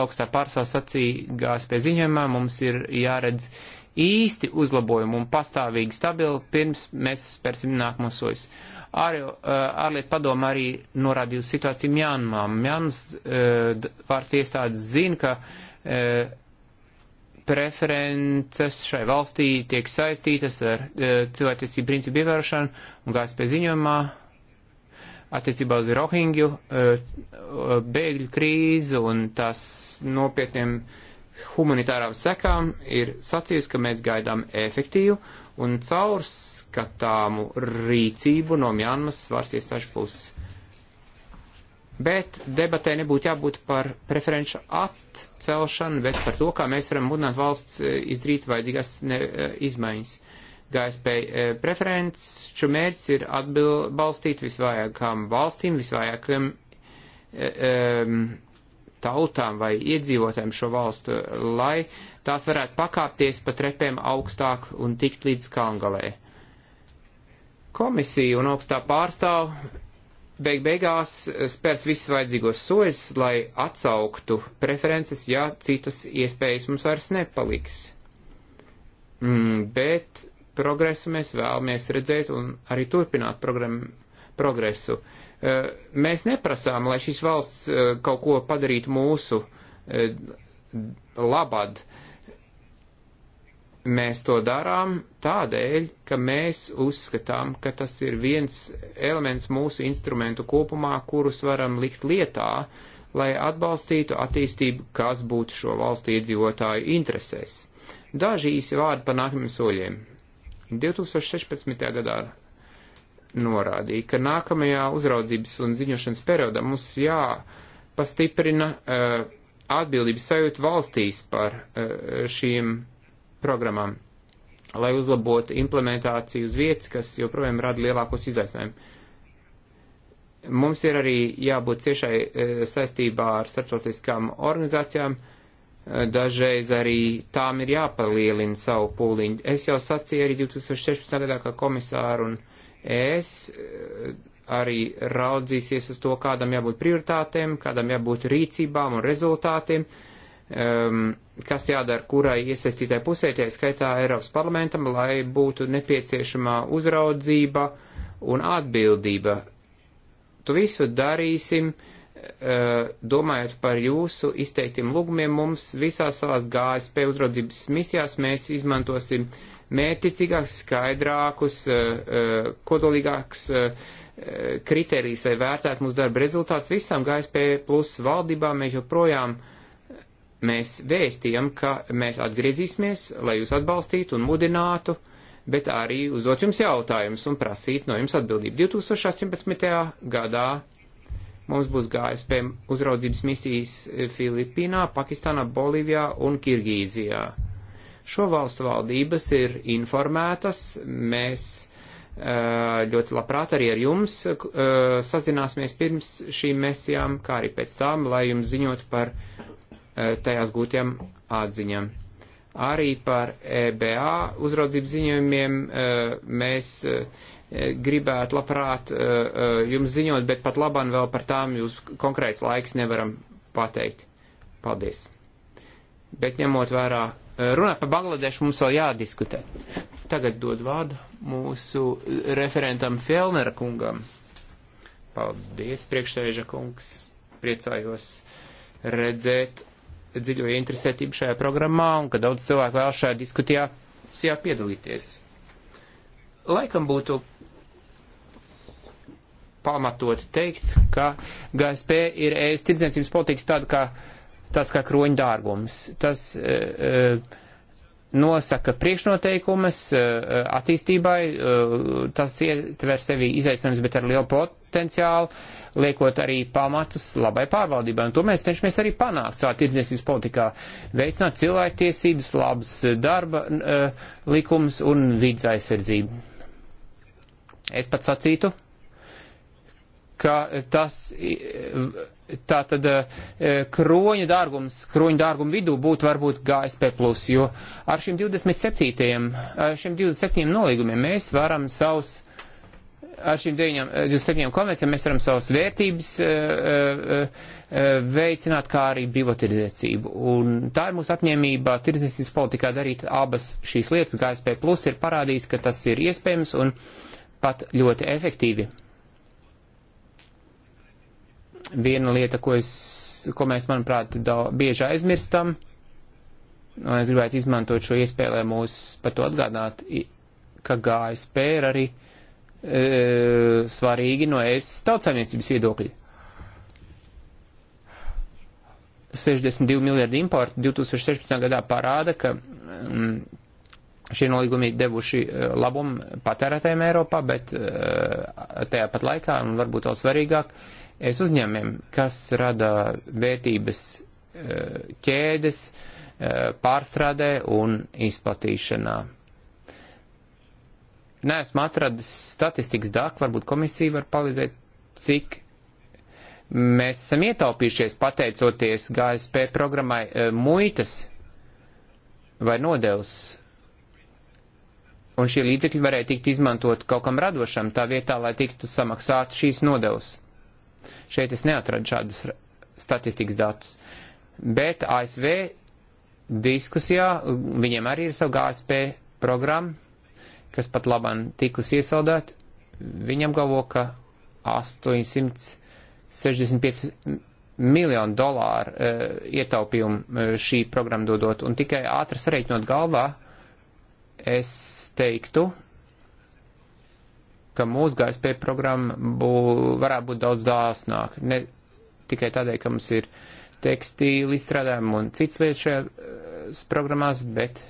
augstā pārstāvja sacīja gās pie ziņojumā, mums ir jāredz īsti uzlabojumi un pastāvīgi stabili, pirms mēs spērsim nākamos soļus. Eh, ārlietu padoma arī norādījusi situāciju Mjānmā. Mjānmas eh, vārds iestādes zina, ka preferences šai valstī tiek saistītas ar cilvēktiesību principu ievērošanu un gājas pie ziņojumā attiecībā uz Rohingju eh, eh, bēgļu krīzi un tās nopietniem humanitārām sekām ir sacījis, ka mēs gaidām efektīvu un caurskatāmu rīcību no Mjānmas svars iestāžu puses. Bet debatē nebūtu jābūt par preferenču atcelšanu, bet par to, kā mēs varam mudināt valsts eh, izdarīt vajadzīgās ne, izmaiņas. GSP e, preferenču mērķis ir atbalstīt visvājākām valstīm, visvājākām e, e, tautām vai iedzīvotājiem šo valstu, lai tās varētu pakāpties pa trepēm augstāk un tikt līdz kalngalē. Komisija un augstā pārstāv beig beigās spērs visus vajadzīgos soļus, lai atsauktu preferences, ja citas iespējas mums vairs nepaliks. Mm, bet progresu mēs vēlamies redzēt un arī turpināt progresu. Eh, mēs neprasām, lai šīs valsts eh, kaut ko padarītu mūsu eh, labad. Mēs to darām tādēļ, ka mēs uzskatām, ka tas ir viens elements mūsu instrumentu kopumā, kurus varam likt lietā, lai atbalstītu attīstību, kas būtu šo valstu iedzīvotāju interesēs. Daži īsi vārdi par nākamajiem soļiem. 2016. gadā norādīja, ka nākamajā uzraudzības un ziņošanas periodā mums jāpastiprina uh, atbildības sajūta valstīs par uh, šīm programmām, lai uzlabotu implementāciju uz vietas, kas joprojām rada lielākos izaicinājumus. Mums ir arī jābūt ciešai uh, saistībā ar starptautiskām organizācijām, uh, dažreiz arī tām ir jāpalielina savu pūliņu. Es jau sacīju arī 2016. gadā, ka komisāru un es eh, arī raudzīsies uz to, kādam jābūt prioritātēm, kādam jābūt rīcībām un rezultātiem, um, kas jādara kurai iesaistītai pusē, tie skaitā Eiropas parlamentam, lai būtu nepieciešamā uzraudzība un atbildība. Tu visu darīsim uh, domājot par jūsu izteiktiem lūgumiem, mums visās savās GSP uzraudzības misijās mēs izmantosim mērķicīgākus, skaidrākus, kodolīgākus kriterijus, lai vērtētu mūsu darba rezultātus visām GSP plus valdībām. Mēs joprojām mēs vēstījam, ka mēs atgriezīsimies, lai jūs atbalstītu un mudinātu, bet arī uzdot jums jautājumus un prasīt no jums atbildību. 2018. gadā Mums būs GSP uzraudzības misijas eh, Filipīnā, Pakistānā, Bolīvijā un Kirgīzijā. Šo valstu valdības ir informētas, mēs eh, ļoti labprāt arī ar jums eh, sazināsimies pirms šīm mesijām, kā arī pēc tām, lai jums ziņot par tajās gūtiem atziņām. Arī par EBA uzraudzības ziņojumiem mēs Eh, gribētu labprāt eh, eh, jums ziņot, bet pat labam vēl par tām jūs konkrēts laiks nevaram pateikt. Paldies. Bet ņemot vērā, runāt par Bangladešu mums vēl jādiskutē. Tagad dod vārdu mūsu referentam Fjellnera kungam. Paldies, priekšsēža kungs. Priecājos redzēt dziļo interesētību šajā programmā un ka daudz cilvēku vēl šajā diskutijā piedalīties. Laikam būtu pamatot teikt, ka GSP ir ēst tirdzniecības politikas tāda kā tas kā kroņdārgums. Tas uh, nosaka priekšnoteikumus uh, attīstībai, uh, tas ietver sevi izaicinājums, bet ar lielu potenciālu, liekot arī pamatus labai pārvaldībai. Un to mēs cenšamies arī panākt savā tirdzniecības politikā, veicināt cilvēktiesības, labas darba likums un vidas aizsardzību. Es pats sacītu ka tas tā tad e, kroņa dārgums, kroņa dārguma vidū būtu varbūt GSP+, jo ar šiem 27, ar šiem 27 nolīgumiem mēs varam savus, ar šiem 9, 27 e, konvencijām mēs varam savas vērtības e, veicināt, kā arī bivotirdzniecību. Un tā ir mūsu apņēmība tirdzniecības politikā darīt abas šīs lietas. GSP+, ir parādījis, ka tas ir iespējams un pat ļoti efektīvi viena lieta, ko, es, ko mēs, manuprāt, daudz, bieži aizmirstam, un es gribētu izmantot šo iespēju, lai mūs par to atgādinātu, ka GSP ir arī e, svarīgi no es tautsājumniecības viedokļa. 62 miljardi importu 2016. gadā parāda, ka mm, šie nolīgumi devuši e, labumu patērētājiem Eiropā, bet e, tajā pat laikā, un varbūt vēl svarīgāk, e, Es uzņēmiem, kas rada vērtības eh, ķēdes eh, pārstrādē un izplatīšanā. Nē, esmu atradis statistikas dāku, varbūt komisija var palīdzēt, cik mēs esam ietaupījušies pateicoties GSP programmai eh, muitas vai nodevs. Un šie līdzekļi varēja tikt izmantot kaut kam radošam tā vietā, lai tiktu samaksāt šīs nodevs. Šeit es neatradu šādus statistikas datus. Bet ASV diskusijā viņiem arī ir savu GSP programmu, kas pat labam tikus iesaldēt. Viņam galvo, ka 865 miljonu dolāru e, ietaupījumu e, šī programma dodot, un tikai ātri sareiķinot galvā, es teiktu, ka mūsu GSP programma bū, varētu būt daudz dāsnāk. Ne tikai tādēļ, ka mums ir tekstīli izstrādājumi un cits lietas šajās eh, programmās, bet eh,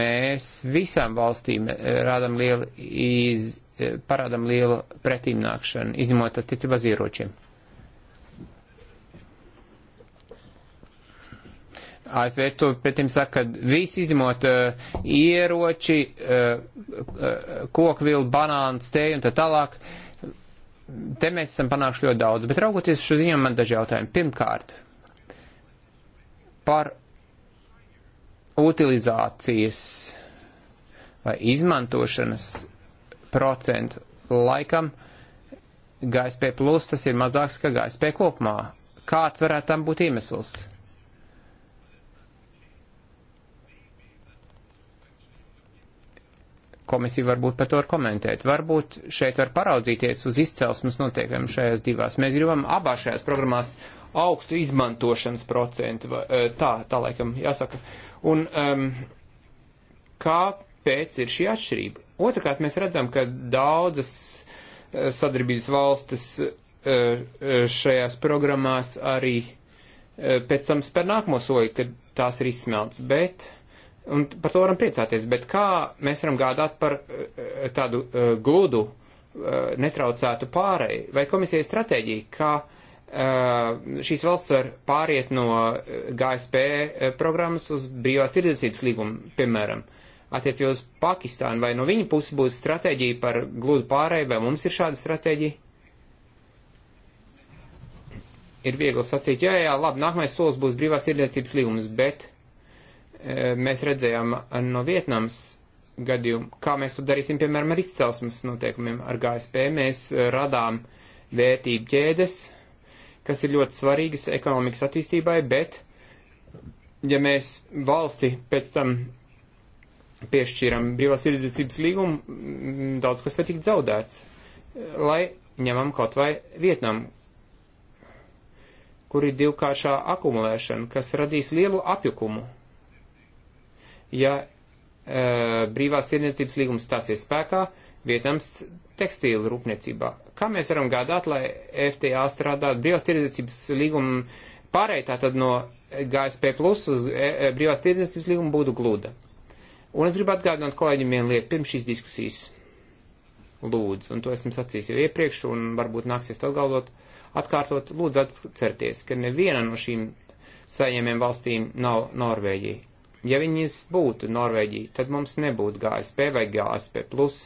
mēs visām valstīm eh, rādam lielu iz, parādam lielu pretīmnākšanu, izņemot attiecībā uz ieročiem. ASV to pretim saka, ka visi izņemot uh, ieroči, uh, eh, uh, eh, kokvilu, banānu, steju un tā tālāk, te mēs esam panākuši ļoti daudz. Bet raugoties šo ziņām, man daži jautājumi. Pirmkārt, par utilizācijas vai izmantošanas procentu laikam GSP plus tas ir mazāks, ka GSP kopumā. Kāds varētu tam būt iemesls? Komisija varbūt par to var komentēt. Varbūt šeit var paraudzīties uz izcelsmes noteikumiem šajās divās. Mēs gribam abās šajās programmās augstu izmantošanas procentu, e, tā, tā laikam jāsaka. Un um, kāpēc ir šī atšķirība? Otrakārt, mēs redzam, ka daudzas e, sadarbības valstis e, šajās programmās arī pēc tam spēr nākamo soli, kad tās ir izsmelts, bet un par to varam priecāties, bet kā mēs varam gādāt par eh, eh, tādu uh, gludu, uh, netraucētu pārēju, vai komisija stratēģija, kā uh, šīs valsts var pāriet no GSP programmas uz brīvās tirdzniecības līgumu, piemēram, attiecībā uz Pakistānu, vai no viņa puses būs stratēģija par gludu pārēju, vai mums ir šāda stratēģija? Ir viegli sacīt, jā, jā, labi, nākamais solis būs brīvās tirdzniecības līgums, bet E, mēs redzējām no Vietnams gadījumu, kā mēs to darīsim, piemēram, ar izcelsmes noteikumiem, ar GSP. Mēs radām vērtību ķēdes, kas ir ļoti svarīgas ekonomikas attīstībai, bet ja mēs valsti pēc tam piešķīram brīvās tirdzniecības līgumu, daudz kas var tikt zaudēts, lai ņemam kaut vai Vietnam, kur ir divkāršā akumulēšana, kas radīs lielu apjukumu ja e, brīvās tirniecības līgums stāsies spēkā Vietnams tekstīlu rūpniecībā. Kā mēs varam gādāt, lai FTA strādātu brīvās tirniecības līgumu pārēj tātad no GSP plus uz e, e, brīvās tirniecības līgumu būtu gluda? Un es gribu atgādināt kolēģiem vienu lietu pirms šīs diskusijas. Lūdzu, un to esmu sacījis jau iepriekš, un varbūt nāksies to atgalvot, atkārtot, lūdzu atcerieties, ka neviena no šīm saņēmiem valstīm nav Norvēģija Ja viņas būtu Norvēģija, tad mums nebūtu GSP vai GSP plus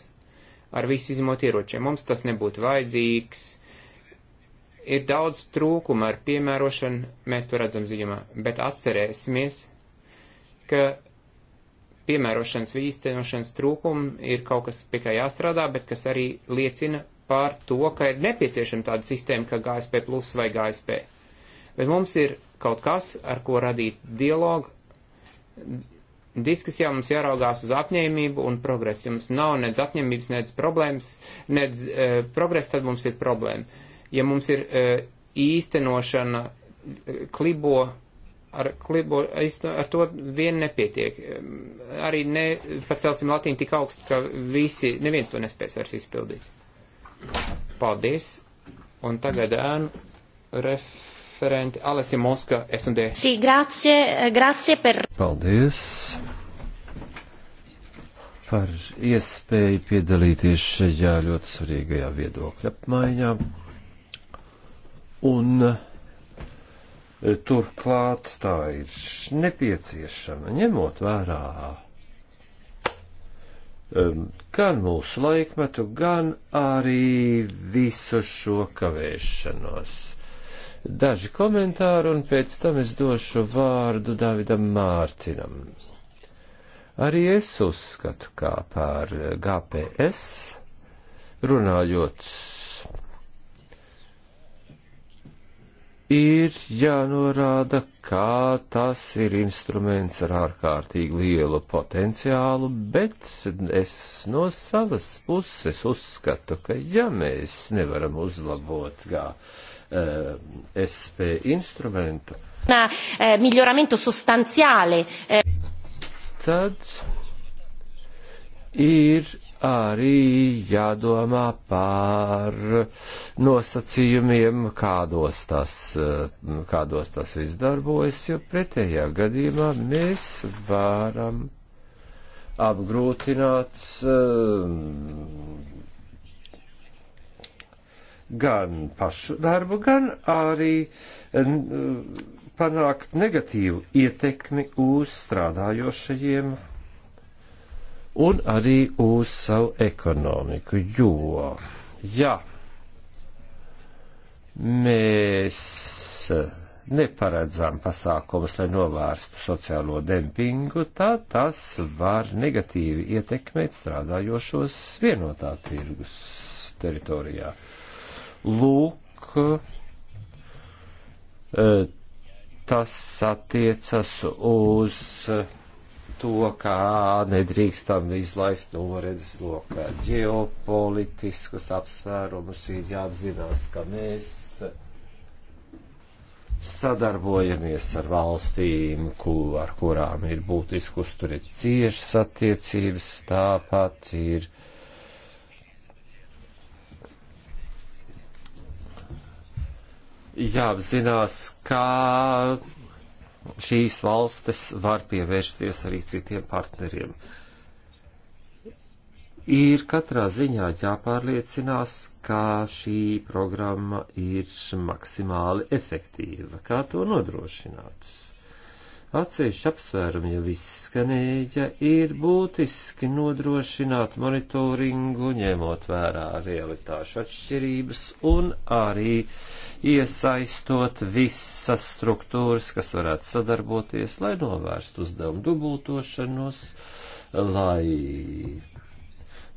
ar visu izmot ieročiem. Mums tas nebūtu vajadzīgs. Ir daudz trūkuma ar piemērošanu, mēs to redzam ziņumā, bet atcerēsimies, ka piemērošanas vai īstenošanas trūkumi ir kaut kas, pie kā jāstrādā, bet kas arī liecina par to, ka ir nepieciešama tāda sistēma, kā GSP plus vai GSP. Bet mums ir kaut kas, ar ko radīt dialogu, diskusijā mums jāraugās uz apņēmību un progresu. Ja mums nav nedz apņēmības, nedz problēmas, nedz e, progresa, tad mums ir problēma. Ja mums ir e, īstenošana e, klibo, ar, klibo, ar to vien nepietiek. E, arī ne, pacelsim latīņu tik augstu, ka visi, neviens to nespēs vairs izpildīt. Paldies! Un tagad ēnu ref referenti Alessi Moska, S&D. Sī, grazie, eh, grazie per. Paldies par iespēju piedalīties šajā ļoti svarīgajā viedokļa apmaiņā. Un eh, turklāt tā ir nepieciešama, ņemot vērā ehm, gan mūsu laikmetu, gan arī visu šo kavēšanos daži komentāri, un pēc tam es došu vārdu Davidam Mārtinam. Arī es uzskatu, kā par GPS, runājot, ir jānorāda, kā tas ir instruments ar ārkārtīgi lielu potenciālu, bet es no savas puses uzskatu, ka ja mēs nevaram uzlabot GPS, Eh, SP instrumentu. Una, eh, miglioramento sostanziale. Eh. Tad ir arī jādomā par nosacījumiem, kādos tas, eh, kādos tas viss darbojas, jo pretējā gadījumā mēs varam apgrūtināt eh, gan pašu darbu, gan arī panākt negatīvu ietekmi uz strādājošajiem un arī uz savu ekonomiku, jo, ja mēs neparedzām pasākumus, lai novērstu sociālo dempingu, tad tas var negatīvi ietekmēt strādājošos vienotā tirgus teritorijā. Uh, Lūk, e, tas attiecas uz to, kā nedrīkstam izlaist noredzes lokā. Ģeopolitiskus apsvērumus ir jāapzinās, ka mēs sadarbojamies ar valstīm, ku, ar kurām ir būtiski uzturēt ciešas attiecības, tāpat ir uh, jāapzinās, kā šīs valstis var pievērsties arī citiem partneriem. Ir katrā ziņā jāpārliecinās, ka šī programma ir maksimāli efektīva. Kā to nodrošināts? Atsevišķi apsvērumi jau izskanēja, ir būtiski nodrošināt monitoringu, ņemot vērā realitāšu atšķirības un arī iesaistot visas struktūras, kas varētu sadarboties, lai novērstu uzdevumu dubultošanos, lai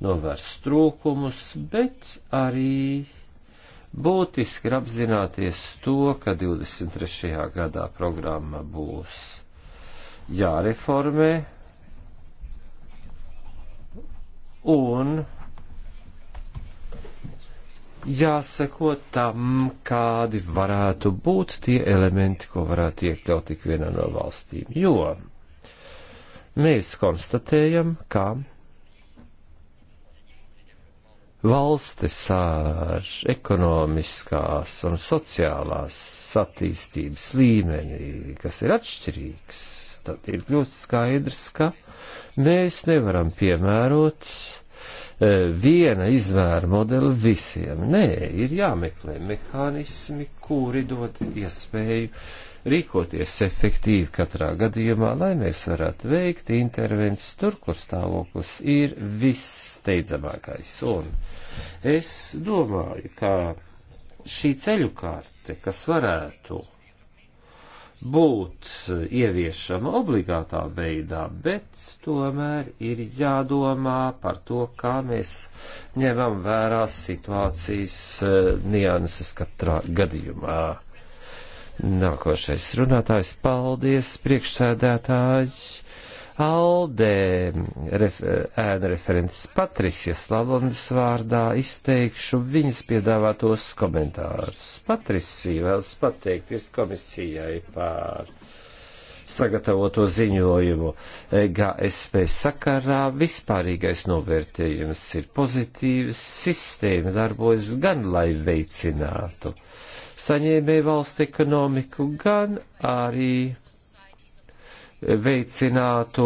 novērstu trūkumus, bet arī būtiski ir apzināties to, ka 23. gadā programma būs jāreformē un jāseko tam, kādi varētu būt tie elementi, ko varētu iekļaut tik vienā no valstīm. Jo mēs konstatējam, ka valstis ar ekonomiskās un sociālās attīstības līmenī, kas ir atšķirīgs, tad ir kļūst skaidrs, ka mēs nevaram piemērot e, viena izvēra modeli visiem. Nē, ir jāmeklē mehānismi, kuri dod iespēju rīkoties efektīvi katrā gadījumā, lai mēs varētu veikt intervences tur, kur stāvoklis ir vissteidzamākais. Un es domāju, ka šī ceļu kārte, kas varētu būt ieviešama obligātā veidā, bet tomēr ir jādomā par to, kā mēs ņemam vērā situācijas e, nianses katrā gadījumā. Nākošais runātājs, paldies, priekšsēdētāji! Aldē ref, ēna referents Patrisijas Slavondas vārdā izteikšu viņas piedāvātos komentārus. Patrisija vēlas pateikties komisijai par sagatavoto ziņojumu GSP sakarā. Vispārīgais novērtējums ir pozitīvs, sistēma darbojas gan lai veicinātu saņēmēju valstu ekonomiku, gan arī veicinātu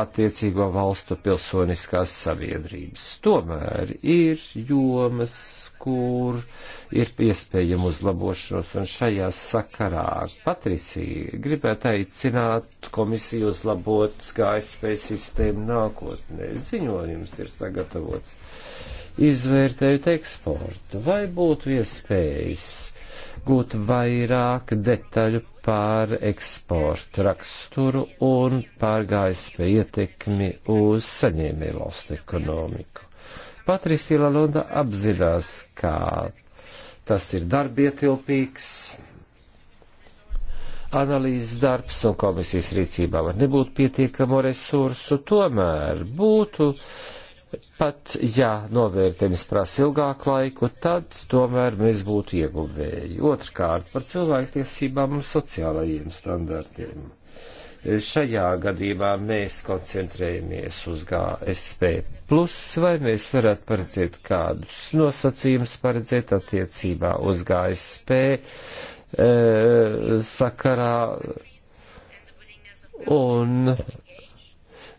attiecīgo valstu pilsoniskās sabiedrības. Tomēr ir jomas, kur ir iespējama uzlabošanos, un šajā sakarā Patricija gribētu aicināt komisiju uzlabot SKSP sistēmu nākotnē. Ziņojums ir sagatavots. Izvērtējot eksportu, vai būtu iespējas gūt vairāk detaļu par eksporta raksturu un par GSP ietekmi uz saņēmēju valstu ekonomiku. Patricija Lalonda apzinās, ka tas ir darbietilpīgs analīzes darbs un komisijas rīcībā var nebūt pietiekamo resursu, tomēr būtu uh, Pat ja novērtējums prasa ilgāku laiku, tad tomēr mēs būtu ieguvēji. Otrkārt, par cilvēktiesībām un sociālajiem standartiem. Šajā gadījumā mēs koncentrējamies uz GSP. Plus, vai mēs varētu paredzēt kādus nosacījumus paredzēt attiecībā uz GSP e, eh, sakarā un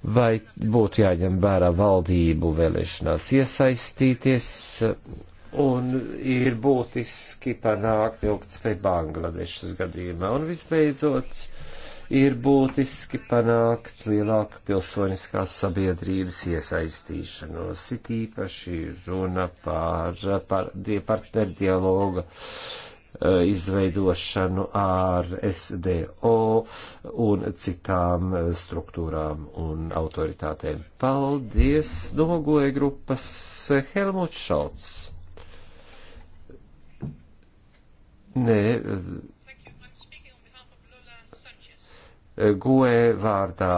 vai būtu jāņem vērā valdību vēlēšanās iesaistīties, un ir būtiski panākt ilgtspēju Bangladešas gadījumā, un visbeidzot, ir būtiski panākt lielāku pilsoniskās sabiedrības iesaistīšanos, it īpaši runa par, par partnerdialoga Eh, izveidošanu ar SDO un citām eh, struktūrām un autoritātēm. Paldies, nogoja grupas eh, Helmuts Šalts. Nē, goe vārdā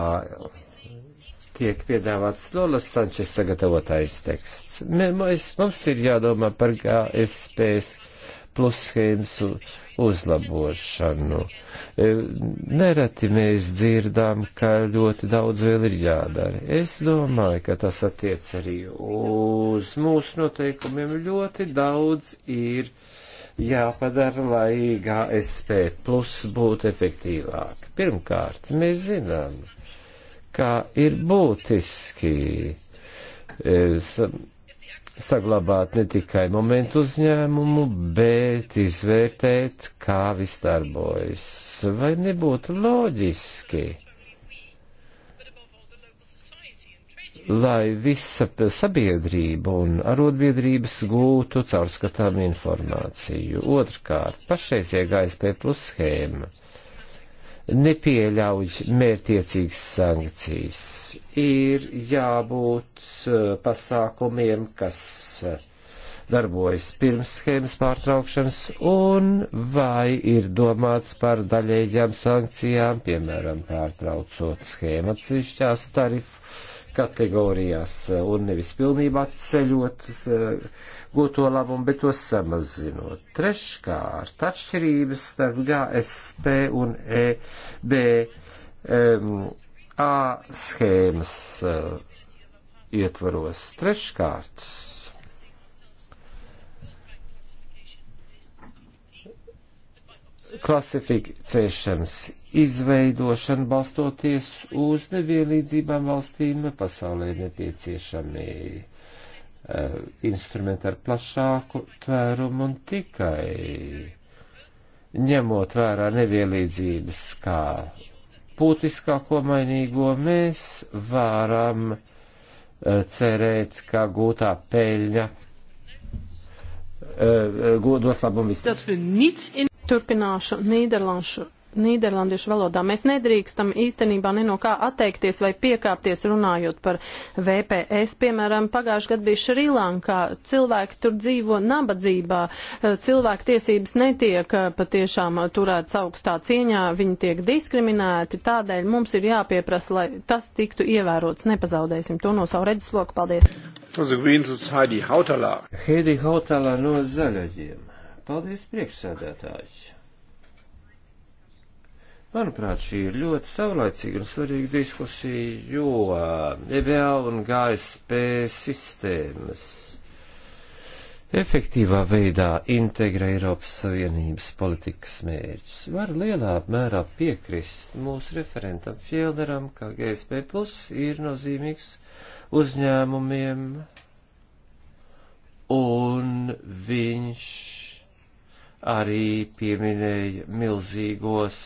tiek piedāvāts Lolas Sančes sagatavotais teksts. Mēs, mums ir jādomā par GSPS plus schēmas uzlabošanu. E, nereti mēs dzirdām, ka ļoti daudz vēl ir jādara. Es domāju, ka tas attiec arī uz mūsu noteikumiem. Ļoti daudz ir jāpadara, lai GSP plus būtu efektīvāk. Pirmkārt, mēs zinām, ka ir būtiski e, saglabāt ne tikai momentu uzņēmumu, bet izvērtēt, kā viss darbojas. Vai nebūtu loģiski, lai visa sabiedrība un arotbiedrības gūtu caurskatām informāciju? Otrkārt, pašreizie GSP plus schēma nepieļauj mērtiecīgas sankcijas. Ir jābūt uh, pasākumiem, kas uh, darbojas pirms schēmas pārtraukšanas, un vai ir domāts par daļējām sankcijām, piemēram, pārtraucot schēmu atsevišķās tarifu kategorijās eh, un nevis pilnībā ceļot eh, gūto labumu, bet to samazinot. Treškārt, atšķirības starp GSP un EB um, A schēmas uh, ietvaros. Treškārt, klasificēšanas izveidošana balstoties uz nevienlīdzībām valstīm pasaulē nepieciešami uh, instrumenti ar plašāku tvērumu un tikai ņemot vērā nevienlīdzības kā būtiskāko mainīgo mēs varam uh, cerēt, ka gūtā peļņa uh, e, dos labumu visiem. Turpināšu Nīderlandšu. Nīderlandiešu valodā mēs nedrīkstam īstenībā neno kā atteikties vai piekāpties runājot par VPS. Piemēram, pagājuši gadu bija Šrilankā, cilvēki tur dzīvo nabadzībā, eh, cilvēku tiesības netiek eh, patiešām turētas augstā cieņā, viņi tiek diskriminēti, tādēļ mums ir jāpieprasa, lai tas tiktu ievērots. Nepazaudēsim to no savu redzesloku. Paldies! No the Greens, it's Heidi Hautala. Heidi Hautala no zaļajiem. Paldies, priekšsēdētāji! Manuprāt, šī ir ļoti savlaicīga un svarīga diskusija, jo EBA un GSP sistēmas efektīvā veidā integrē Eiropas Savienības politikas mērķus. Var lielā mērā piekrist mūsu referentam Fielderam, ka GSP plus ir nozīmīgs uzņēmumiem un viņš arī pieminēja milzīgos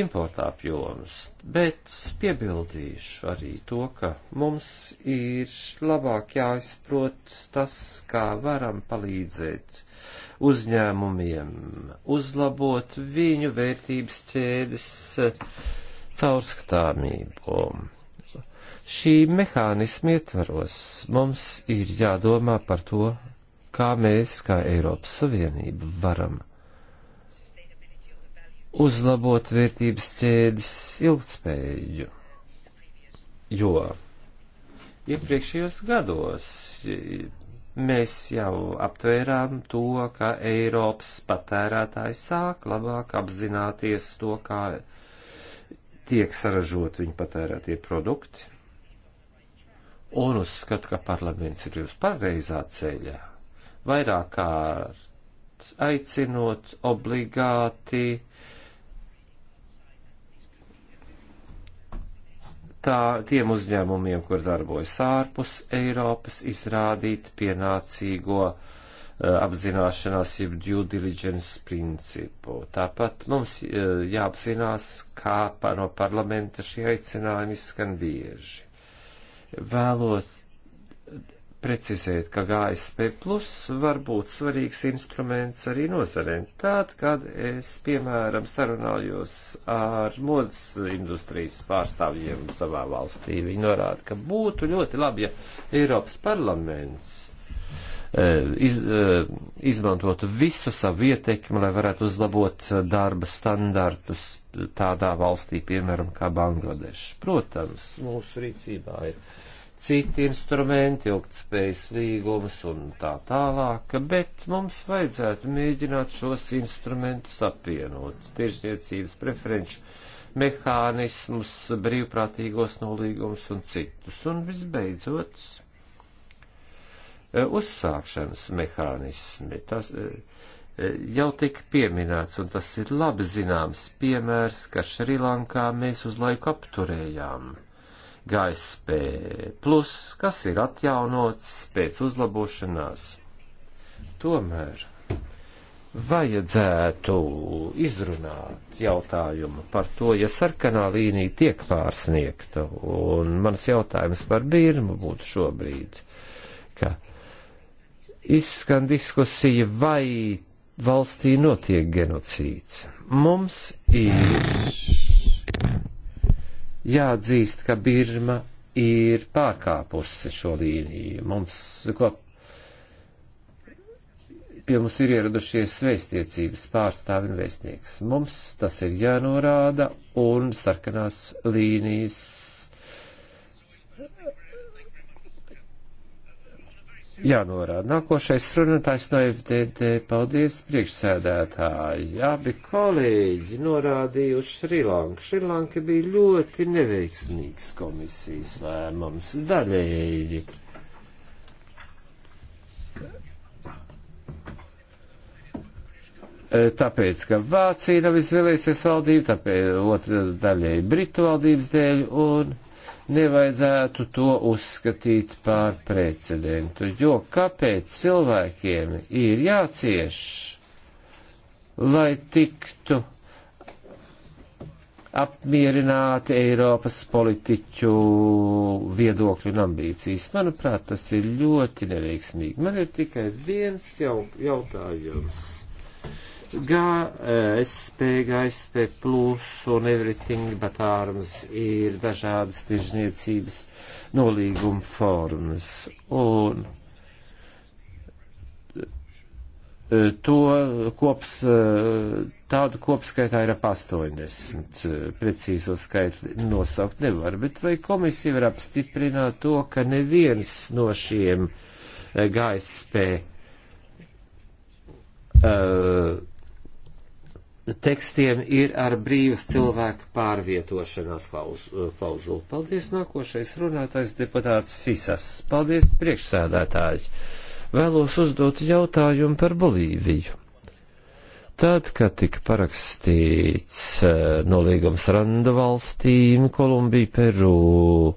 importa apjomus, bet piebildīšu arī to, ka mums ir labāk jāizprot tas, kā varam palīdzēt uzņēmumiem, uzlabot viņu vērtības ķēdes caurskatāmību šī mehānisma ietvaros mums ir jādomā par to, kā mēs, kā Eiropas Savienība, varam uzlabot vērtības ķēdes ilgtspēju. Jo iepriekšējos gados mēs jau aptvērām to, ka Eiropas patērētāji sāk labāk apzināties to, kā tiek saražot viņu patērētie produkti, un uzskata, ka parlaments ir uz pareizā ceļā vairāk kārt aicinot obligāti tā, tiem uzņēmumiem, kur darbojas ārpus Eiropas, izrādīt pienācīgo uh, apzināšanās, jeb due diligence principu. Tāpat mums uh, jāapzinās, kā no parlamenta šie aicinājumi skan bieži. Vēlos precizēt, ka GSP plus var būt svarīgs instruments arī nozarēm. Tātad, kad es, piemēram, sarunājos ar modas industrijas pārstāvjiem savā valstī, viņi norāda, ka būtu ļoti labi, ja Eiropas parlaments e, iz, e, izmantotu visu savu ietekmi, lai varētu uzlabot darba standartus tādā valstī, piemēram, kā Bangladeša. Protams, mūsu rīcībā ir citi instrumenti, ilgtspējas līgums un tā tālāk, bet mums vajadzētu mēģināt šos instrumentus apvienot, tirsniecības preferenču mehānismus, brīvprātīgos nolīgumus un citus. Un visbeidzot, eh, uzsākšanas mehānismi. Tas, eh, eh, jau tika pieminēts, un tas ir labi zināms piemērs, ka Šrilankā mēs uz laiku apturējām GSP, plus, kas ir atjaunots pēc uzlabošanās. Tomēr vajadzētu izrunāt jautājumu par to, ja sarkanā līnija tiek pārsniegta, un mans jautājums par Birmu būtu šobrīd, ka izskan diskusija, vai valstī notiek genocīds. Mums ir Jāatzīst, ka Birma ir pārkāpusi šo līniju. Mums, ko, pie mums ir ieradušies vēstniecības pārstāvi un vēstnieks. Mums tas ir jānorāda un sarkanās līnijas jānorāda. Nākošais runātājs no FDD, paldies priekšsēdētāji. Abi kolēģi norādīja uz Šrilanku. Šrilanka bija ļoti neveiksmīgs komisijas lēmums daļēji. E, tāpēc, ka Vācija nav izvēlējusies valdību, tāpēc otra daļēji Britu valdības dēļ, un nevajadzētu to uzskatīt par precedentu, jo kāpēc cilvēkiem ir jācieš, lai tiktu apmierināti Eiropas politiķu viedokļu un ambīcijas. Manuprāt, tas ir ļoti neveiksmīgi. Man ir tikai viens jau, jautājums. GSP, GSP plus un everything but arms ir dažādas tirzniecības nolīguma formas. Un e, to kops, e, tādu kopskaitā ir ap 80. E, precīzo skaitli nosaukt nevar, bet vai komisija var apstiprināt to, ka neviens no šiem GSP uh, tekstiem ir ar brīvas cilvēku pārvietošanās eh, klauzulu. Paldies, nākošais runātais deputāts Fisas. Paldies, priekšsēdētāji. Vēlos uzdot jautājumu par Bolīviju. Tad, kad tika parakstīts eh, nolīgums ar Andu valstīm, Kolumbiju, Peru,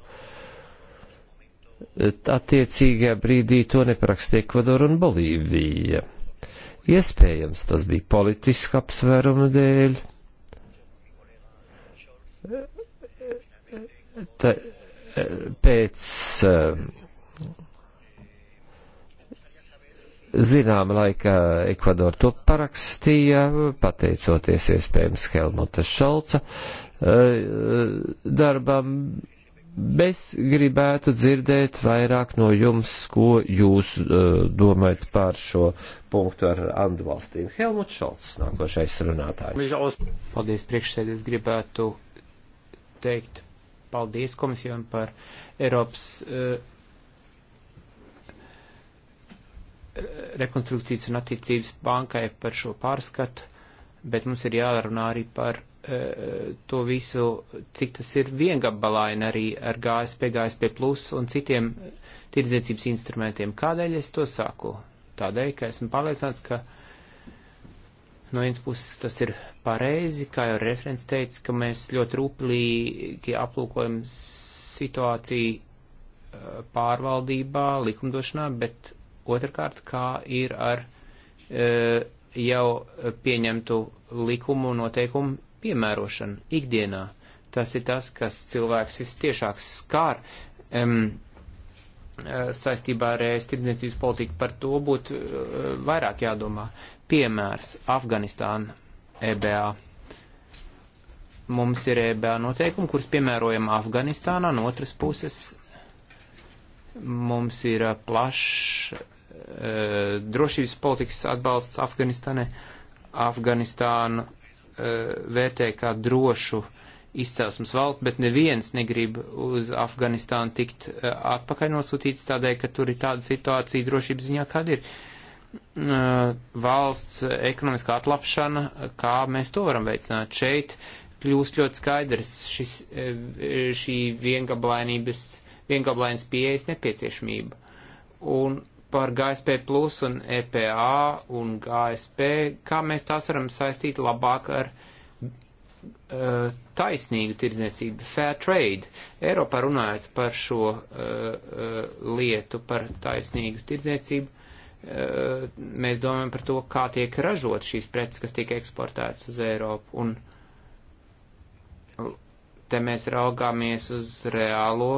eh, attiecīgajā brīdī to neparakstīja Ekvadora un Bolīvija. Iespējams, tas bija politiska apsvēruma dēļ. Ta, pēc eh, zināma laika Ekvadora to parakstīja, pateicoties iespējams Helmuta Šalca eh, darbam, Es gribētu dzirdēt vairāk no jums, ko jūs uh, domājat par šo punktu ar Andu valstīm. Helmuts Šalts, nākošais runātājs. Paldies, priekšsēdēs. Gribētu teikt paldies komisijām par Eiropas uh, rekonstrukcijas un attīstības bankai par šo pārskatu, bet mums ir jārunā arī par E, to visu, cik tas ir viengabalaini arī ar GSP, GSP plus un citiem tirdzniecības instrumentiem. Kādēļ es to saku? Tādēļ, ka esmu pārliecināts, ka no vienas puses tas ir pareizi, kā jau referents teica, ka mēs ļoti rūpīgi aplūkojam situāciju e, pārvaldībā, likumdošanā, bet otrkārt, kā ir ar e, jau pieņemtu likumu noteikumu piemērošana ikdienā. Tas ir tas, kas cilvēks visciešāk skār um, eh, saistībā ar ēst tirdzniecības politiku. Par to būtu uh, vairāk jādomā. Piemērs Afganistāna EBA. Mums ir EBA noteikumi, kurus piemērojam Afganistānā, no otras puses mums ir eh, plašs uh, drošības politikas atbalsts Afganistānai. Afganistānu Eh, vērtē kā drošu izcelsmes valsts, bet neviens negrib uz Afganistānu tikt eh, atpakaļ nosūtīts tādēļ, ka tur ir tāda situācija drošības ziņā, kāda ir. Eh, valsts ekonomiskā atlapšana, kā mēs to varam veicināt šeit, kļūst ļoti skaidrs šis, šī viengablainības, viengablainas pieejas nepieciešamība. Un par GSP plus un EPA un GSP, kā mēs tās varam saistīt labāk ar uh, taisnīgu tirdzniecību, fair trade. Eiropā runājot par šo uh, uh, lietu, par taisnīgu tirdzniecību, mēs domājam par to, kā tiek ražot šīs preces, kas tiek eksportētas uz Eiropu. Un te mēs raugāmies uz reālo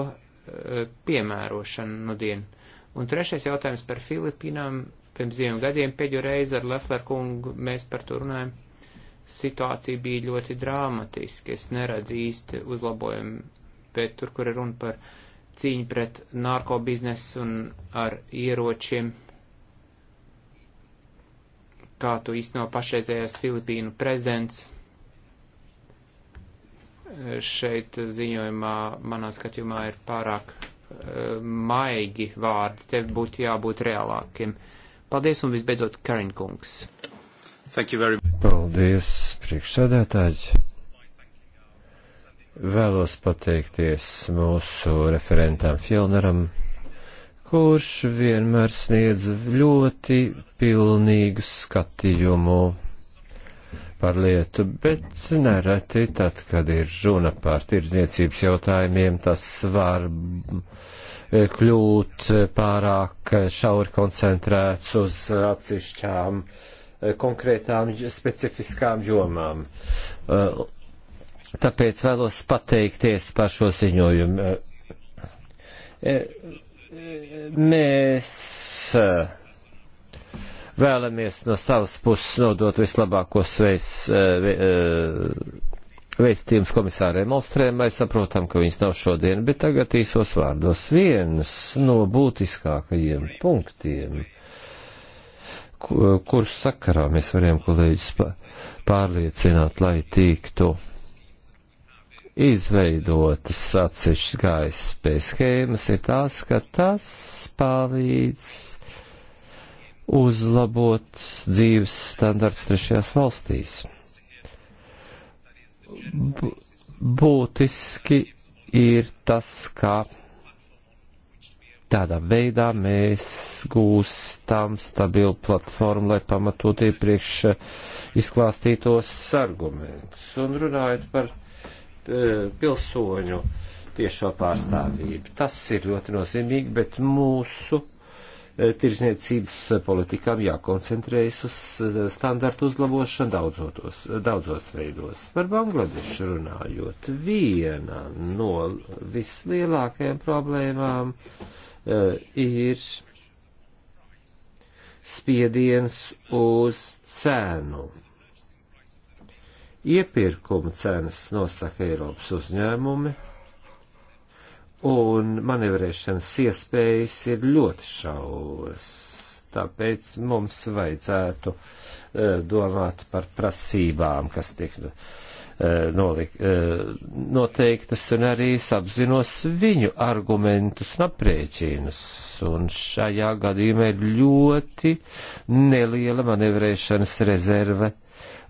piemērošanu nudien. No Un trešais jautājums par Filipīnām. Pirms diviem gadiem pēdējo reizi ar Lefler kungu mēs par to runājam. Situācija bija ļoti dramatiska. Es neredzu īsti uzlabojumu, bet tur, kur ir runa par cīņu pret narko biznesu un ar ieročiem, kā to īsteno pašreizējais Filipīnu prezidents. Šeit ziņojumā manā skatījumā ir pārāk maigi vārdi, te būtu jābūt reālākiem. Paldies un visbeidzot Karinkungs. Very... Paldies, priekšsēdētāji. Vēlos pateikties mūsu referentam Fjellneram, kurš vienmēr sniedz ļoti pilnīgu skatījumu par lietu, bet nereti tad, kad ir runa par tirdzniecības jautājumiem, tas var kļūt pārāk šauri koncentrēts uz atsevišķām eh, konkrētām specifiskām jomām. Eh, tāpēc vēlos pateikties par šo ziņojumu. Eh, mēs vēlamies no savas puses nodot vislabākos veids. Eh, Vēstījums eh, komisārei Malstrēm, mēs saprotam, ka viņas nav šodien, bet tagad īsos vārdos viens no būtiskākajiem punktiem, kur, kur sakarā mēs varējām kolēģis pārliecināt, lai tiktu izveidotas atsevišķas gaisa spējas schēmas, ir tās, ka tas palīdz uzlabot dzīves standarts trešajās valstīs. B būtiski ir tas, ka tādā veidā mēs gūstam stabilu platformu, lai pamatot iepriekš izklāstītos argumentus. Un runājot par e, pilsoņu tiešo pārstāvību, tas ir ļoti nozīmīgi, bet mūsu tirzniecības politikām jākoncentrējas uz standartu uzlabošanu daudzotos, daudzos veidos. Par Bangladešu runājot, viena no vislielākajām problēmām uh, ir spiediens uz cenu. Iepirkuma cenas nosaka Eiropas uzņēmumi un manevrēšanas iespējas ir ļoti šauras. Tāpēc mums vajadzētu uh, domāt par prasībām, kas tiek uh, nolik, uh, noteiktas, un arī es apzinos viņu argumentus un aprēķinus. Un šajā gadījumā ir ļoti neliela manevrēšanas rezerve,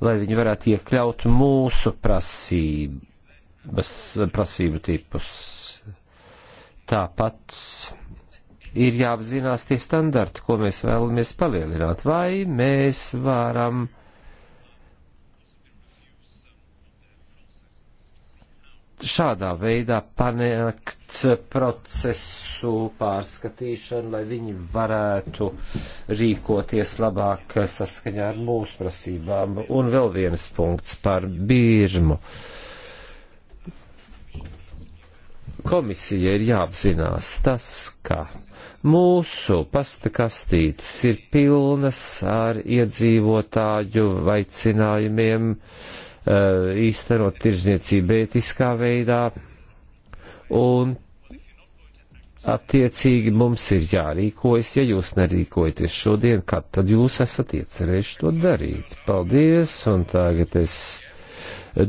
lai viņi varētu iekļaut mūsu prasības, prasību tipus Tāpat ir jāapzinās tie standarti, ko mēs vēlamies palielināt, vai mēs varam šādā veidā panākt procesu pārskatīšanu, lai viņi varētu rīkoties labāk saskaņā ar mūsu prasībām. Un vēl viens punkts par Birmu. Uh, komisija ir jāapzinās tas, ka mūsu pasta kastītes ir pilnas ar iedzīvotāju aicinājumiem eh, īstenot tirzniecību ētiskā veidā, un attiecīgi mums ir jārīkojas, ja jūs nerīkojaties šodien, kad tad jūs esat iecerējuši to darīt. Paldies, un tagad es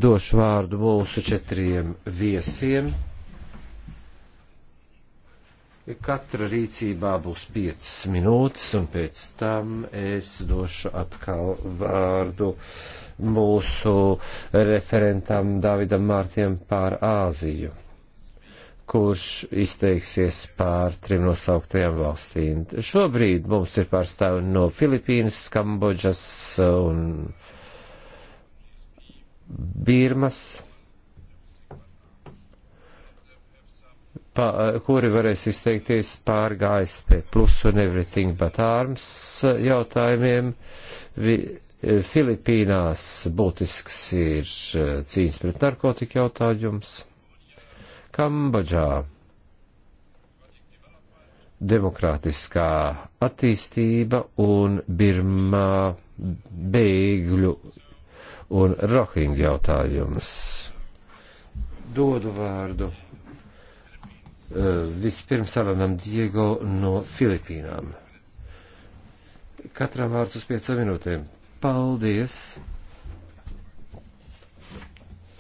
došu vārdu mūsu četriem viesiem. Katra rīcībā būs 5 minūtes, un pēc tam es došu atkal vārdu mūsu referentam Davidam Mārtiem pār Āziju, kurš izteiksies pār trim nosauktajām valstīm. Šobrīd mums ir pārstāvi no Filipīnas, Kambodžas un Birmas. pa, eh, kuri varēs izteikties pār GSP plus un everything but arms jautājumiem. Vi, eh, Filipīnās būtisks ir eh, cīņas pret narkotiku jautājums. Kambodžā demokrātiskā attīstība un Birmā bēgļu un rohingu jautājums. Dodu vārdu Eh, vispirms Alanam Diego no Filipīnām. Katram vārds uz piecām minūtēm. Paldies!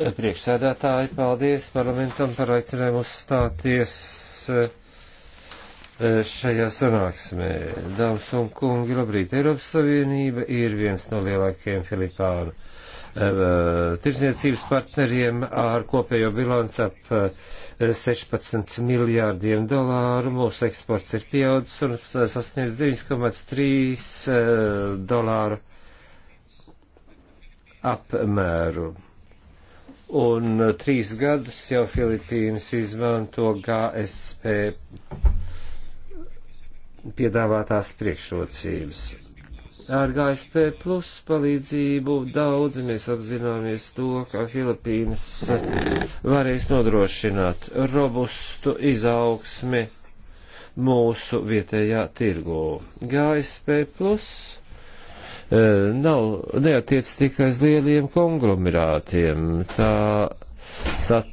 Eh, priekšsēdētāji, paldies parlamentam par aicinājumu uzstāties eh, šajā sanāksmē. Dāmas un kungi, labrīt! Eiropas Savienība ir viens no lielākajiem Filipānu Uh, tirzniecības partneriem ar kopējo bilanci ap 16 uh, miljārdiem dolāru. Mūsu eksports ir pieaudzis un uh, sasniedz 9,3 dolāru apmēru. Un trīs gadus jau Filipīnas izmanto GSP piedāvātās priekšrocības. Ar GSP plus palīdzību daudzi mēs apzināmies to, ka Filipīnas varēs nodrošināt robustu izaugsmi mūsu vietējā tirgū. GSP plus e, nav neatiec tikai uz lieliem konglomerātiem, tā,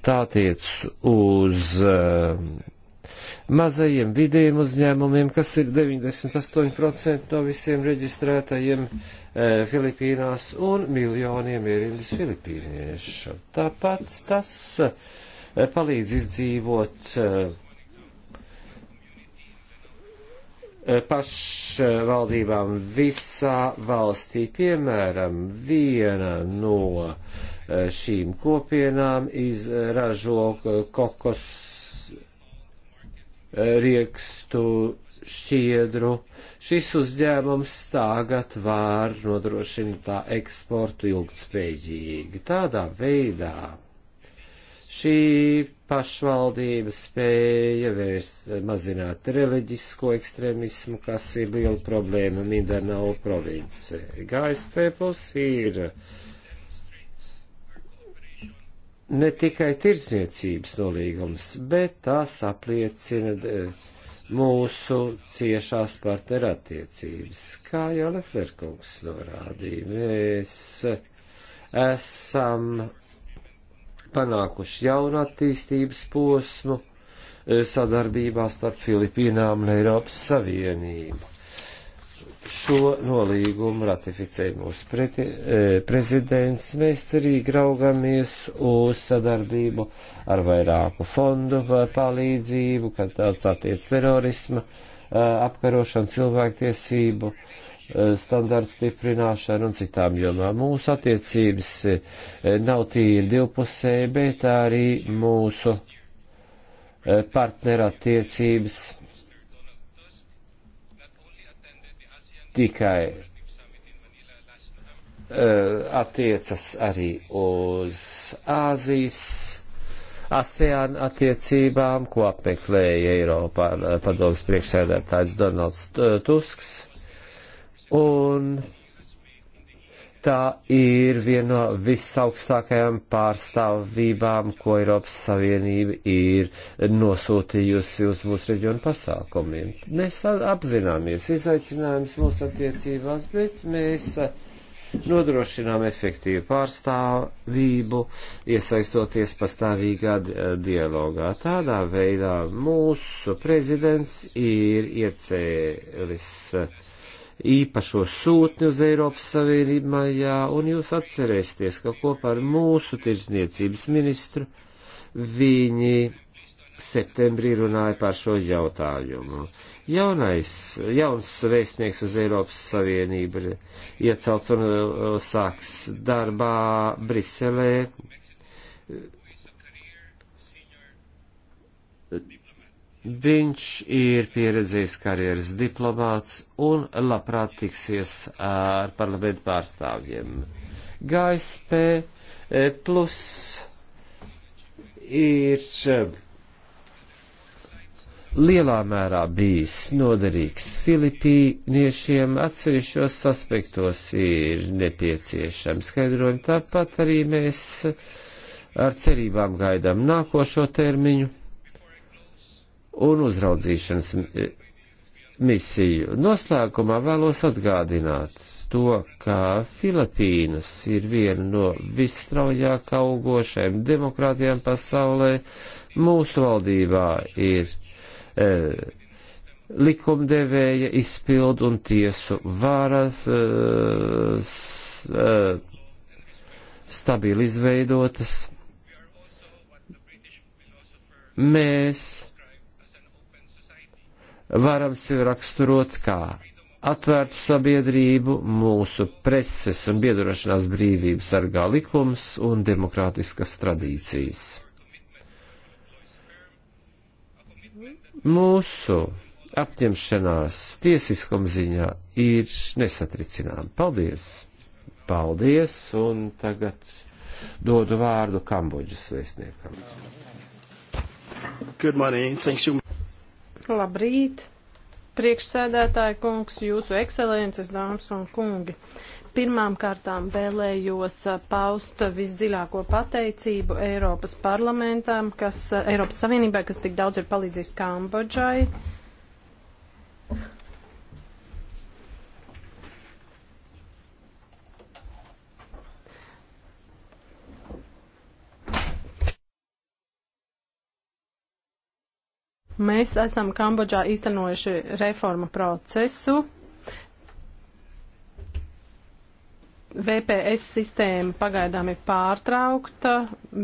tā tiec uz e, mazajiem vidējiem uzņēmumiem, kas ir 98% no visiem reģistrētajiem e, Filipīnās un miljoniem ierīlis filipīniešu. Tāpat tas e, palīdz izdzīvot e, pašvaldībām visā valstī. Piemēram, viena no šīm kopienām izražo kokos riekstu šķiedru. Šis uzņēmums tagad var nodrošināt tā eksportu ilgtspējīgi. Tādā veidā šī pašvaldība spēja vērs, mazināt reliģisko ekstremismu, kas ir liela problēma Mindanao provincē. GSP plus ir uh, ne tikai tirsniecības nolīgums, bet tās apliecina eh, mūsu ciešās partnerattiecības. Kā jau Leflerkungs norādīja, mēs esam panākuši jaunu attīstības posmu eh, sadarbībā starp Filipīnām un Eiropas Savienību šo nolīgumu ratificēja mūsu preti, e, prezidents. Mēs cerīgi raugamies uz sadarbību ar vairāku fondu palīdzību, kad tāds attiec terorisma, e, apkarošanu, cilvēktiesību, e, standartu stiprināšanu un citām jomām. Mūsu attiecības e, nav tīri divpusēji, bet arī mūsu e, partnerattiecības tikai uh, attiecas arī uz Āzijas ASEAN attiecībām, ko apmeklēja Eiropā eh, padomas priekšsēdētājs Donalds eh, Tusks. Un tā ir viena no visaugstākajām pārstāvībām, ko Eiropas Savienība ir nosūtījusi uz mūsu reģionu pasākumiem. Mēs apzināmies izaicinājumus mūsu attiecībās, bet mēs nodrošinām efektīvu pārstāvību, iesaistoties pastāvīgā dialogā. Tādā veidā mūsu prezidents ir iecēlis uh, īpašo sūtni uz Eiropas Savienību maijā, un jūs atcerēsieties, ka kopā ar mūsu tirzniecības ministru viņi septembrī runāja par šo jautājumu. Jaunais, jauns vēstnieks uz Eiropas Savienību ir iecelts un uh, sāks darbā Briselē Viņš ir pieredzējis karjeras diplomāts un labprāt tiksies ar parlamentu pārstāvjiem. GSP eh, plus ir eh, lielā mērā bijis noderīgs filipīniešiem, atsevišķos aspektos ir nepieciešams skaidrojumi. Tāpat arī mēs eh, ar cerībām gaidām nākošo termiņu un uzraudzīšanas e, misiju. Noslēgumā vēlos atgādināt to, ka Filipīnas ir viena no visstraujāk augošajām demokrātijām pasaulē. Mūsu valdībā ir e, likumdevēja izpildu un tiesu vara e, s, e, stabili izveidotas. Mēs varam sevi raksturot kā atvērtu sabiedrību, mūsu preses un biedrošanās brīvību sargā likums un demokrātiskas tradīcijas. Mūsu apņemšanās tiesiskuma ziņā ir nesatricināma. Paldies! Paldies! Un tagad dodu vārdu Kambodžas vēstniekam. Good morning. Thanks you. Labrīt, priekšsēdētāja kungs, jūsu ekscelences, dāmas un kungi. Pirmām kārtām vēlējos uh, paust visdziļāko pateicību Eiropas parlamentam, kas, uh, Eiropas Savienībai, kas tik daudz ir palīdzījis Kambodžai. Uh, Mēs esam Kambodžā īstenojuši reformu procesu. VPS sistēma pagaidām ir pārtraukta,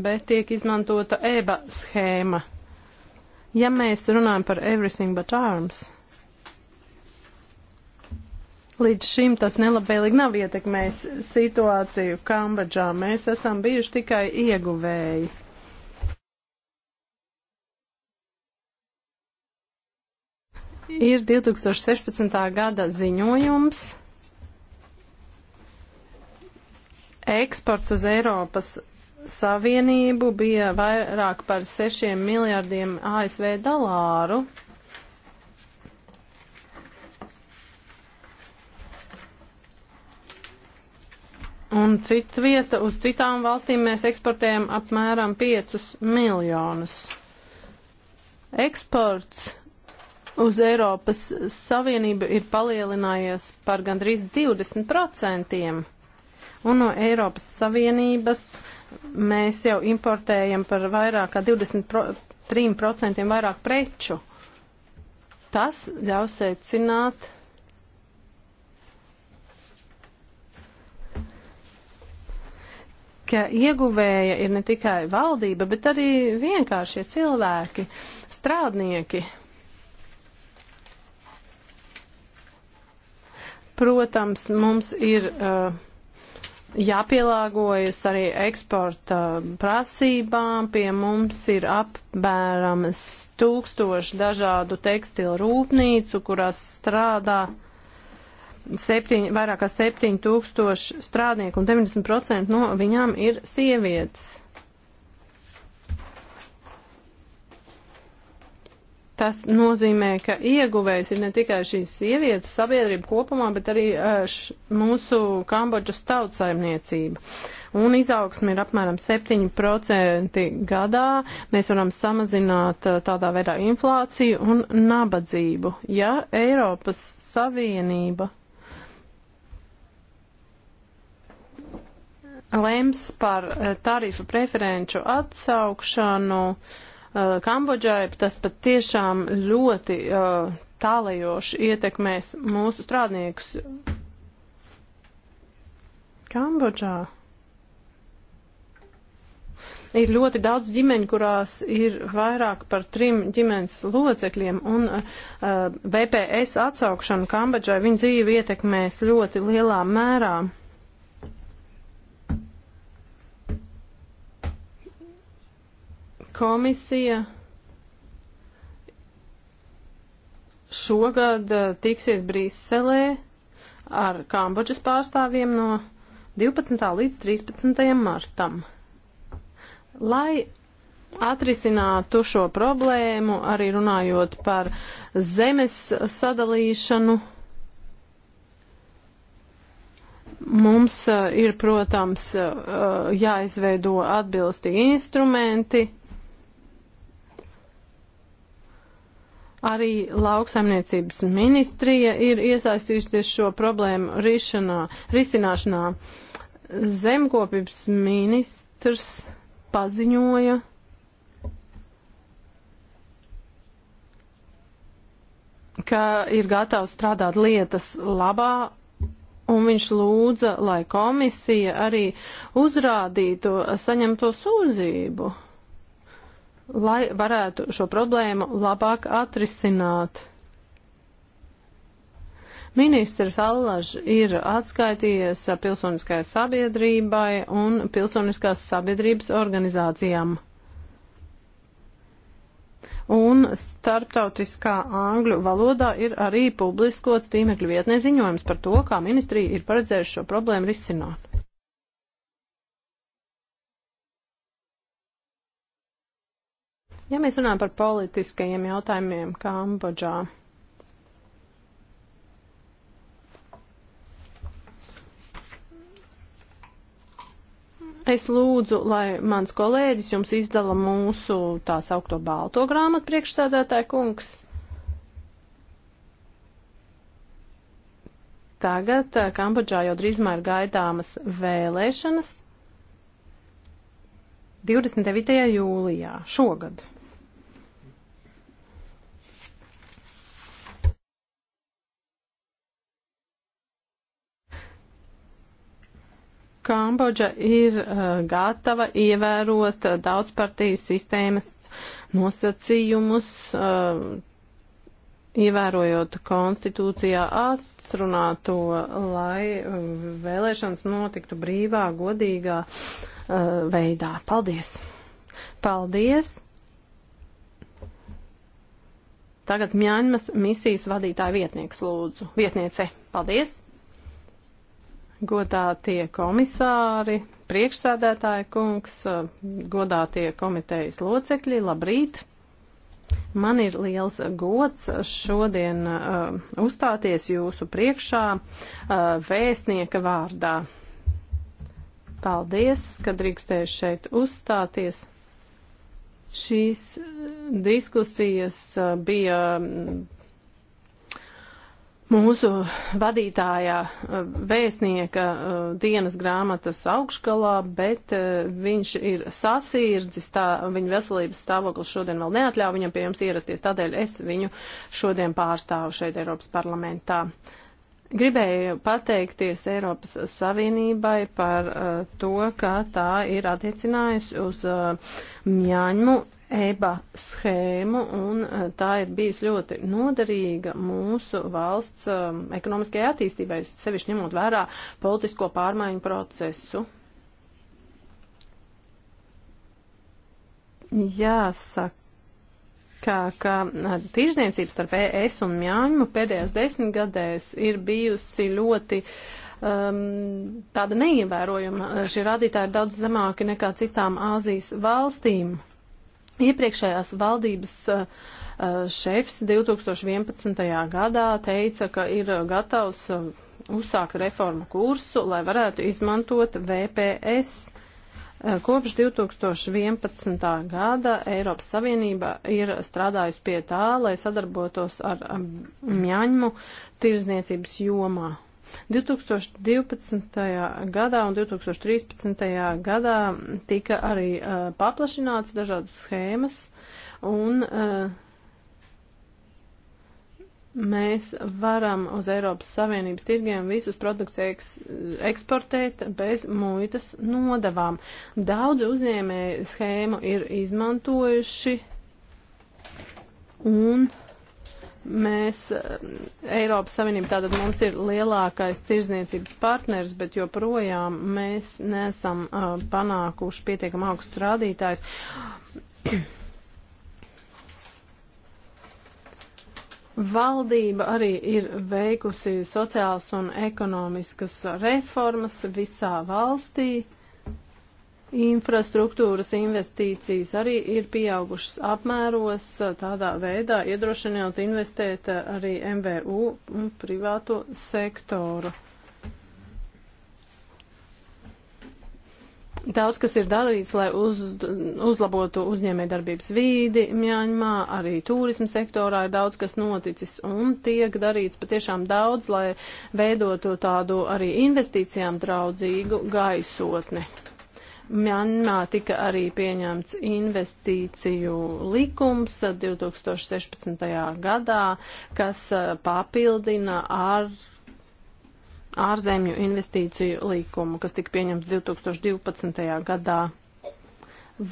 bet tiek izmantota EBA schēma. Ja mēs runājam par Everything But Arms, līdz šim tas nelabvēlīgi nav ietekmējis situāciju Kambodžā. Mēs esam bijuši tikai ieguvēji. ir 2016. gada ziņojums eksports uz Eiropas Savienību bija vairāk par 6 miljardiem ASV dolāru. Un cita vieta, uz citām valstīm mēs eksportējam apmēram 5 miljonus. Eksports uz Eiropas Savienību ir palielinājies par gandrīz 20%. Un no Eiropas Savienības mēs jau importējam par vairāk kā 23% vairāk preču. Tas ļaus secināt, ka ieguvēja ir ne tikai valdība, bet arī vienkāršie cilvēki, strādnieki. Protams, mums ir uh, jāpielāgojas arī eksporta prasībām. Pie mums ir apmēram tūkstoši dažādu tekstilu rūpnīcu, kurās strādā septiņ, vairāk kā 7000 strādnieku, un 90% no viņām ir sievietes. Tas nozīmē, ka ieguvējs ir ne tikai šīs sievietes, sabiedrība kopumā, bet arī š, mūsu Kambodžas tautsaimniecība. Un izaugsme ir apmēram 7% gadā. Mēs varam samazināt tādā veidā inflāciju un nabadzību. Ja Eiropas Savienība lems par tarifu preferenču atsaukšanu, uh, Uh, Kambodžai tas pat tiešām ļoti uh, tālajoši ietekmēs mūsu strādniekus. Kambodžā ir ļoti daudz ģimeņu, kurās ir vairāk par trim ģimenes locekļiem, un uh, BPS uh, atsaukšana Kambodžai viņu dzīvi ietekmēs ļoti lielā mērā. Komisija šogad eh, tiksies Brīselē ar Kambodžas pārstāvjiem no 12. līdz 13. martam. Lai atrisinātu šo problēmu, arī runājot par zemes sadalīšanu, mums eh, ir, protams, eh, jāizveido atbilstīgi instrumenti, Arī lauksaimniecības ministrija ir iesaistījusies šo problēmu rišanā, risināšanā. Zemkopības ministrs paziņoja, ka ir gatavs strādāt lietas labā, un viņš lūdza, lai komisija arī uzrādītu saņemto sūdzību lai varētu šo problēmu labāk atrisināt. Ministrs Allaž ir atskaitījies pilsoniskai sabiedrībai un pilsoniskās sabiedrības organizācijām. Un starptautiskā angļu valodā ir arī publiskots tīmekļu vietnē ziņojums par to, kā ministrija ir paredzējuši šo problēmu risināt. Ja mēs runājam par politiskajiem jautājumiem Kambodžā, es lūdzu, lai mans kolēģis jums izdala mūsu tā saukto balto grāmatu priekšsēdētāja kungs. Tagad eh, Kambodžā jau drīzumā ir gaidāmas vēlēšanas 29. jūlijā šogad. Kambodža ir uh, gatava ievērot uh, daudzpartiju sistēmas nosacījumus, uh, ievērojot konstitūcijā atrunāto, lai uh, vēlēšanas notiktu brīvā, godīgā uh, veidā. Paldies! Paldies! Tagad Mjaņmas misijas vadītāja vietnieks lūdzu. Vietniece, paldies! godātie komisāri, priekšsēdētāja kungs, godātie komitejas locekļi, labrīt! Man ir liels gods šodien uh, uzstāties jūsu priekšā uh, vēstnieka vārdā. Paldies, ka drīkstēju šeit uzstāties. Šīs diskusijas uh, bija mm, mūsu vadītājā eh, vēstnieka eh, dienas grāmatas augšgalā, bet eh, viņš ir sasīrdzis, tā viņa veselības stāvoklis šodien vēl neatļauj viņam pie jums ierasties, tādēļ es viņu šodien pārstāvu šeit Eiropas parlamentā. Gribēju pateikties Eiropas Savienībai par uh, to, ka tā ir attiecinājusi uz uh, Mjaņmu EBA schēmu, un e, tā ir bijusi ļoti noderīga mūsu valsts um, ekonomiskajai attīstībai, sevišķi ņemot vērā politisko pārmaiņu procesu. Jāsaka ka, ka e, tirzniecība starp ES un Mjāņu pēdējās desmitgadēs ir bijusi ļoti um, tāda neievērojama. Šie rādītāji ir daudz zemāki nekā citām Āzijas valstīm. Uh, Iepriekšējās valdības uh, uh, šefs 2011. gadā teica, ka ir gatavs uh, uzsākt reformu kursu, lai varētu izmantot VPS. Kopš 2011. gada Eiropas Savienība ir strādājusi pie tā, lai sadarbotos ar um, Mjaņmu tirzniecības jomā. 2012. gadā un 2013. gadā tika arī uh, paplašināts dažādas schēmas un uh, mēs varam uz Eiropas Savienības tirgiem visus produktus eks, eksportēt bez muitas nodavām. Daudz uzņēmēju schēmu ir izmantojuši un. Mēs, eh, Eiropas Savienība, tātad mums ir lielākais tirzniecības partners, bet joprojām mēs nesam uh, eh, panākuši pietiekam augstus rādītājus. Valdība arī ir veikusi sociālas un ekonomiskas reformas visā valstī. Infrastruktūras investīcijas arī ir pieaugušas apmēros, tādā veidā iedrošinot investēt eh, arī MVU un privāto sektoru. Daudz, kas ir darīts, lai uz, uzlabotu uzņēmē darbības vīdi Mjāņmā, arī turisma sektorā ir daudz, kas noticis un tiek darīts patiešām daudz, lai veidotu tādu arī investīcijām draudzīgu gaisotni. Mjanmā tika arī pieņemts investīciju likums 2016. gadā, kas papildina ar ārzemju investīciju likumu, kas tika pieņemts 2012. gadā.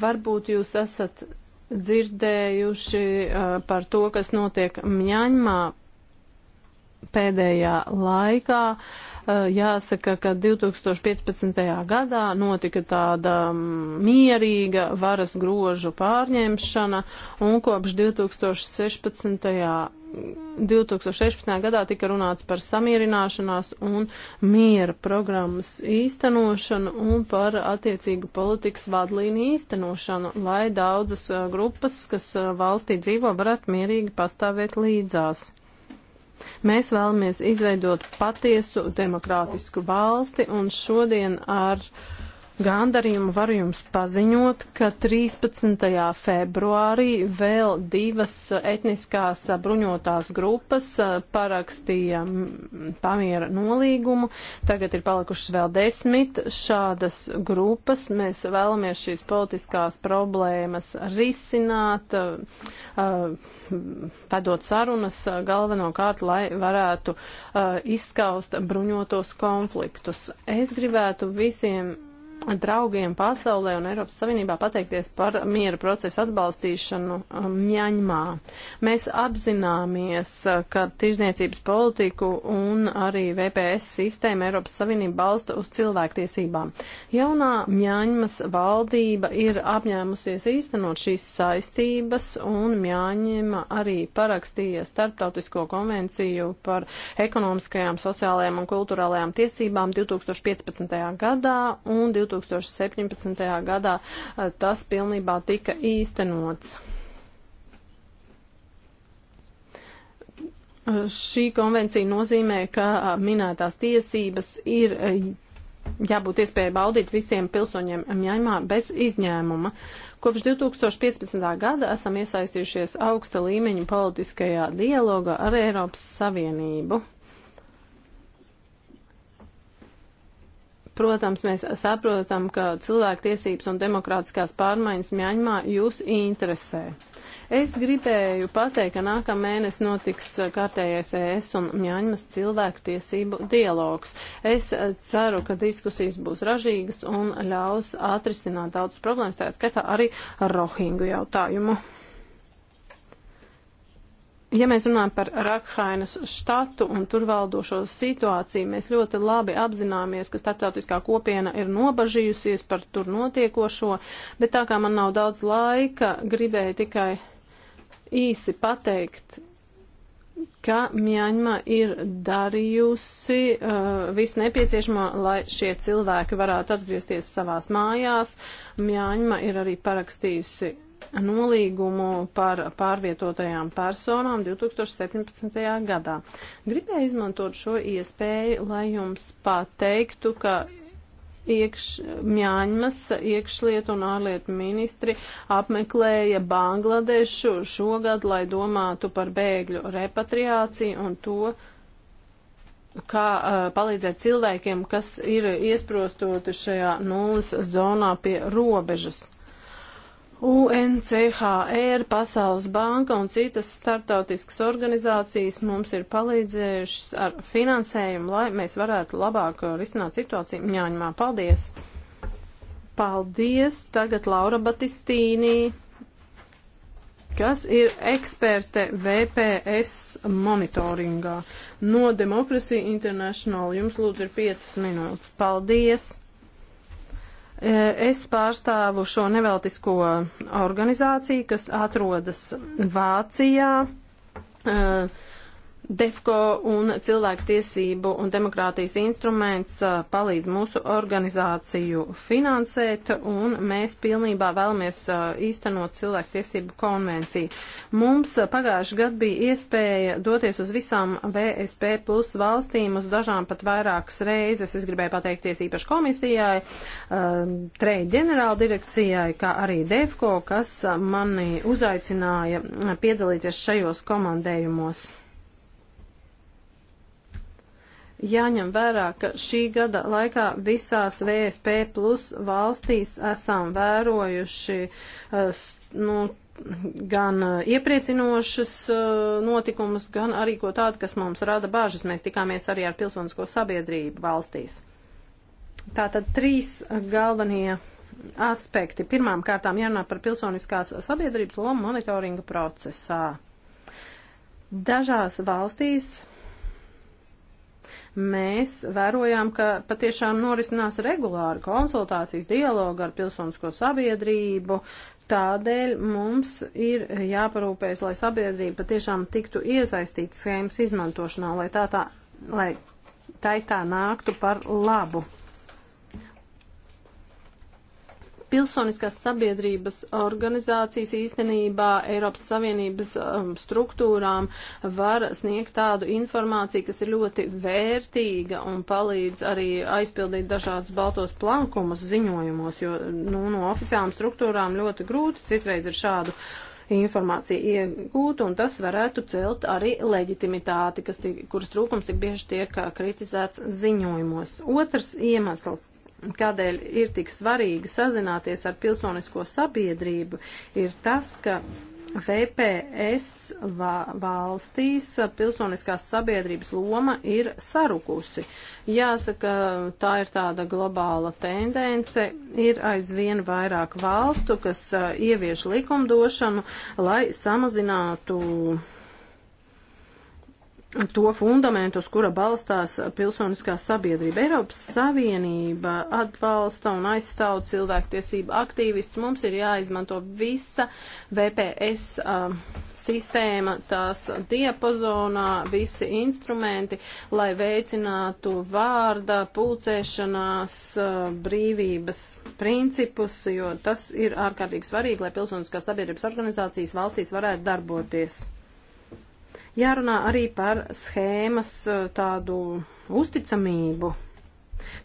Varbūt jūs esat dzirdējuši uh, par to, kas notiek Mjaņmā pēdējā laikā. Eh, jāsaka, ka 2015. gadā notika tāda mm, mierīga varas grožu pārņemšana, un kopš 2016. 2016. gadā tika runāts par samierināšanās un miera programmas īstenošanu un par attiecīgu politikas vadlīniju īstenošanu, lai daudzas eh, grupas, kas eh, valstī dzīvo, varētu mierīgi pastāvēt līdzās. Mēs vēlamies izveidot patiesu demokrātisku valsti un šodien ar uh, gandarījumu varu jums paziņot, ka 13. februārī vēl divas etniskās bruņotās grupas uh, parakstīja pamiera nolīgumu. Tagad ir palikušas vēl desmit šādas grupas. Mēs vēlamies šīs politiskās problēmas risināt, uh, uh, vedot sarunas galvenokārt, lai varētu izskaust bruņotos konfliktus. Es gribētu visiem draugiem pasaulē un Eiropas Savienībā pateikties par miera procesu atbalstīšanu um, Mjaņmā. Mēs apzināmies, uh, ka tirzniecības politiku un arī VPS sistēma Eiropas Savienība balsta uz cilvēktiesībām. Jaunā Mjaņmas valdība ir apņēmusies īstenot šīs saistības un Mjaņma arī parakstīja starptautisko konvenciju par ekonomiskajām, sociālajām un kulturālajām tiesībām 2015. gadā un 2015. 2017. gadā eh, tas pilnībā tika īstenots. Šī konvencija nozīmē, ka eh, minētās tiesības ir eh, jābūt iespēja baudīt visiem pilsoņiem Mjaņmā bez izņēmuma. Kopš 2015. gada esam iesaistījušies augsta līmeņa politiskajā dialogā ar Eiropas Savienību. Protams, mēs saprotam, ka cilvēktiesības un demokrātiskās pārmaiņas Mjaņmā jūs interesē. Es gribēju pateikt, ka nākamā mēnesis notiks kārtējais ES un Mjaņmas cilvēktiesību dialogs. Es ceru, ka diskusijas būs ražīgas un ļaus atrisināt daudzas problēmas, tā skaitā arī rohingu jautājumu. Ja mēs runājam par Rakhainas štatu un tur valdošo situāciju, mēs ļoti labi apzināmies, ka starptautiskā kopiena ir nobažījusies par tur notiekošo, bet tā kā man nav daudz laika, gribēju tikai īsi pateikt, ka Mjaņma ir darījusi uh, visu nepieciešamo, lai šie cilvēki varētu atgriezties savās mājās. Mjaņma ir arī parakstījusi nolīgumu par pārvietotajām personām 2017. gadā. Gribēju izmantot šo iespēju, lai jums pateiktu, ka iekš, Mjāņmas iekšlietu un ārlietu ministri apmeklēja Bangladešu šogad, lai domātu par bēgļu repatriāciju un to, kā uh, palīdzēt cilvēkiem, kas ir iesprostoti šajā nulles zonā pie robežas. UNCHR, Pasaules banka un citas startautiskas organizācijas mums ir palīdzējušas ar finansējumu, lai mēs varētu labāk uh, risināt situāciju Mņāņumā. Paldies! Paldies! Tagad Laura Batistīnī, kas ir eksperte VPS monitoringā no Democracy International. Jums lūdzu ir 5 minūtes. Paldies! E, es pārstāvu šo nevaltisko organizāciju, kas atrodas Vācijā. Uh, DEFCO un cilvēktiesību un demokrātijas instruments uh, palīdz mūsu organizāciju finansēt, un mēs pilnībā vēlamies uh, īstenot cilvēktiesību konvenciju. Mums pagājuši gadu bija iespēja doties uz visām VSP plus valstīm, uz dažām pat vairākas reizes. Es gribēju pateikties īpaši komisijai, um, trade ģenerāla direkcijai, kā arī DEFCO, kas mani uzaicināja piedalīties šajos komandējumos. Jāņem vērā, ka šī gada laikā visās VSP plus valstīs esam vērojuši eh, nu, gan eh, iepriecinošas eh, notikumus, gan arī ko tādu, kas mums rada bāžas. Mēs tikāmies arī ar pilsonisko sabiedrību valstīs. Tātad trīs galvenie aspekti. Pirmām kārtām jārunā par pilsoniskās sabiedrības lomu monitoringa procesā. Dažās valstīs mēs vērojām, ka patiešām norisinās regulāri konsultācijas dialogu ar pilsonisko sabiedrību. Tādēļ mums ir jāparūpējas, lai sabiedrība patiešām tiktu iesaistīta schēmas izmantošanā, lai tā tā, lai tai tā nāktu par labu pilsoniskās sabiedrības organizācijas īstenībā Eiropas Savienības um, struktūrām var sniegt tādu informāciju, kas ir ļoti vērtīga un palīdz arī aizpildīt dažādus baltos plankumus ziņojumos, jo nu, no oficiālām struktūrām ļoti grūti citreiz ir šādu informāciju iegūt, un tas varētu celt arī leģitimitāti, kas, kuras trūkums tik bieži tiek kritizēts ziņojumos. Otrs iemesls kādēļ ir tik svarīgi sazināties ar pilsonisko sabiedrību, ir tas, ka VPS valstīs pilsoniskās sabiedrības loma ir sarukusi. Jāsaka, tā ir tāda globāla tendence. Ir aizvien vairāk valstu, kas uh, ievieš likumdošanu, lai samazinātu to fundamentu, uz kura balstās pilsoniskā sabiedrība. Eiropas Savienība atbalsta un aizstāv cilvēktiesību aktīvistus. Mums ir jāizmanto visa VPS uh, um, sistēma tās diapazonā, visi instrumenti, lai veicinātu vārda, pulcēšanās, uh, brīvības principus, jo tas ir ārkārtīgi svarīgi, lai pilsoniskās sabiedrības organizācijas valstīs varētu darboties. Jārunā arī par schēmas eh, tādu uzticamību.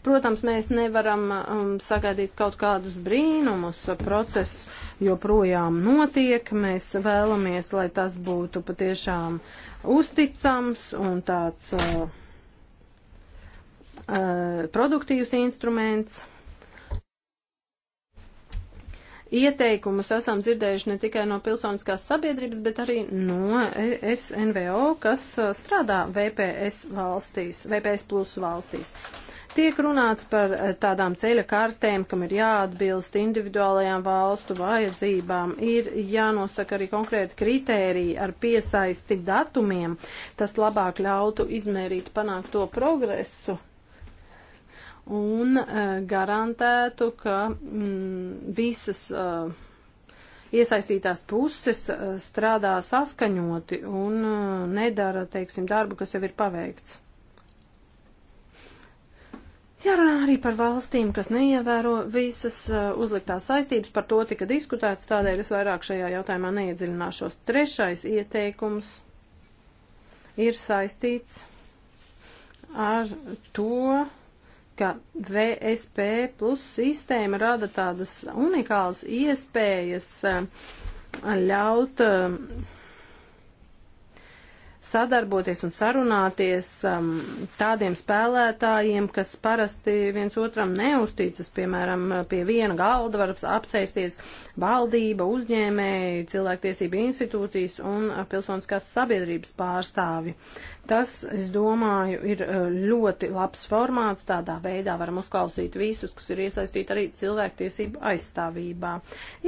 Protams, mēs nevaram um, sagaidīt kaut kādus brīnumus. Process joprojām notiek. Mēs vēlamies, lai tas būtu patiešām uzticams un tāds uh, uh, produktīvs instruments. Ieteikumus esam dzirdējuši ne tikai no pilsoniskās sabiedrības, bet arī no e SNVO, kas uh, strādā VPS valstīs, VPS plus valstīs. Tiek runāts par uh, tādām ceļa kartēm, kam ir jāatbilst individuālajām valstu vajadzībām, ir jānosaka arī konkrēti kritēriji ar piesaisti datumiem, tas labāk ļautu izmērīt panākto progresu un eh, garantētu, ka mm, visas uh, iesaistītās puses eh, strādā saskaņoti un uh, nedara, teiksim, darbu, kas jau ir paveikts. Jārunā arī par valstīm, kas neievēro visas uzliktās saistības, par to tika diskutēts, tādēļ es vairāk šajā jautājumā neiedziļināšos. Trešais ieteikums ir saistīts ar to, ka VSP plus sistēma rada tādas unikālas iespējas eh, ļaut eh, sadarboties un sarunāties um, tādiem spēlētājiem, kas parasti viens otram neusticas, piemēram, pie viena galda var apsēsties valdība, uzņēmēji, cilvēktiesība institūcijas un pilsoniskās sabiedrības pārstāvi. Tas, es domāju, ir e, ļoti labs formāts. Tādā veidā varam uzklausīt visus, kas ir iesaistīti arī cilvēktiesību aizstāvībā.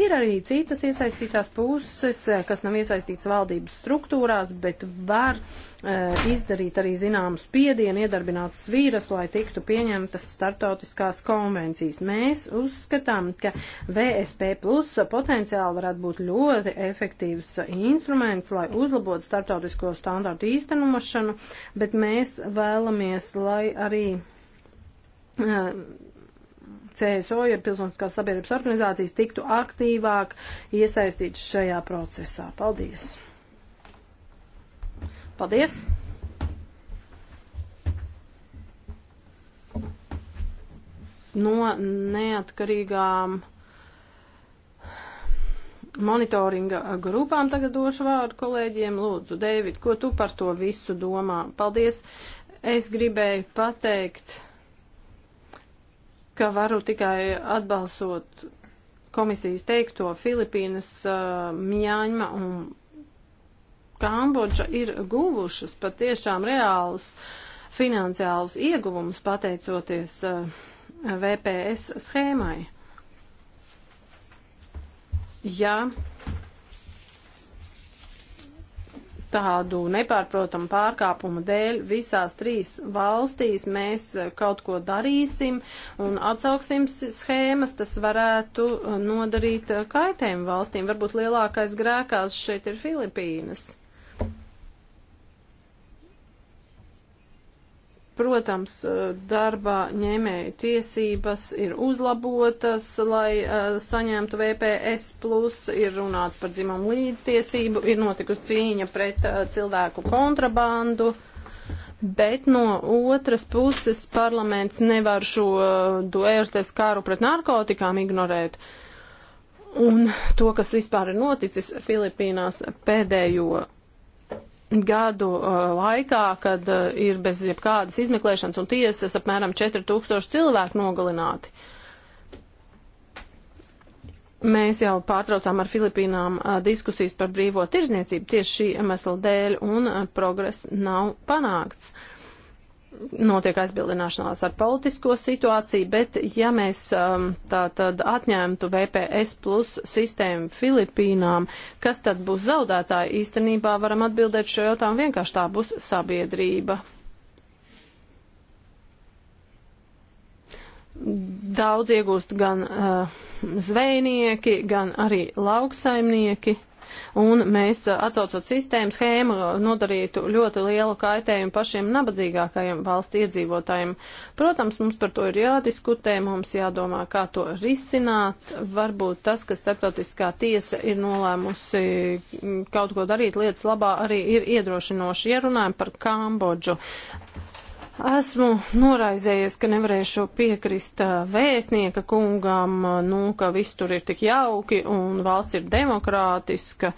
Ir arī citas iesaistītās puses, e, kas nav iesaistīts valdības struktūrās, bet var uh, E, izdarīt arī zināmu spiedienu, iedarbināt svīras, lai tiktu pieņemtas startautiskās konvencijas. Mēs uzskatām, ka VSP plus potenciāli varētu būt ļoti efektīvs instruments, lai uzlabotu startautisko standartu īstenošanu, bet mēs vēlamies, lai arī. Uh, e, CSO, ja pilsoniskās sabiedrības organizācijas tiktu aktīvāk iesaistīts šajā procesā. Paldies! Paldies! No neatkarīgām monitoringa grupām tagad došu vārdu kolēģiem. Lūdzu, Dēvid, ko tu par to visu domā? Paldies! Es gribēju pateikt, ka varu tikai atbalsot komisijas teikto Filipīnas, uh, Mjāņma un Kambodža ir guvušas patiešām reālus finansiālus ieguvumus pateicoties eh, VPS schēmai. Ja tādu nepārprotamu pārkāpumu dēļ visās trīs valstīs mēs kaut ko darīsim un atsauksim schēmas, tas varētu eh, nodarīt eh, kaitējumu valstīm. Varbūt lielākais grēkās šeit ir Filipīnas. Protams, eh, darba ņēmēju tiesības ir uzlabotas, lai eh, saņemtu VPS, plus ir runāts par dzimumu līdztiesību, ir notikusi cīņa pret eh, cilvēku kontrabandu, bet no otras puses parlaments nevar šo duērtes kāru pret narkotikām ignorēt. Un to, kas vispār ir noticis Filipīnās pēdējo gadu uh, laikā, kad uh, ir bez jebkādas izmeklēšanas un tiesas apmēram 4000 cilvēku nogalināti. Mēs jau pārtraucām ar Filipīnām uh, diskusijas par brīvo tirzniecību tieši šī iemesla dēļ, un uh, progress nav panākts. Uh, notiek aizbildināšanās ar politisko situāciju, bet ja mēs um, tā tad atņemtu VPS plus sistēmu Filipīnām, kas tad būs zaudētāji? Īstenībā varam atbildēt šo jautājumu vienkārši tā būs sabiedrība. Daudz iegūst gan uh, zvejnieki, gan arī lauksaimnieki un mēs atcaucot sistēmu schēmu nodarītu ļoti lielu kaitējumu pašiem nabadzīgākajiem valsts iedzīvotājiem. Protams, mums par to ir jādiskutē, mums jādomā, kā to risināt. Varbūt tas, ka starptautiskā tiesa ir nolēmusi kaut ko darīt lietas labā, arī ir iedrošinoši. Ja runājam par Kambodžu, Esmu noraizējies, ka nevarēšu piekrist uh, vēstnieka kungam, uh, nu, ka viss tur ir tik jauki un valsts ir demokrātiska.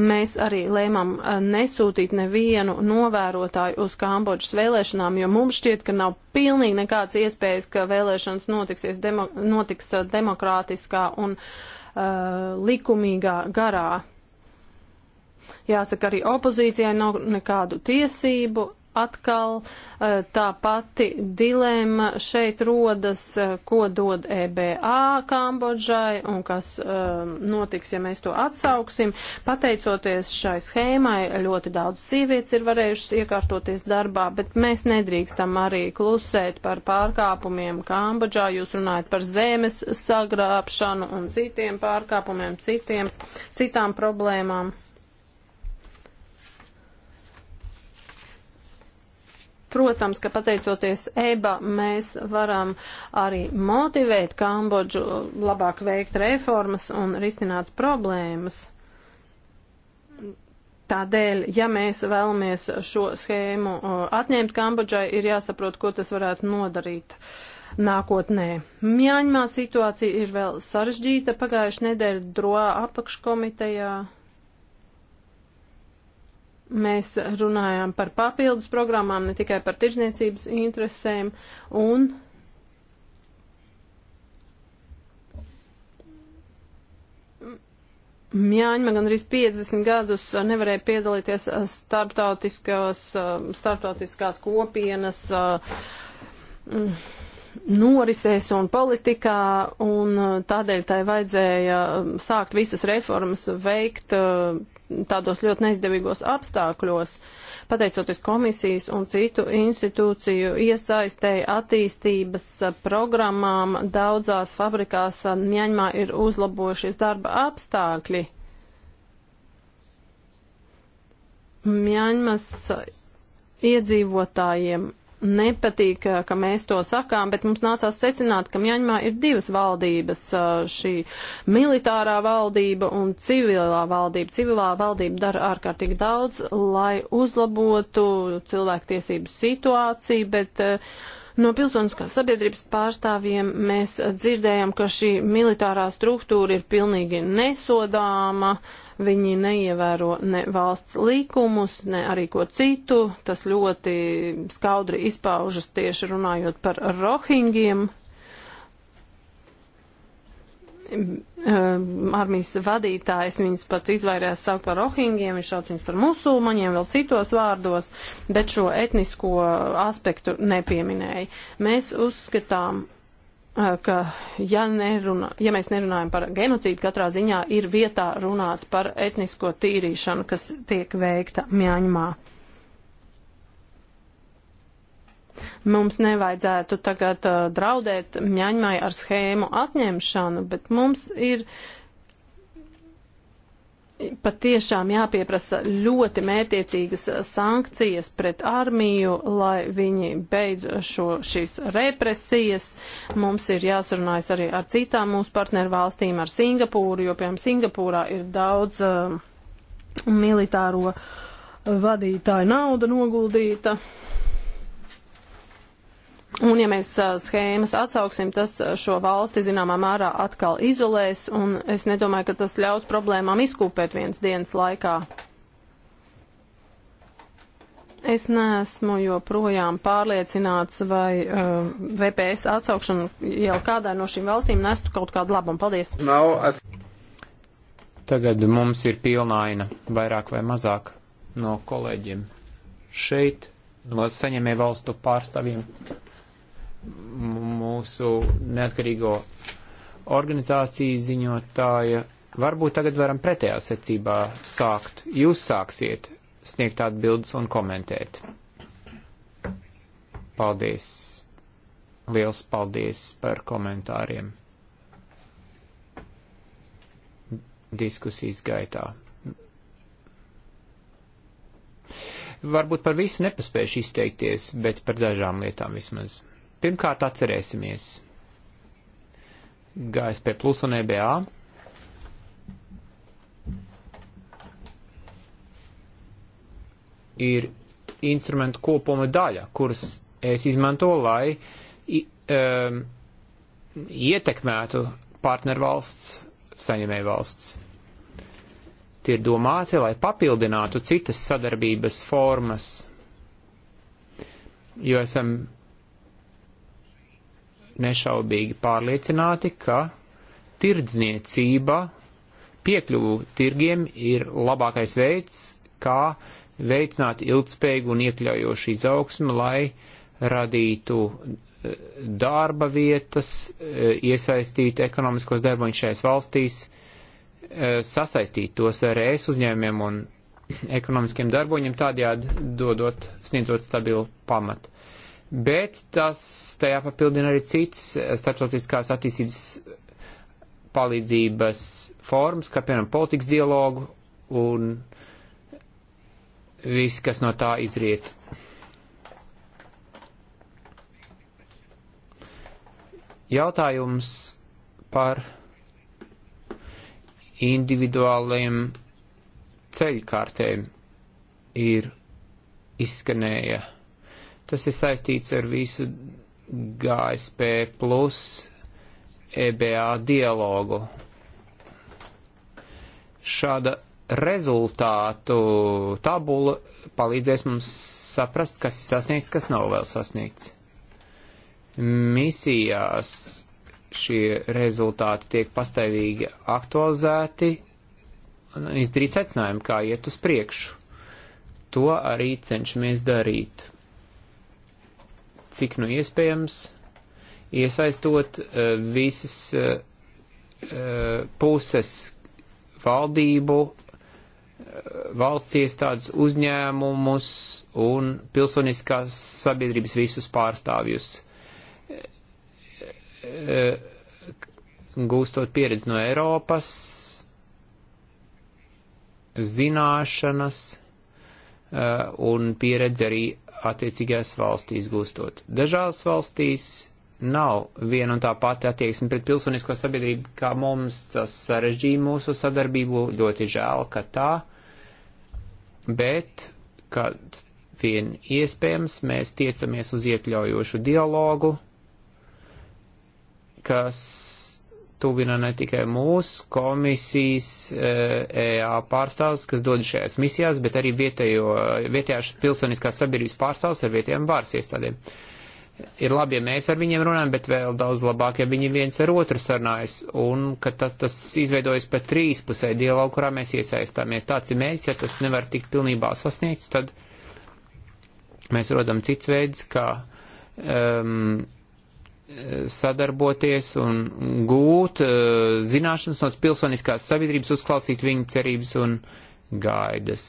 Mēs arī lēmām uh, nesūtīt nevienu novērotāju uz Kambodžas vēlēšanām, jo mums šķiet, ka nav pilnīgi nekāds iespējas, ka vēlēšanas notiksies demo, notiks demokrātiskā un uh, likumīgā garā. Jāsaka, arī opozīcijai nav nekādu tiesību atkal eh, tā pati dilema šeit rodas, eh, ko dod EBA Kambodžai un kas um, notiks, ja mēs to atsauksim. Pateicoties šai schēmai, ļoti daudz sievietes ir varējušas iekārtoties darbā, bet mēs nedrīkstam arī klusēt par pārkāpumiem Kambodžā. Jūs runājat par zemes sagrābšanu un citiem pārkāpumiem, citiem, citām problēmām. Protams, ka pateicoties EBA mēs varam arī motivēt Kambodžu labāk veikt reformas un risināt problēmas. Tādēļ, ja mēs vēlamies šo schēmu atņemt Kambodžai, ir jāsaprot, ko tas varētu nodarīt nākotnē. Mjaņmā situācija ir vēl sarežģīta. Pagājuši nedēļa droā apakškomitejā Mēs runājām par papildus programmām, ne tikai par tirzniecības interesēm un Mjāņma gandrīz 50 gadus nevarēja piedalīties uh, starptautiskās, uh, starptautiskās kopienas uh, mm, norisēs un politikā, un tādēļ tai vajadzēja sākt visas reformas, veikt tādos ļoti neizdevīgos apstākļos, pateicoties komisijas un citu institūciju iesaistēji attīstības programmām, daudzās fabrikās Mjaņmā ir uzlabojušies darba apstākļi. Mjaņmas iedzīvotājiem nepatīk, eh, ka mēs to sakām, bet mums nācās secināt, ka Mjaņmā ir divas valdības eh, - šī militārā valdība un civilā valdība. Civilā valdība dara ārkārtīgi daudz, lai uzlabotu cilvēktiesību situāciju, bet eh, no pilsoniskās sabiedrības pārstāvjiem mēs dzirdējam, ka šī militārā struktūra ir pilnīgi nesodāma. Uh, Viņi neievēro ne valsts likumus, ne arī ko citu. Tas ļoti skaudri izpaužas tieši runājot par rohingiem, ehm, armijas vadītājs, viņas pat izvairījās saukt par rohingiem, viņš sauc viņus par musulmaņiem, vēl citos vārdos, bet šo etnisko aspektu nepieminēja. Mēs uzskatām, Eh, ka ja, neruna, ja mēs nerunājam par genocīdu, katrā ziņā ir vietā runāt par etnisko tīrīšanu, kas tiek veikta Mjaņmā. Mums nevajadzētu tagad uh, draudēt Mjaņmai ar schēmu atņemšanu, bet mums ir uh, patiešām jāpieprasa ļoti mērtiecīgas sankcijas pret armiju, lai viņi beidz šo, šīs represijas. Mums ir jāsarunājas arī ar citām mūsu partneru valstīm, ar Singapūru, jo, piemēram, Singapūrā ir daudz uh, militāro vadītāju nauda noguldīta. Un, ja mēs uh, schēmas atsauksim, tas šo valsti zināmā mērā atkal izolēs, un es nedomāju, ka tas ļaus problēmām izkūpēt viens dienas laikā. Es neesmu joprojām pārliecināts, vai uh, VPS atsaukšana jau kādai no šīm valstīm nestu kaut kādu labumu. Paldies! Nav, at... Tagad mums ir pilnaina, vairāk vai mazāk, no kolēģiem šeit, no saņemē valstu pārstāvjiem mūsu neatkarīgo organizāciju ziņotāja. Varbūt tagad varam pretējā secībā sākt. Jūs sāksiet sniegt atbildes un komentēt. Paldies. Liels paldies par komentāriem. diskusijas gaitā. Varbūt par visu nepaspējuši izteikties, bet par dažām lietām vismaz. Pirmkārt, atcerēsimies GSP plus un EBA. Ir instrumentu kopuma daļa, kuras es izmantoju, lai i, um, ietekmētu partnervalsts, saņemēju valsts. Tie ir domāti, lai papildinātu citas sadarbības formas, jo esam nešaubīgi pārliecināti, ka tirdzniecība piekļuvu tirgiem ir labākais veids, kā veicināt ilgspējīgu un iekļaujošu izaugsmu, lai radītu eh, darba vietas, eh, iesaistītu ekonomiskos darboņus šajās valstīs, eh, sasaistītu tos ar ES uzņēmiem un ekonomiskiem darboņiem, tādējādi dodot, sniedzot stabilu pamatu bet tas tajā papildina arī cits starptautiskās attīstības palīdzības formas, kā piemēram politikas dialogu un viss, kas no tā izriet. Jautājums par individuāliem ceļkārtēm ir izskanēja. Tas ir saistīts ar visu GSP plus EBA dialogu. Šāda rezultātu tabula palīdzēs mums saprast, kas ir sasniegts, kas nav vēl sasniegts. Misijās šie rezultāti tiek pastāvīgi aktualizēti un izdarīt secinājumu, kā iet uz priekšu. To arī cenšamies darīt cik nu iespējams, iesaistot uh, visas uh, puses valdību, valsts iestādes uzņēmumus un pilsoniskās sabiedrības visus pārstāvjus. Gūstot pieredzi no Eiropas, zināšanas un pieredzi arī attiecīgās valstīs gūstot. Dažās valstīs nav viena un tā pati attieksme pret pilsonisko sabiedrību, kā mums tas sarežģīja mūsu sadarbību, ļoti žēl, ka tā, bet, kad vien iespējams, mēs tiecamies uz iekļaujošu dialogu, kas tuvina ne tikai mūs, komisijas, EA eh, e pārstāvs, kas dod šajās misijās, bet arī vietējo, vietējās pilsoniskās sabiedrības pārstāvs ar vietējiem vārs iestādēm. Ir labi, ja mēs ar viņiem runājam, bet vēl daudz labāk, ja viņi viens ar otru sarunājas un ka tas, tas izveidojas pat trīspusē dialogu, kurā mēs iesaistāmies. Tāds ir mērķis, ja tas nevar tikt pilnībā sasniegts, tad mēs rodam cits veids, kā um, sadarboties un gūt eh, zināšanas no pilsoniskās sabiedrības, uzklausīt viņu cerības un gaidas.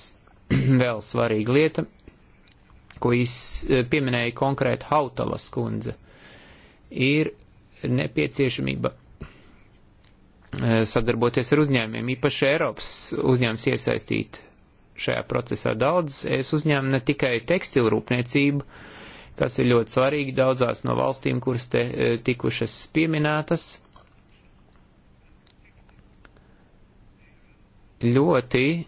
Vēl svarīga lieta, ko eh, pieminēja konkrēti Hautalas kundze, ir nepieciešamība eh, sadarboties ar uzņēmiem, īpaši Eiropas uzņēmums iesaistīt šajā procesā daudz. Es uzņēmu ne tikai tekstilrūpniecību, uh, Tas ir ļoti svarīgi daudzās no valstīm, kuras te e, tikušas pieminētas. Ļoti e,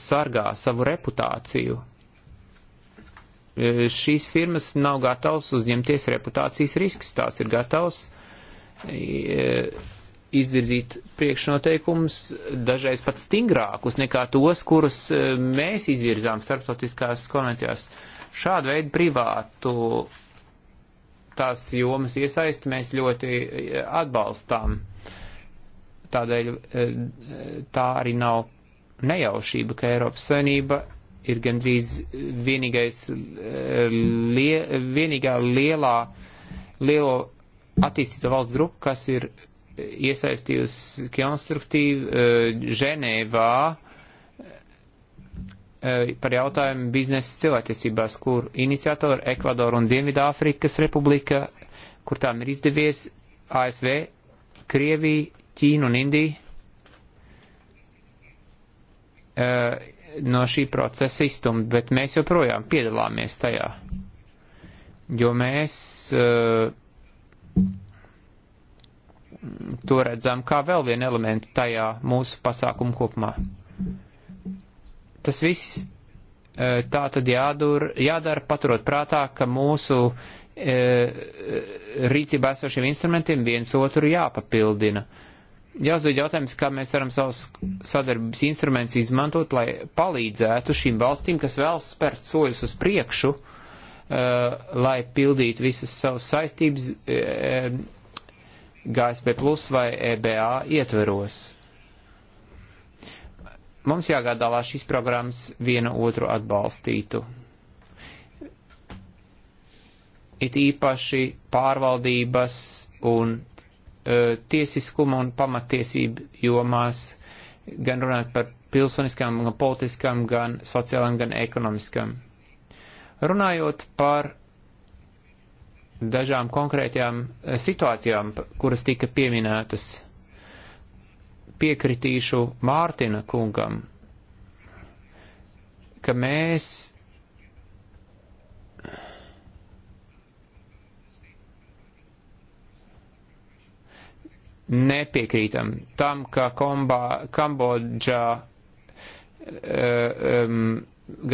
sargā savu reputāciju. E, šīs firmas nav gatavas uzņemties reputācijas risks, tās ir gatavas izvirzīt priekšnoteikumus, dažreiz pat stingrākus nekā tos, kurus mēs izvirzām starptautiskās konvencijās. Uh, Šādu veidu privātu tās jomas iesaisti mēs ļoti e, atbalstām. Tādēļ e, tā arī nav nejaušība, ka Eiropas Savienība ir gandrīz vienīgais, e, lie, vienīgā lielā, lielo attīstīto valsts grupu, kas ir iesaistījusi konstruktīvi Ženēvā Eh, par jautājumu biznesa cilvēktiesībās, kur iniciatori Ekvadora un Dienvidāfrikas republika, kur tām ir izdevies ASV, Krievija, Ķīna un Indija. Eh, no šī procesa izstumt, bet mēs joprojām piedalāmies tajā, jo mēs eh, to redzam kā vēl vienu elementu tajā mūsu pasākumu kopumā. Tas viss e, tā tad jādur, jādara paturot prātā, ka mūsu e, rīcībā esošiem instrumentiem viens otru jāpapildina. Jāuzdod jautājums, kā mēs varam savus sadarbības instrumentus izmantot, lai palīdzētu šīm valstīm, kas vēlas spērt soļus uz priekšu, e, lai pildītu visas savas saistības e, e GSP plus vai EBA ietveros. Mums jāgādā, lai šīs programmas viena otru atbalstītu. It īpaši pārvaldības un e, tiesiskuma un pamatiesību jomās, gan runāt par pilsoniskām, gan politiskām, gan sociālām, gan ekonomiskām. Runājot par dažām konkrētajām e, situācijām, kuras tika pieminētas piekritīšu Mārtina kungam, ka mēs nepiekrītam tam, ka kombā, Kambodžā um, eh,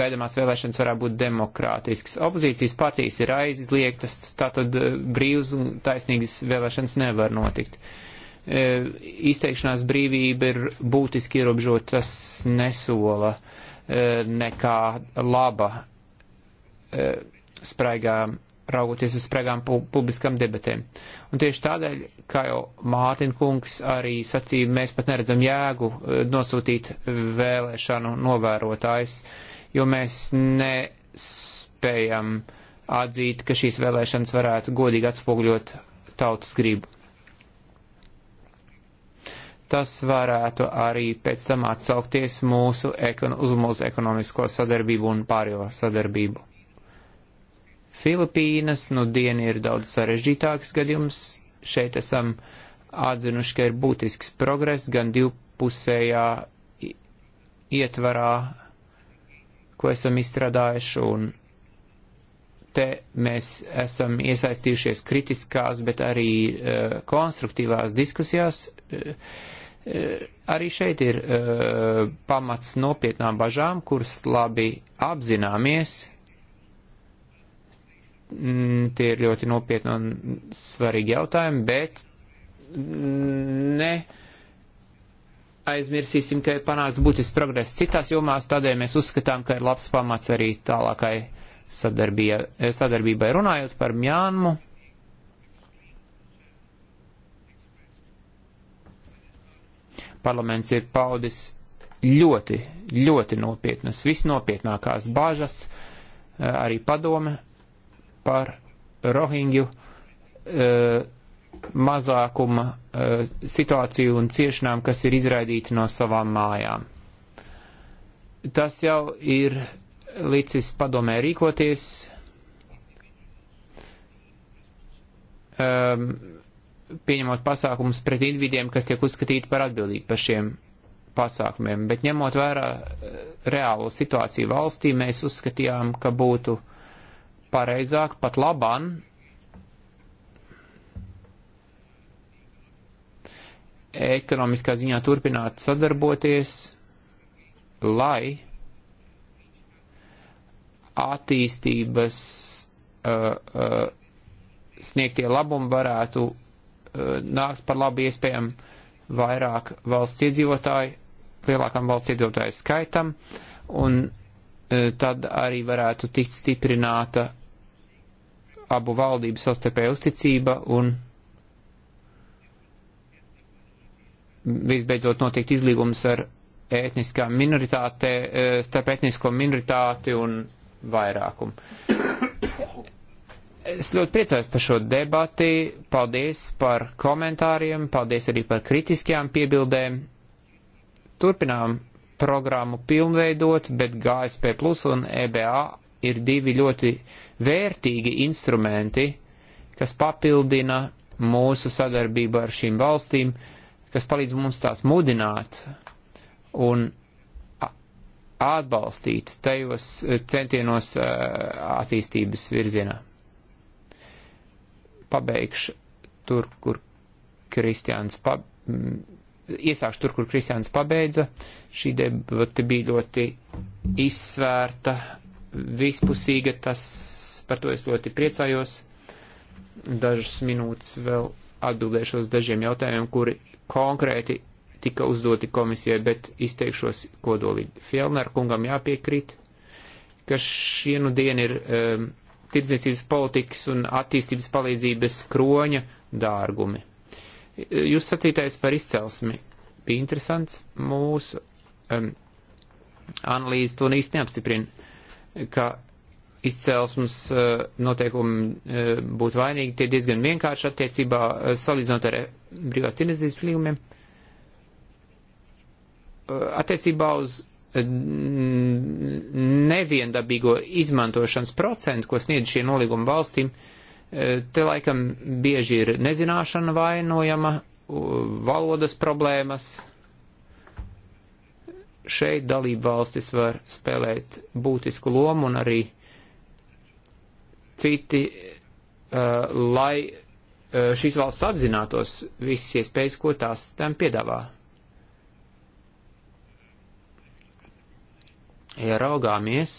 gaidāmās vēlēšanas varētu būt demokrātiskas. Opozīcijas partijas ir aizliegtas, tātad eh, brīvs un taisnīgas vēlēšanas nevar notikt. Uh, E, izteikšanās brīvība ir būtiski ierobežota, tas nesola e, nekā laba e, spraigām, raugoties uz spraigām pu publiskām debatēm. Un tieši tādēļ, kā jau Mātin kungs arī sacīja, mēs pat neredzam jēgu nosūtīt vēlēšanu novērotājs, jo mēs nespējam atzīt, ka šīs vēlēšanas varētu godīgi atspoguļot tautas gribu tas varētu arī pēc tam atsaukties mūsu ekon uz mūsu ekonomisko sadarbību un pārējo sadarbību. Filipīnas, nu diena ir daudz sarežģītāks gadījums, šeit esam atzinuši, ka ir būtisks progress gan divpusējā ietvarā, ko esam izstrādājuši, un te mēs esam iesaistījušies kritiskās, bet arī uh, konstruktīvās diskusijās. Uh, Eh, arī šeit ir eh, pamats nopietnām bažām, kuras labi apzināmies. Mm, tie ir ļoti nopietni un svarīgi jautājumi, bet mm, ne aizmirsīsim, ka ir panāks būtisks progress citās jomās, tādēļ mēs uzskatām, ka ir labs pamats arī tālākai eh, sadarbībai. Runājot par Mjānmu, Parlaments ir paudis ļoti, ļoti nopietnas, visnopietnākās bažas, eh, arī padome par rohingju eh, mazākuma eh, situāciju un ciešanām, kas ir izraidīti no savām mājām. Tas jau ir licis padomē rīkoties. Um, pieņemot pasākumus pret individiem, kas tiek uzskatīti par atbildīgi par šiem pasākumiem, bet ņemot vērā eh, reālo situāciju valstī, mēs uzskatījām, ka būtu pareizāk pat labam ekonomiskā ziņā turpināt sadarboties, lai attīstības uh, uh, sniegtie labumi varētu nākt par labu iespējām vairāk valsts iedzīvotāju, lielākam valsts iedzīvotāju skaitam, un e, tad arī varētu tikt stiprināta abu valdību sastarpēja uzticība un visbeidzot notikt izlīgums ar ētniskām minoritātē, e, starp etnisko minoritāti un vairākumu. Es ļoti priecājos par šo debati, paldies par komentāriem, paldies arī par kritiskajām piebildēm. Turpinām programmu pilnveidot, bet GSP Plus un EBA ir divi ļoti vērtīgi instrumenti, kas papildina mūsu sadarbību ar šīm valstīm, kas palīdz mums tās mudināt un atbalstīt tajos eh, centienos eh, attīstības virzienā pabeigšu tur, kur Kristiāns pa, iesākšu tur, kur Kristiāns pabeidza. Šī debata bija ļoti izsvērta, vispusīga, tas par to es ļoti priecājos. Dažas minūtes vēl atbildēšu uz dažiem jautājumiem, kuri konkrēti tika uzdoti komisijai, bet izteikšos kodolīgi. Fjellner kungam jāpiekrīt, ka šie nu dieni ir um, tirdzniecības politikas un attīstības palīdzības kroņa dārgumi. Jūs sacītais par izcelsmi bija interesants. Mūsu um, analīze to īsti neapstiprina, ka izcelsmes uh, noteikumi uh, būtu vainīgi. Tie diezgan vienkārši attiecībā uh, salīdzinot ar uh, brīvās tirdzniecības līgumiem. Uh, attiecībā uz neviendabīgo izmantošanas procentu, ko sniedz šie nolīguma valstīm, e, te laikam bieži ir nezināšana vainojama, valodas problēmas. Šeit dalība valstis var spēlēt būtisku lomu un arī citi, e, lai e, šīs valsts apzinātos visas iespējas, ko tās tam piedāvā. Ja raugāmies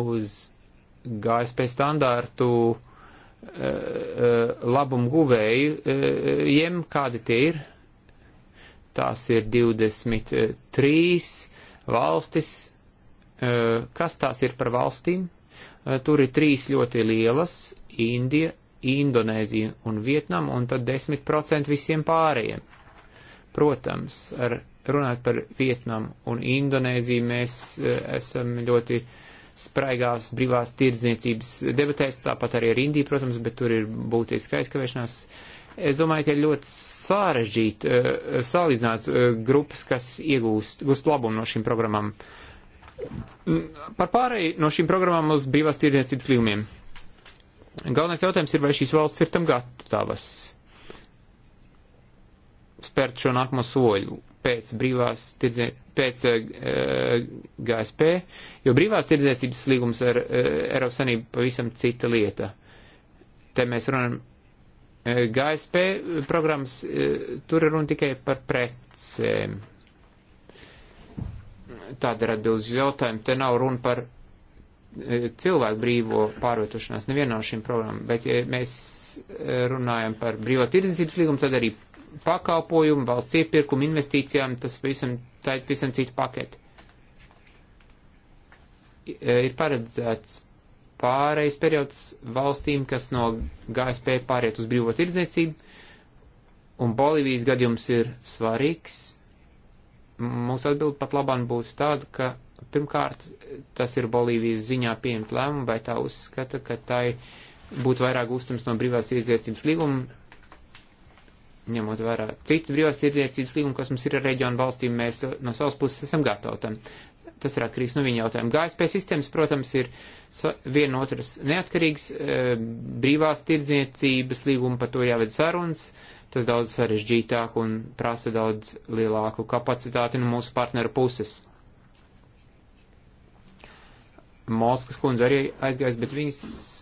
uz GSP standārtu eh, eh, labumu guvējiem, eh, kādi tie ir, tās ir 23 valstis. Kas tās ir par valstīm? Tur ir trīs ļoti lielas - Indija, Indonēzija un Vietnam, un tad 10% visiem pārējiem. Protams, ar runājot par Vietnamu un Indonēziju, mēs e, esam ļoti spraigās brīvās tirdzniecības debatēs, tāpat arī ar Indiju, protams, bet tur ir būtiska aizkavēšanās. Es domāju, ka ir ļoti sārežģīti e, salīdzināt e, grupas, kas iegūst gūst labumu no šīm programmām. Par pārēju no šīm programmām uz brīvās tirdzniecības līgumiem. Galvenais jautājums ir, vai šīs valsts ir tam gatavas spērt šo nākamo soļu pēc brīvās tirdzē, pēc uh, eh, GSP, jo brīvās tirdzniecības līgums ar uh, Eiropas Sanību pavisam cita lieta. Te mēs runājam uh, eh, GSP programmas, uh, tur ir runa tikai par precēm. Tāda ir atbildes jautājuma. Te nav runa par E, cilvēku brīvo pārvietošanās nevienā no šīm programmām, bet ja mēs e, runājam par brīvo tirdzniecības līgumu, tad arī pakalpojumu, valsts iepirkumu, investīcijām, tas visam, tā ir visam cita pakete. E, ir paredzēts pārējais periods valstīm, kas no GSP pāriet uz brīvo tirdzniecību, un Bolivijas gadījums ir svarīgs. Mūsu atbildi pat labāk būtu tāda, ka Pirmkārt, tas ir Bolīvijas ziņā pieņemt lēmumu, vai tā uzskata, ka tai būtu vairāk uztams no brīvās tirdzniecības līguma, ņemot vērā citas brīvās tirdzniecības līguma, kas mums ir ar reģionu valstīm, mēs no savas puses esam gatavi tam. Tas ir atkarīgs no viņa jautājuma. GSP sistēmas, protams, ir viena otras neatkarīgs, e, brīvās tirdzniecības līguma par to jāved sarunas, tas daudz sarežģītāk un prasa daudz lielāku kapacitāti no mūsu partneru puses Molskas kundze arī aizgājis, bet viņas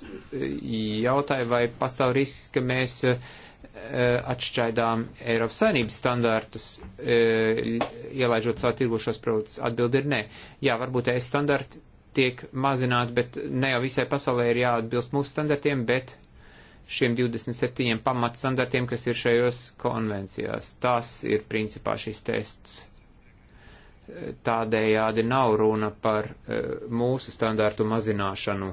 e, jautāja, vai pastāv risks, ka mēs e, atšķaidām Eiropas saimnības standārtus, e, ielaižot savu tirgošos produktus. Atbildi ir nē. Jā, varbūt es standarti tiek mazināti, bet ne jau visai pasaulē ir jāatbilst mūsu standartiem, bet šiem 27 pamatstandartiem, kas ir šajos konvencijās. Tas ir principā šis tests tādējādi nav runa par e, mūsu standārtu mazināšanu.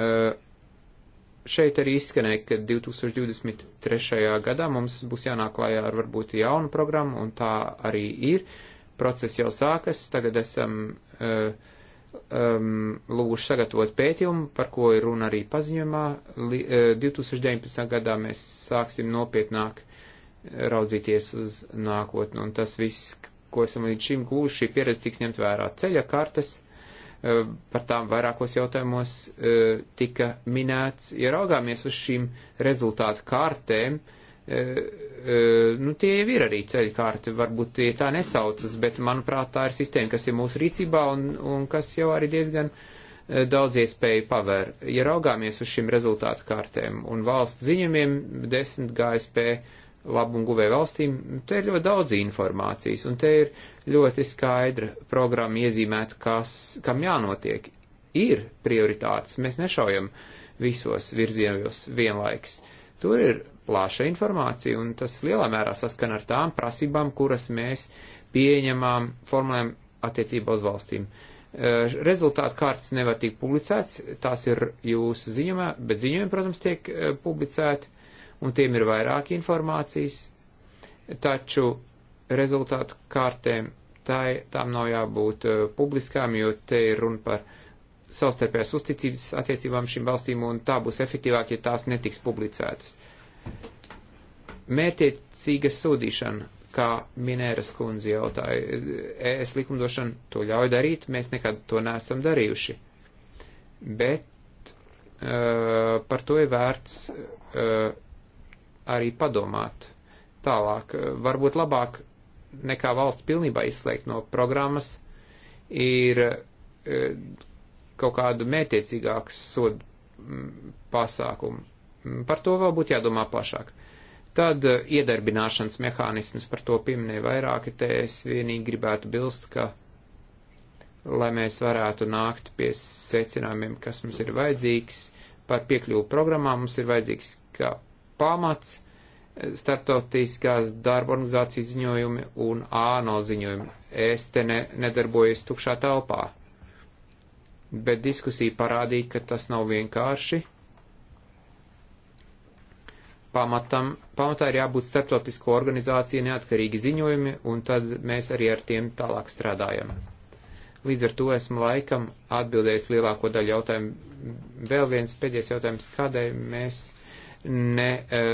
E, šeit arī izskanēja, ka 2023. gadā mums būs jānāk klājā ar varbūt jaunu programmu, un tā arī ir. Process jau sākas, tagad esam uh, um, lūguši sagatavot pētījumu, par ko ir runa arī paziņojumā. Li, uh, 2019. gadā mēs sāksim nopietnāk raudzīties uz nākotni, un tas viss, ko esam līdz šim gūši, šī pieredze tiks ņemt vērā. Ceļa kartes uh, par tām vairākos jautājumos uh, tika minēts. Ja raugāmies uz šīm rezultātu kārtēm, uh, E, e, nu, tie jau ir arī ceļkārti, varbūt tie tā nesaucas, bet, manuprāt, tā ir sistēma, kas ir mūsu rīcībā un, un kas jau arī diezgan e, daudz iespēju pavēr. Ja raugāmies uz šīm rezultātu kārtēm un valsts ziņojumiem, 10 GSP labumu guvēju valstīm, te ir ļoti daudz informācijas, un te ir ļoti skaidra programma iezīmēta, kas, kam jānotiek. Ir prioritātes, mēs nešaujam visos virzienos vienlaiks. Tur ir plāša informācija, un tas lielā mērā saskan ar tām prasībām, kuras mēs pieņemām formulēm attiecībā uz valstīm. Rezultātu kārtas nevar tikt publicēts, tās ir jūsu ziņojumā, bet ziņojumi, protams, tiek publicēti, un tiem ir vairāk informācijas, taču rezultātu kārtēm tā, tām nav jābūt uh, publiskām, jo te ir runa par savstarpējās uzticības attiecībām šīm valstīm, un tā būs efektīvāk, ja tās netiks publicētas. Mētiecīga sūdīšana, kā Minēras kundze jautāja, es likumdošana to ļauj darīt, mēs nekad to neesam darījuši. Bet uh, par to ir vērts uh, arī padomāt tālāk. Varbūt labāk nekā valsts pilnībā izslēgt no programmas ir e, kaut kādu mētiecīgāku sodu pasākumu. Par to vēl būtu jādomā plašāk. Tad eh, iedarbināšanas mehānisms par to pieminēja vairāki, te es vienīgi gribētu bilst, ka, lai mēs varētu nākt pie secinājumiem, kas mums ir vajadzīgs par piekļuvu programmām, mums ir vajadzīgs kā pamats eh, starptautiskās darba organizācijas ziņojumi un āno ziņojumi. Es te ne, nedarbojos tukšā telpā, bet diskusija parādīja, ka tas nav vienkārši pamatam, pamatā ir jābūt starptautisko organizāciju neatkarīgi ziņojumi, un tad mēs arī ar tiem tālāk strādājam. Līdz ar to esmu laikam atbildējis lielāko daļu jautājumu. Vēl viens pēdējais jautājums, kādēļ mēs ne uh,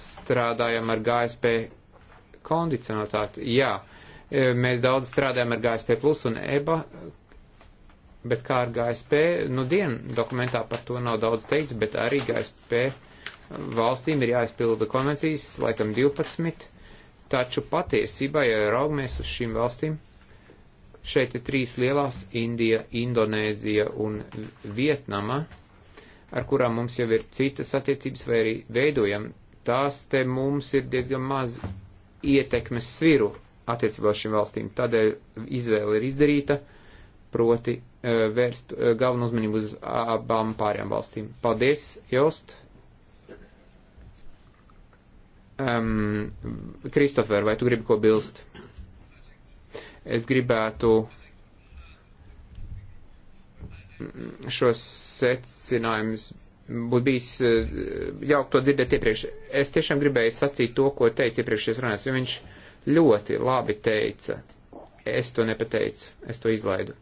strādājam ar GSP kondicionalitāti? Jā, eh, mēs daudz strādājam ar GSP plus un EBA, bet kā ar GSP, nu dien dokumentā par to nav daudz teiks, bet arī GSP uh, valstīm ir jāizpilda konvencijas, laikam 12, taču patiesībā, ja raugamies uz šīm valstīm, šeit ir trīs lielās - Indija, Indonēzija un Vietnama, ar kurām mums jau ir citas attiecības vai arī veidojam. Tās te mums ir diezgan maz ietekmes sviru attiecībā uz šīm valstīm. Tādēļ izvēle ir izdarīta, proti eh, vērst eh, galvenu uzmanību uz abām pārējām valstīm. Paldies, Jost! Um, ehm, Kristofer, vai tu gribi ko bilst? Es gribētu šos secinājumus būtu bijis eh, jauk to dzirdēt iepriekš. Es tiešām gribēju sacīt to, ko teica iepriekšējais runājums, jo viņš ļoti labi teica. Es to nepateicu, es to izlaidu.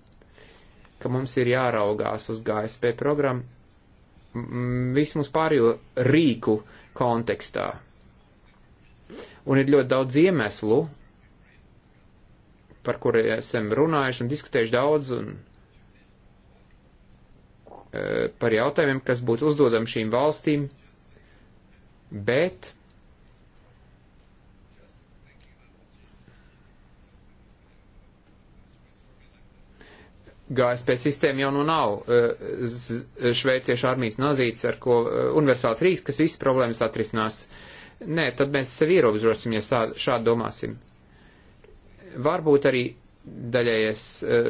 Ka mums ir jāraugās uz GSP programmu visu mūsu pārējo rīku kontekstā Un ir ļoti daudz iemeslu, par kuriem esam runājuši un diskutējuši daudz, un e, par jautājumiem, kas būtu uzdodami šīm valstīm, bet GSP sistēma jau nu nav e, šveiciešu armijas nozīts, ar ko e, universāls rīks, kas visas problēmas atrisinās. Uh, Nē, tad mēs sevi ierobežosim, ja šādi domāsim. Varbūt arī daļējas eh,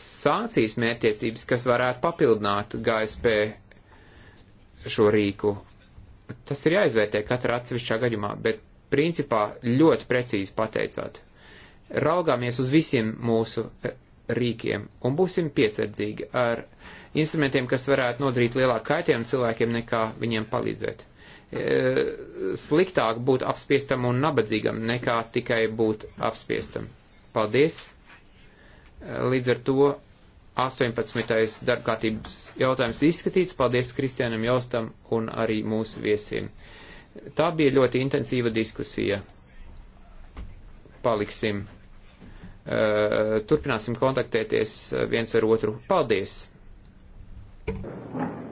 sācīs mērķiecības, kas varētu papildināt GSP šo rīku. Tas ir jāizvērtē katrā atsevišķā gadījumā, bet principā ļoti precīzi pateicāt. Raugāmies uz visiem mūsu eh, rīkiem un būsim piesardzīgi ar instrumentiem, kas varētu nodarīt lielāku kaitējumu cilvēkiem nekā viņiem palīdzēt. E, sliktāk būt apspiestam un nabadzīgam nekā tikai būt apspiestam. Paldies! E, līdz ar to 18. darbkārtības jautājums izskatīts. Paldies Kristianam Jostam un arī mūsu viesiem. Tā bija ļoti intensīva diskusija. Paliksim. E, turpināsim kontaktēties viens ar otru. Paldies! Thank you.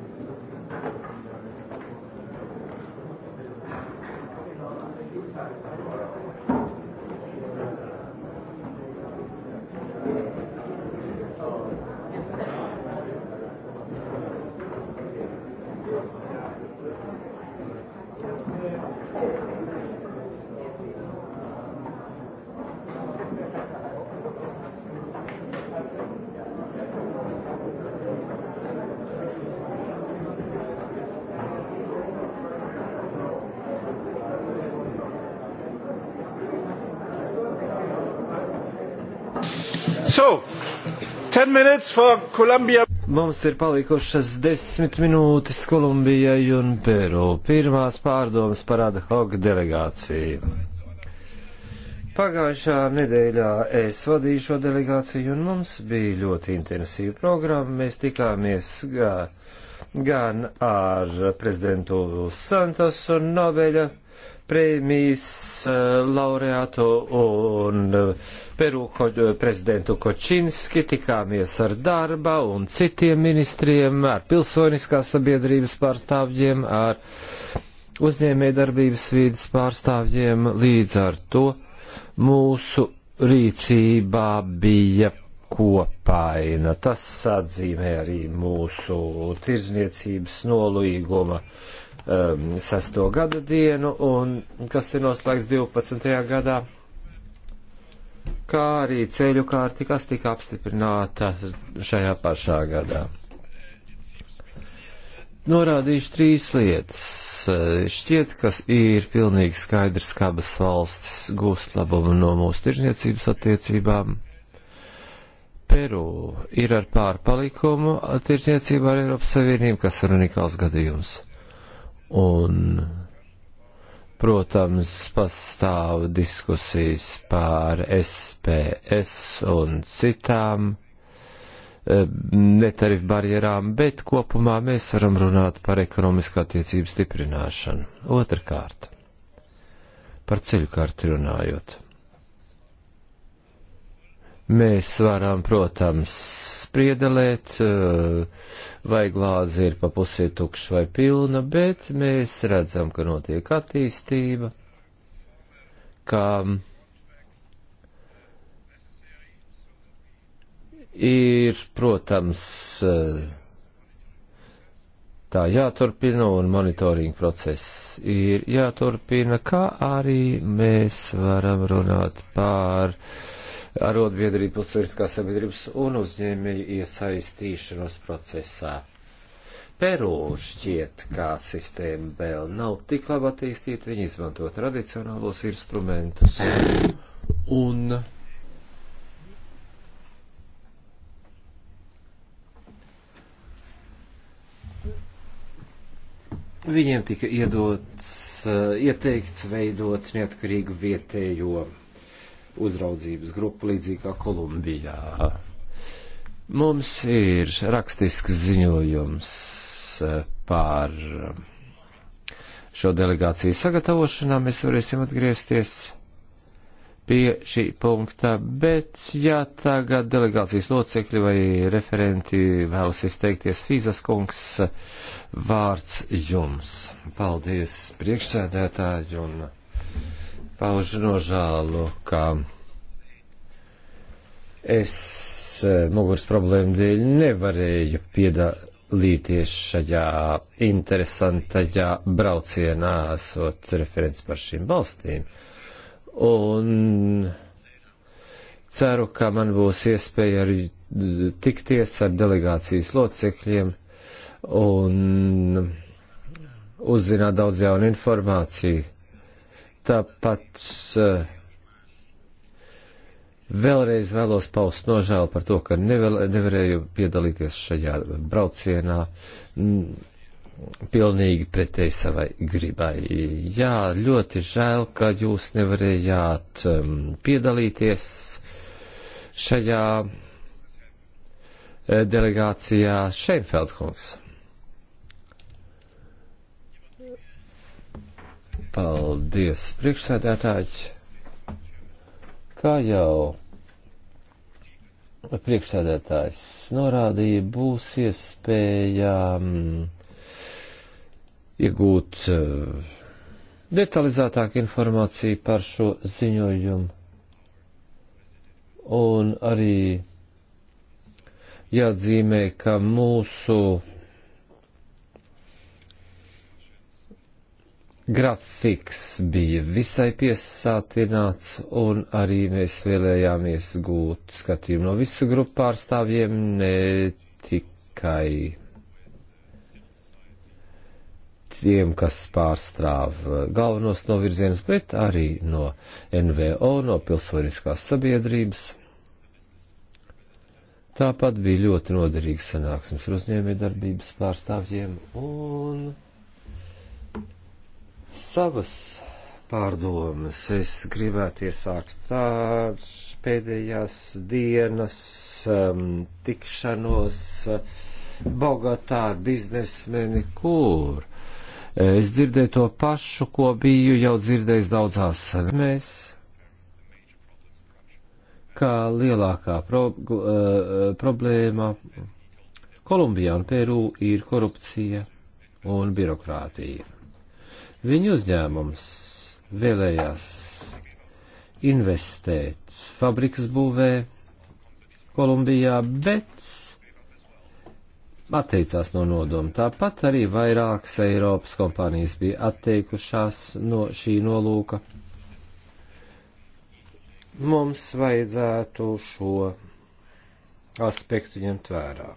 Mums ir palikušas desmit minūtes Kolumbijai un Peru. Pirmās pārdomas par ad hoc delegāciju. Pagājušā nedēļā es vadīju šo delegāciju un mums bija ļoti intensīva programma. Mēs tikāmies gan ar prezidentu Santos un Nobeļa prēmijas eh, laureātu un eh, Peru eh, prezidentu Kočinski, tikāmies ar darba un citiem ministriem, ar pilsoniskās sabiedrības pārstāvjiem, ar uzņēmējdarbības vīdes pārstāvjiem. Līdz ar to mūsu rīcībā bija kopaina. Tas atzīmē arī mūsu tirzniecības nolīguma um, sesto gada dienu, un kas ir noslēgts 12. gadā, kā arī ceļu kārti, kas tika apstiprināta šajā pašā gadā. Norādīšu trīs lietas. Šķiet, kas ir pilnīgi skaidrs, ka abas valstis gūst labumu no mūsu tirzniecības attiecībām. Peru ir ar pārpalikumu tirzniecībā ar Eiropas Savienību, kas ir unikāls gadījums. Un, protams, pastāv diskusijas pār SPS un citām e, netarifu barjerām, bet kopumā mēs varam runāt par ekonomiskā attiecību stiprināšanu. Otrakārt, par ceļu karti runājot. Mēs varam, protams, spriedelēt, eh, vai glāze ir pa pusē tukša vai pilna, bet mēs redzam, ka notiek attīstība, ka ir, protams, eh, tā jāturpina un monitoringa process ir jāturpina, kā arī mēs varam runāt pār uh, arotbiedrību, pilsoniskās sabiedrības un uzņēmēju iesaistīšanos procesā. Peru šķiet, kā sistēma vēl nav tik labi attīstīta, viņi izmanto tradicionālos instrumentus. Un viņiem tika iedots, uh, ieteikts veidot neatkarīgu vietējo uzraudzības grupu, līdzīgi kā Kolumbijā. Mums ir rakstisks ziņojums eh, par šo delegāciju sagatavošanā. Mēs varēsim atgriezties pie šī punkta, bet ja tagad delegācijas locekļi vai referenti vēlas izteikties, Fīzas kungs, vārds jums. Paldies priekšsēdētāji un pauž nožālu, ka es e, muguras problēmu dēļ nevarēju piedalīties šajā interesantajā braucienā, esot referents par šīm valstīm. Un ceru, ka man būs iespēja arī e, tikties ar delegācijas locekļiem un uzzināt daudz jaunu informāciju Tāpat eh, vēlreiz vēlos paust nožēlu par to, ka nevēl, nevarēju piedalīties šajā braucienā mm, pilnīgi pretēji savai gribai. Jā, ļoti žēl, ka jūs nevarējāt um, piedalīties šajā eh, delegācijā Šeinfeldkungs. Paldies, priekšsēdētāji. Kā jau priekšsēdētājs norādīja, būs iespēja iegūt eh, detalizētāku informāciju par šo ziņojumu. Un arī jāatzīmē, ka mūsu grafiks bija visai piesātināts, un arī mēs vēlējāmies gūt skatījumu no visu grupu pārstāvjiem, ne tikai tiem, kas pārstāv galvenos novirzienus, bet arī no NVO, no pilsoniskās sabiedrības. Tāpat bija ļoti noderīgs sanāksmes ar uzņēmējdarbības pārstāvjiem un savas pārdomas. Es gribētu iesākt tādas pēdējās dienas um, tikšanos uh, Bogotā ar biznesmeni, kur uh, es dzirdēju to pašu, ko biju jau dzirdējis daudzās mēs kā lielākā pro, uh, problēma Kolumbijā un Peru ir korupcija un birokrātija Viņa uzņēmums vēlējās investēt fabrikas būvē Kolumbijā, bet atteicās no nodoma. Tāpat arī vairākas Eiropas kompānijas bija atteikušās no šī nolūka. Mums vajadzētu šo aspektu ņemt vērā.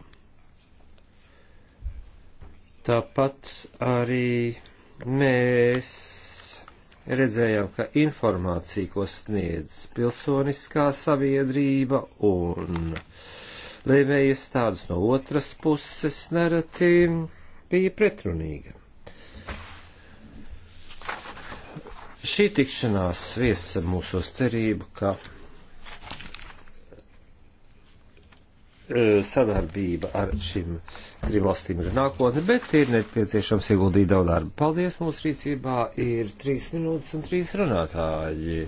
Tāpat arī Mēs redzējām, ka informācija, ko sniedz pilsoniskā sabiedrība un lēmējas tādas no otras puses, nereti bija pretrunīga. Šī tikšanās viesa mūsos cerību, ka Eh, sadarbība ar šim trim valstīm ir nākotne, bet ir nepieciešams ieguldīt daudz darba. Paldies, mūsu rīcībā ir trīs minūtes un trīs runātāji.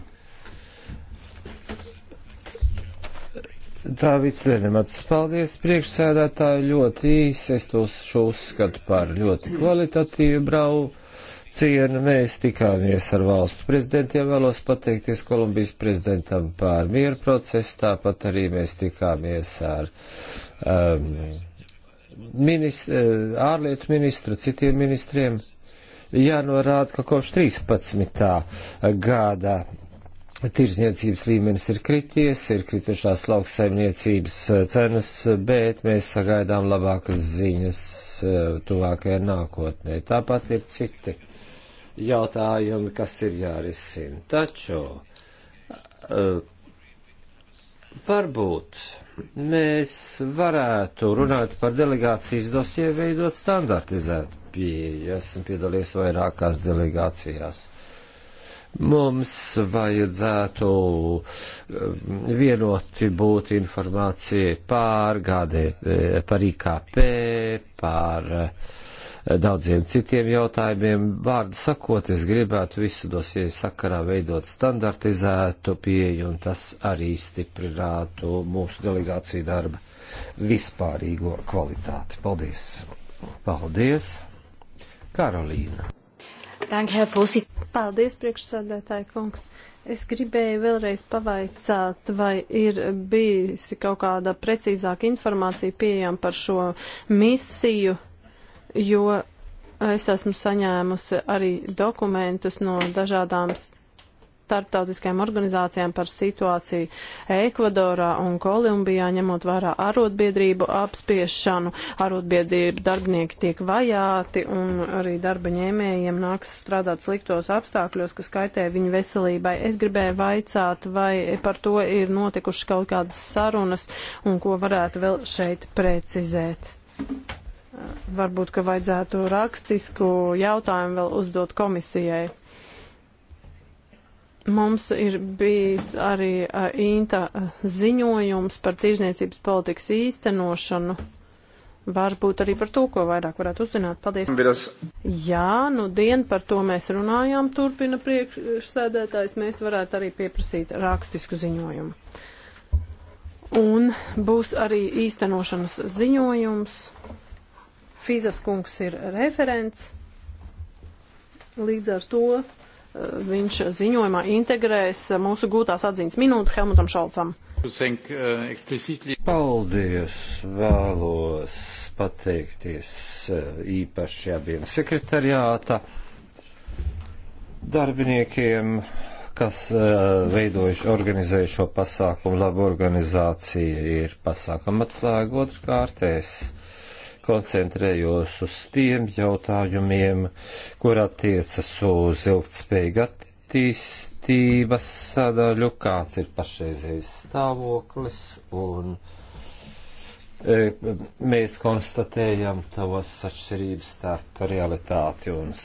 Dāvids Lenemats, paldies priekšsēdētāji ļoti īsi, es tos šo uzskatu par ļoti kvalitatīvu braucienu brauciena mēs tikāmies ar valstu prezidentiem. Vēlos pateikties Kolumbijas prezidentam par mieru procesu, tāpat arī mēs tikāmies ar um, minis, eh, ārlietu ministru, citiem ministriem. Jānorāda, ka kopš 13. gada Tirzniecības līmenis ir krities, ir kritušās lauksaimniecības eh, cenas, bet mēs sagaidām labākas ziņas eh, tuvākajā nākotnē. Tāpat ir citi jautājumi, kas ir jārisina. Taču eh, varbūt mēs varētu runāt par delegācijas dosie veidot standartizētu pieeju. Esmu piedalījies vairākās delegācijās. Mums vajadzētu eh, vienoti būt informācija pār GD, par IKP, par uh, daudziem citiem jautājumiem. Vārdu sakot, es gribētu visu dosie sakarā veidot standartizētu pieeju, un tas arī stiprinātu mūsu delegāciju darba vispārīgo kvalitāti. Paldies! Paldies! Karolīna! Paldies, priekšsādētāji kungs! Es gribēju vēlreiz pavaicāt, vai ir bijusi kaut kāda precīzāka informācija pieejama par šo misiju, jo es esmu saņēmusi arī dokumentus no dažādām starptautiskajām organizācijām par situāciju Ekvadorā un Kolumbijā, ņemot vērā arotbiedrību apspiešanu. Arotbiedrību darbinieki tiek vajāti un arī darba ņēmējiem nāks strādāt sliktos apstākļos, kas kaitē viņu veselībai. Es gribēju vaicāt, vai par to ir notikušas kaut kādas sarunas un ko varētu vēl šeit precizēt. Thank you. Varbūt, ka vajadzētu rakstisku jautājumu vēl uzdot komisijai. Mums ir bijis arī uh, īnta ziņojums par tirzniecības politikas īstenošanu. Varbūt arī par to, ko vairāk varētu uzzināt. Paldies. Vidas. Jā, nu dien par to mēs runājām, turpina priekšsēdētājs. Mēs varētu arī pieprasīt rakstisku ziņojumu. Un būs arī īstenošanas ziņojums. Fizas kungs ir referents. Līdz ar to uh, viņš ziņojumā integrēs uh, mūsu gūtās atziņas minūtu Helmutam Šalcam. Paldies! Vēlos pateikties uh, īpaši abiem sekretariāta darbiniekiem, kas veidojuši, organizēju šo pasākumu. Laba organizācija ir pasākuma atslēga otrkārt. Es koncentrējos uz tiem jautājumiem, kur attiecas uz ilgtspējīgu attīstības sadaļu, kāds ir pašreizējais stāvoklis, un e, mēs konstatējam tos atšķirības starp realitāti un e,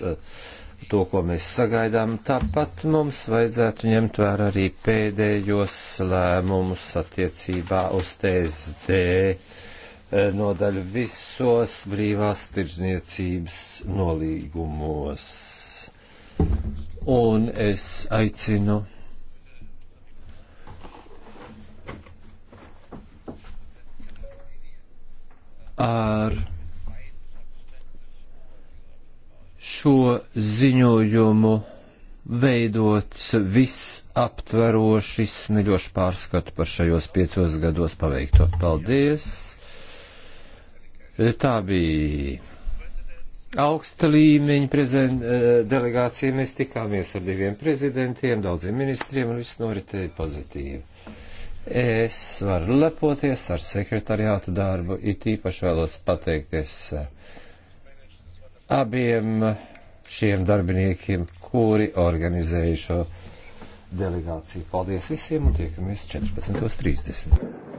to, ko mēs sagaidām. Tāpat mums vajadzētu ņemt vērā arī pēdējos lēmumus attiecībā uz TSD nodaļu visos brīvās tirdzniecības nolīgumos. Un es aicinu ar šo ziņojumu veidots visaptveroši smiļošu pārskatu par šajos piecos gados paveikto. Paldies! Tā bija augsta līmeņa prezent, eh, delegācija. Mēs tikāmies ar diviem prezidentiem, daudziem ministriem, un viss noritēja pozitīvi. Es varu lepoties ar sekretariātu darbu, it īpaši vēlos pateikties eh, abiem šiem darbiniekiem, kuri organizēja šo delegāciju. Paldies visiem un tiekamies 14.30.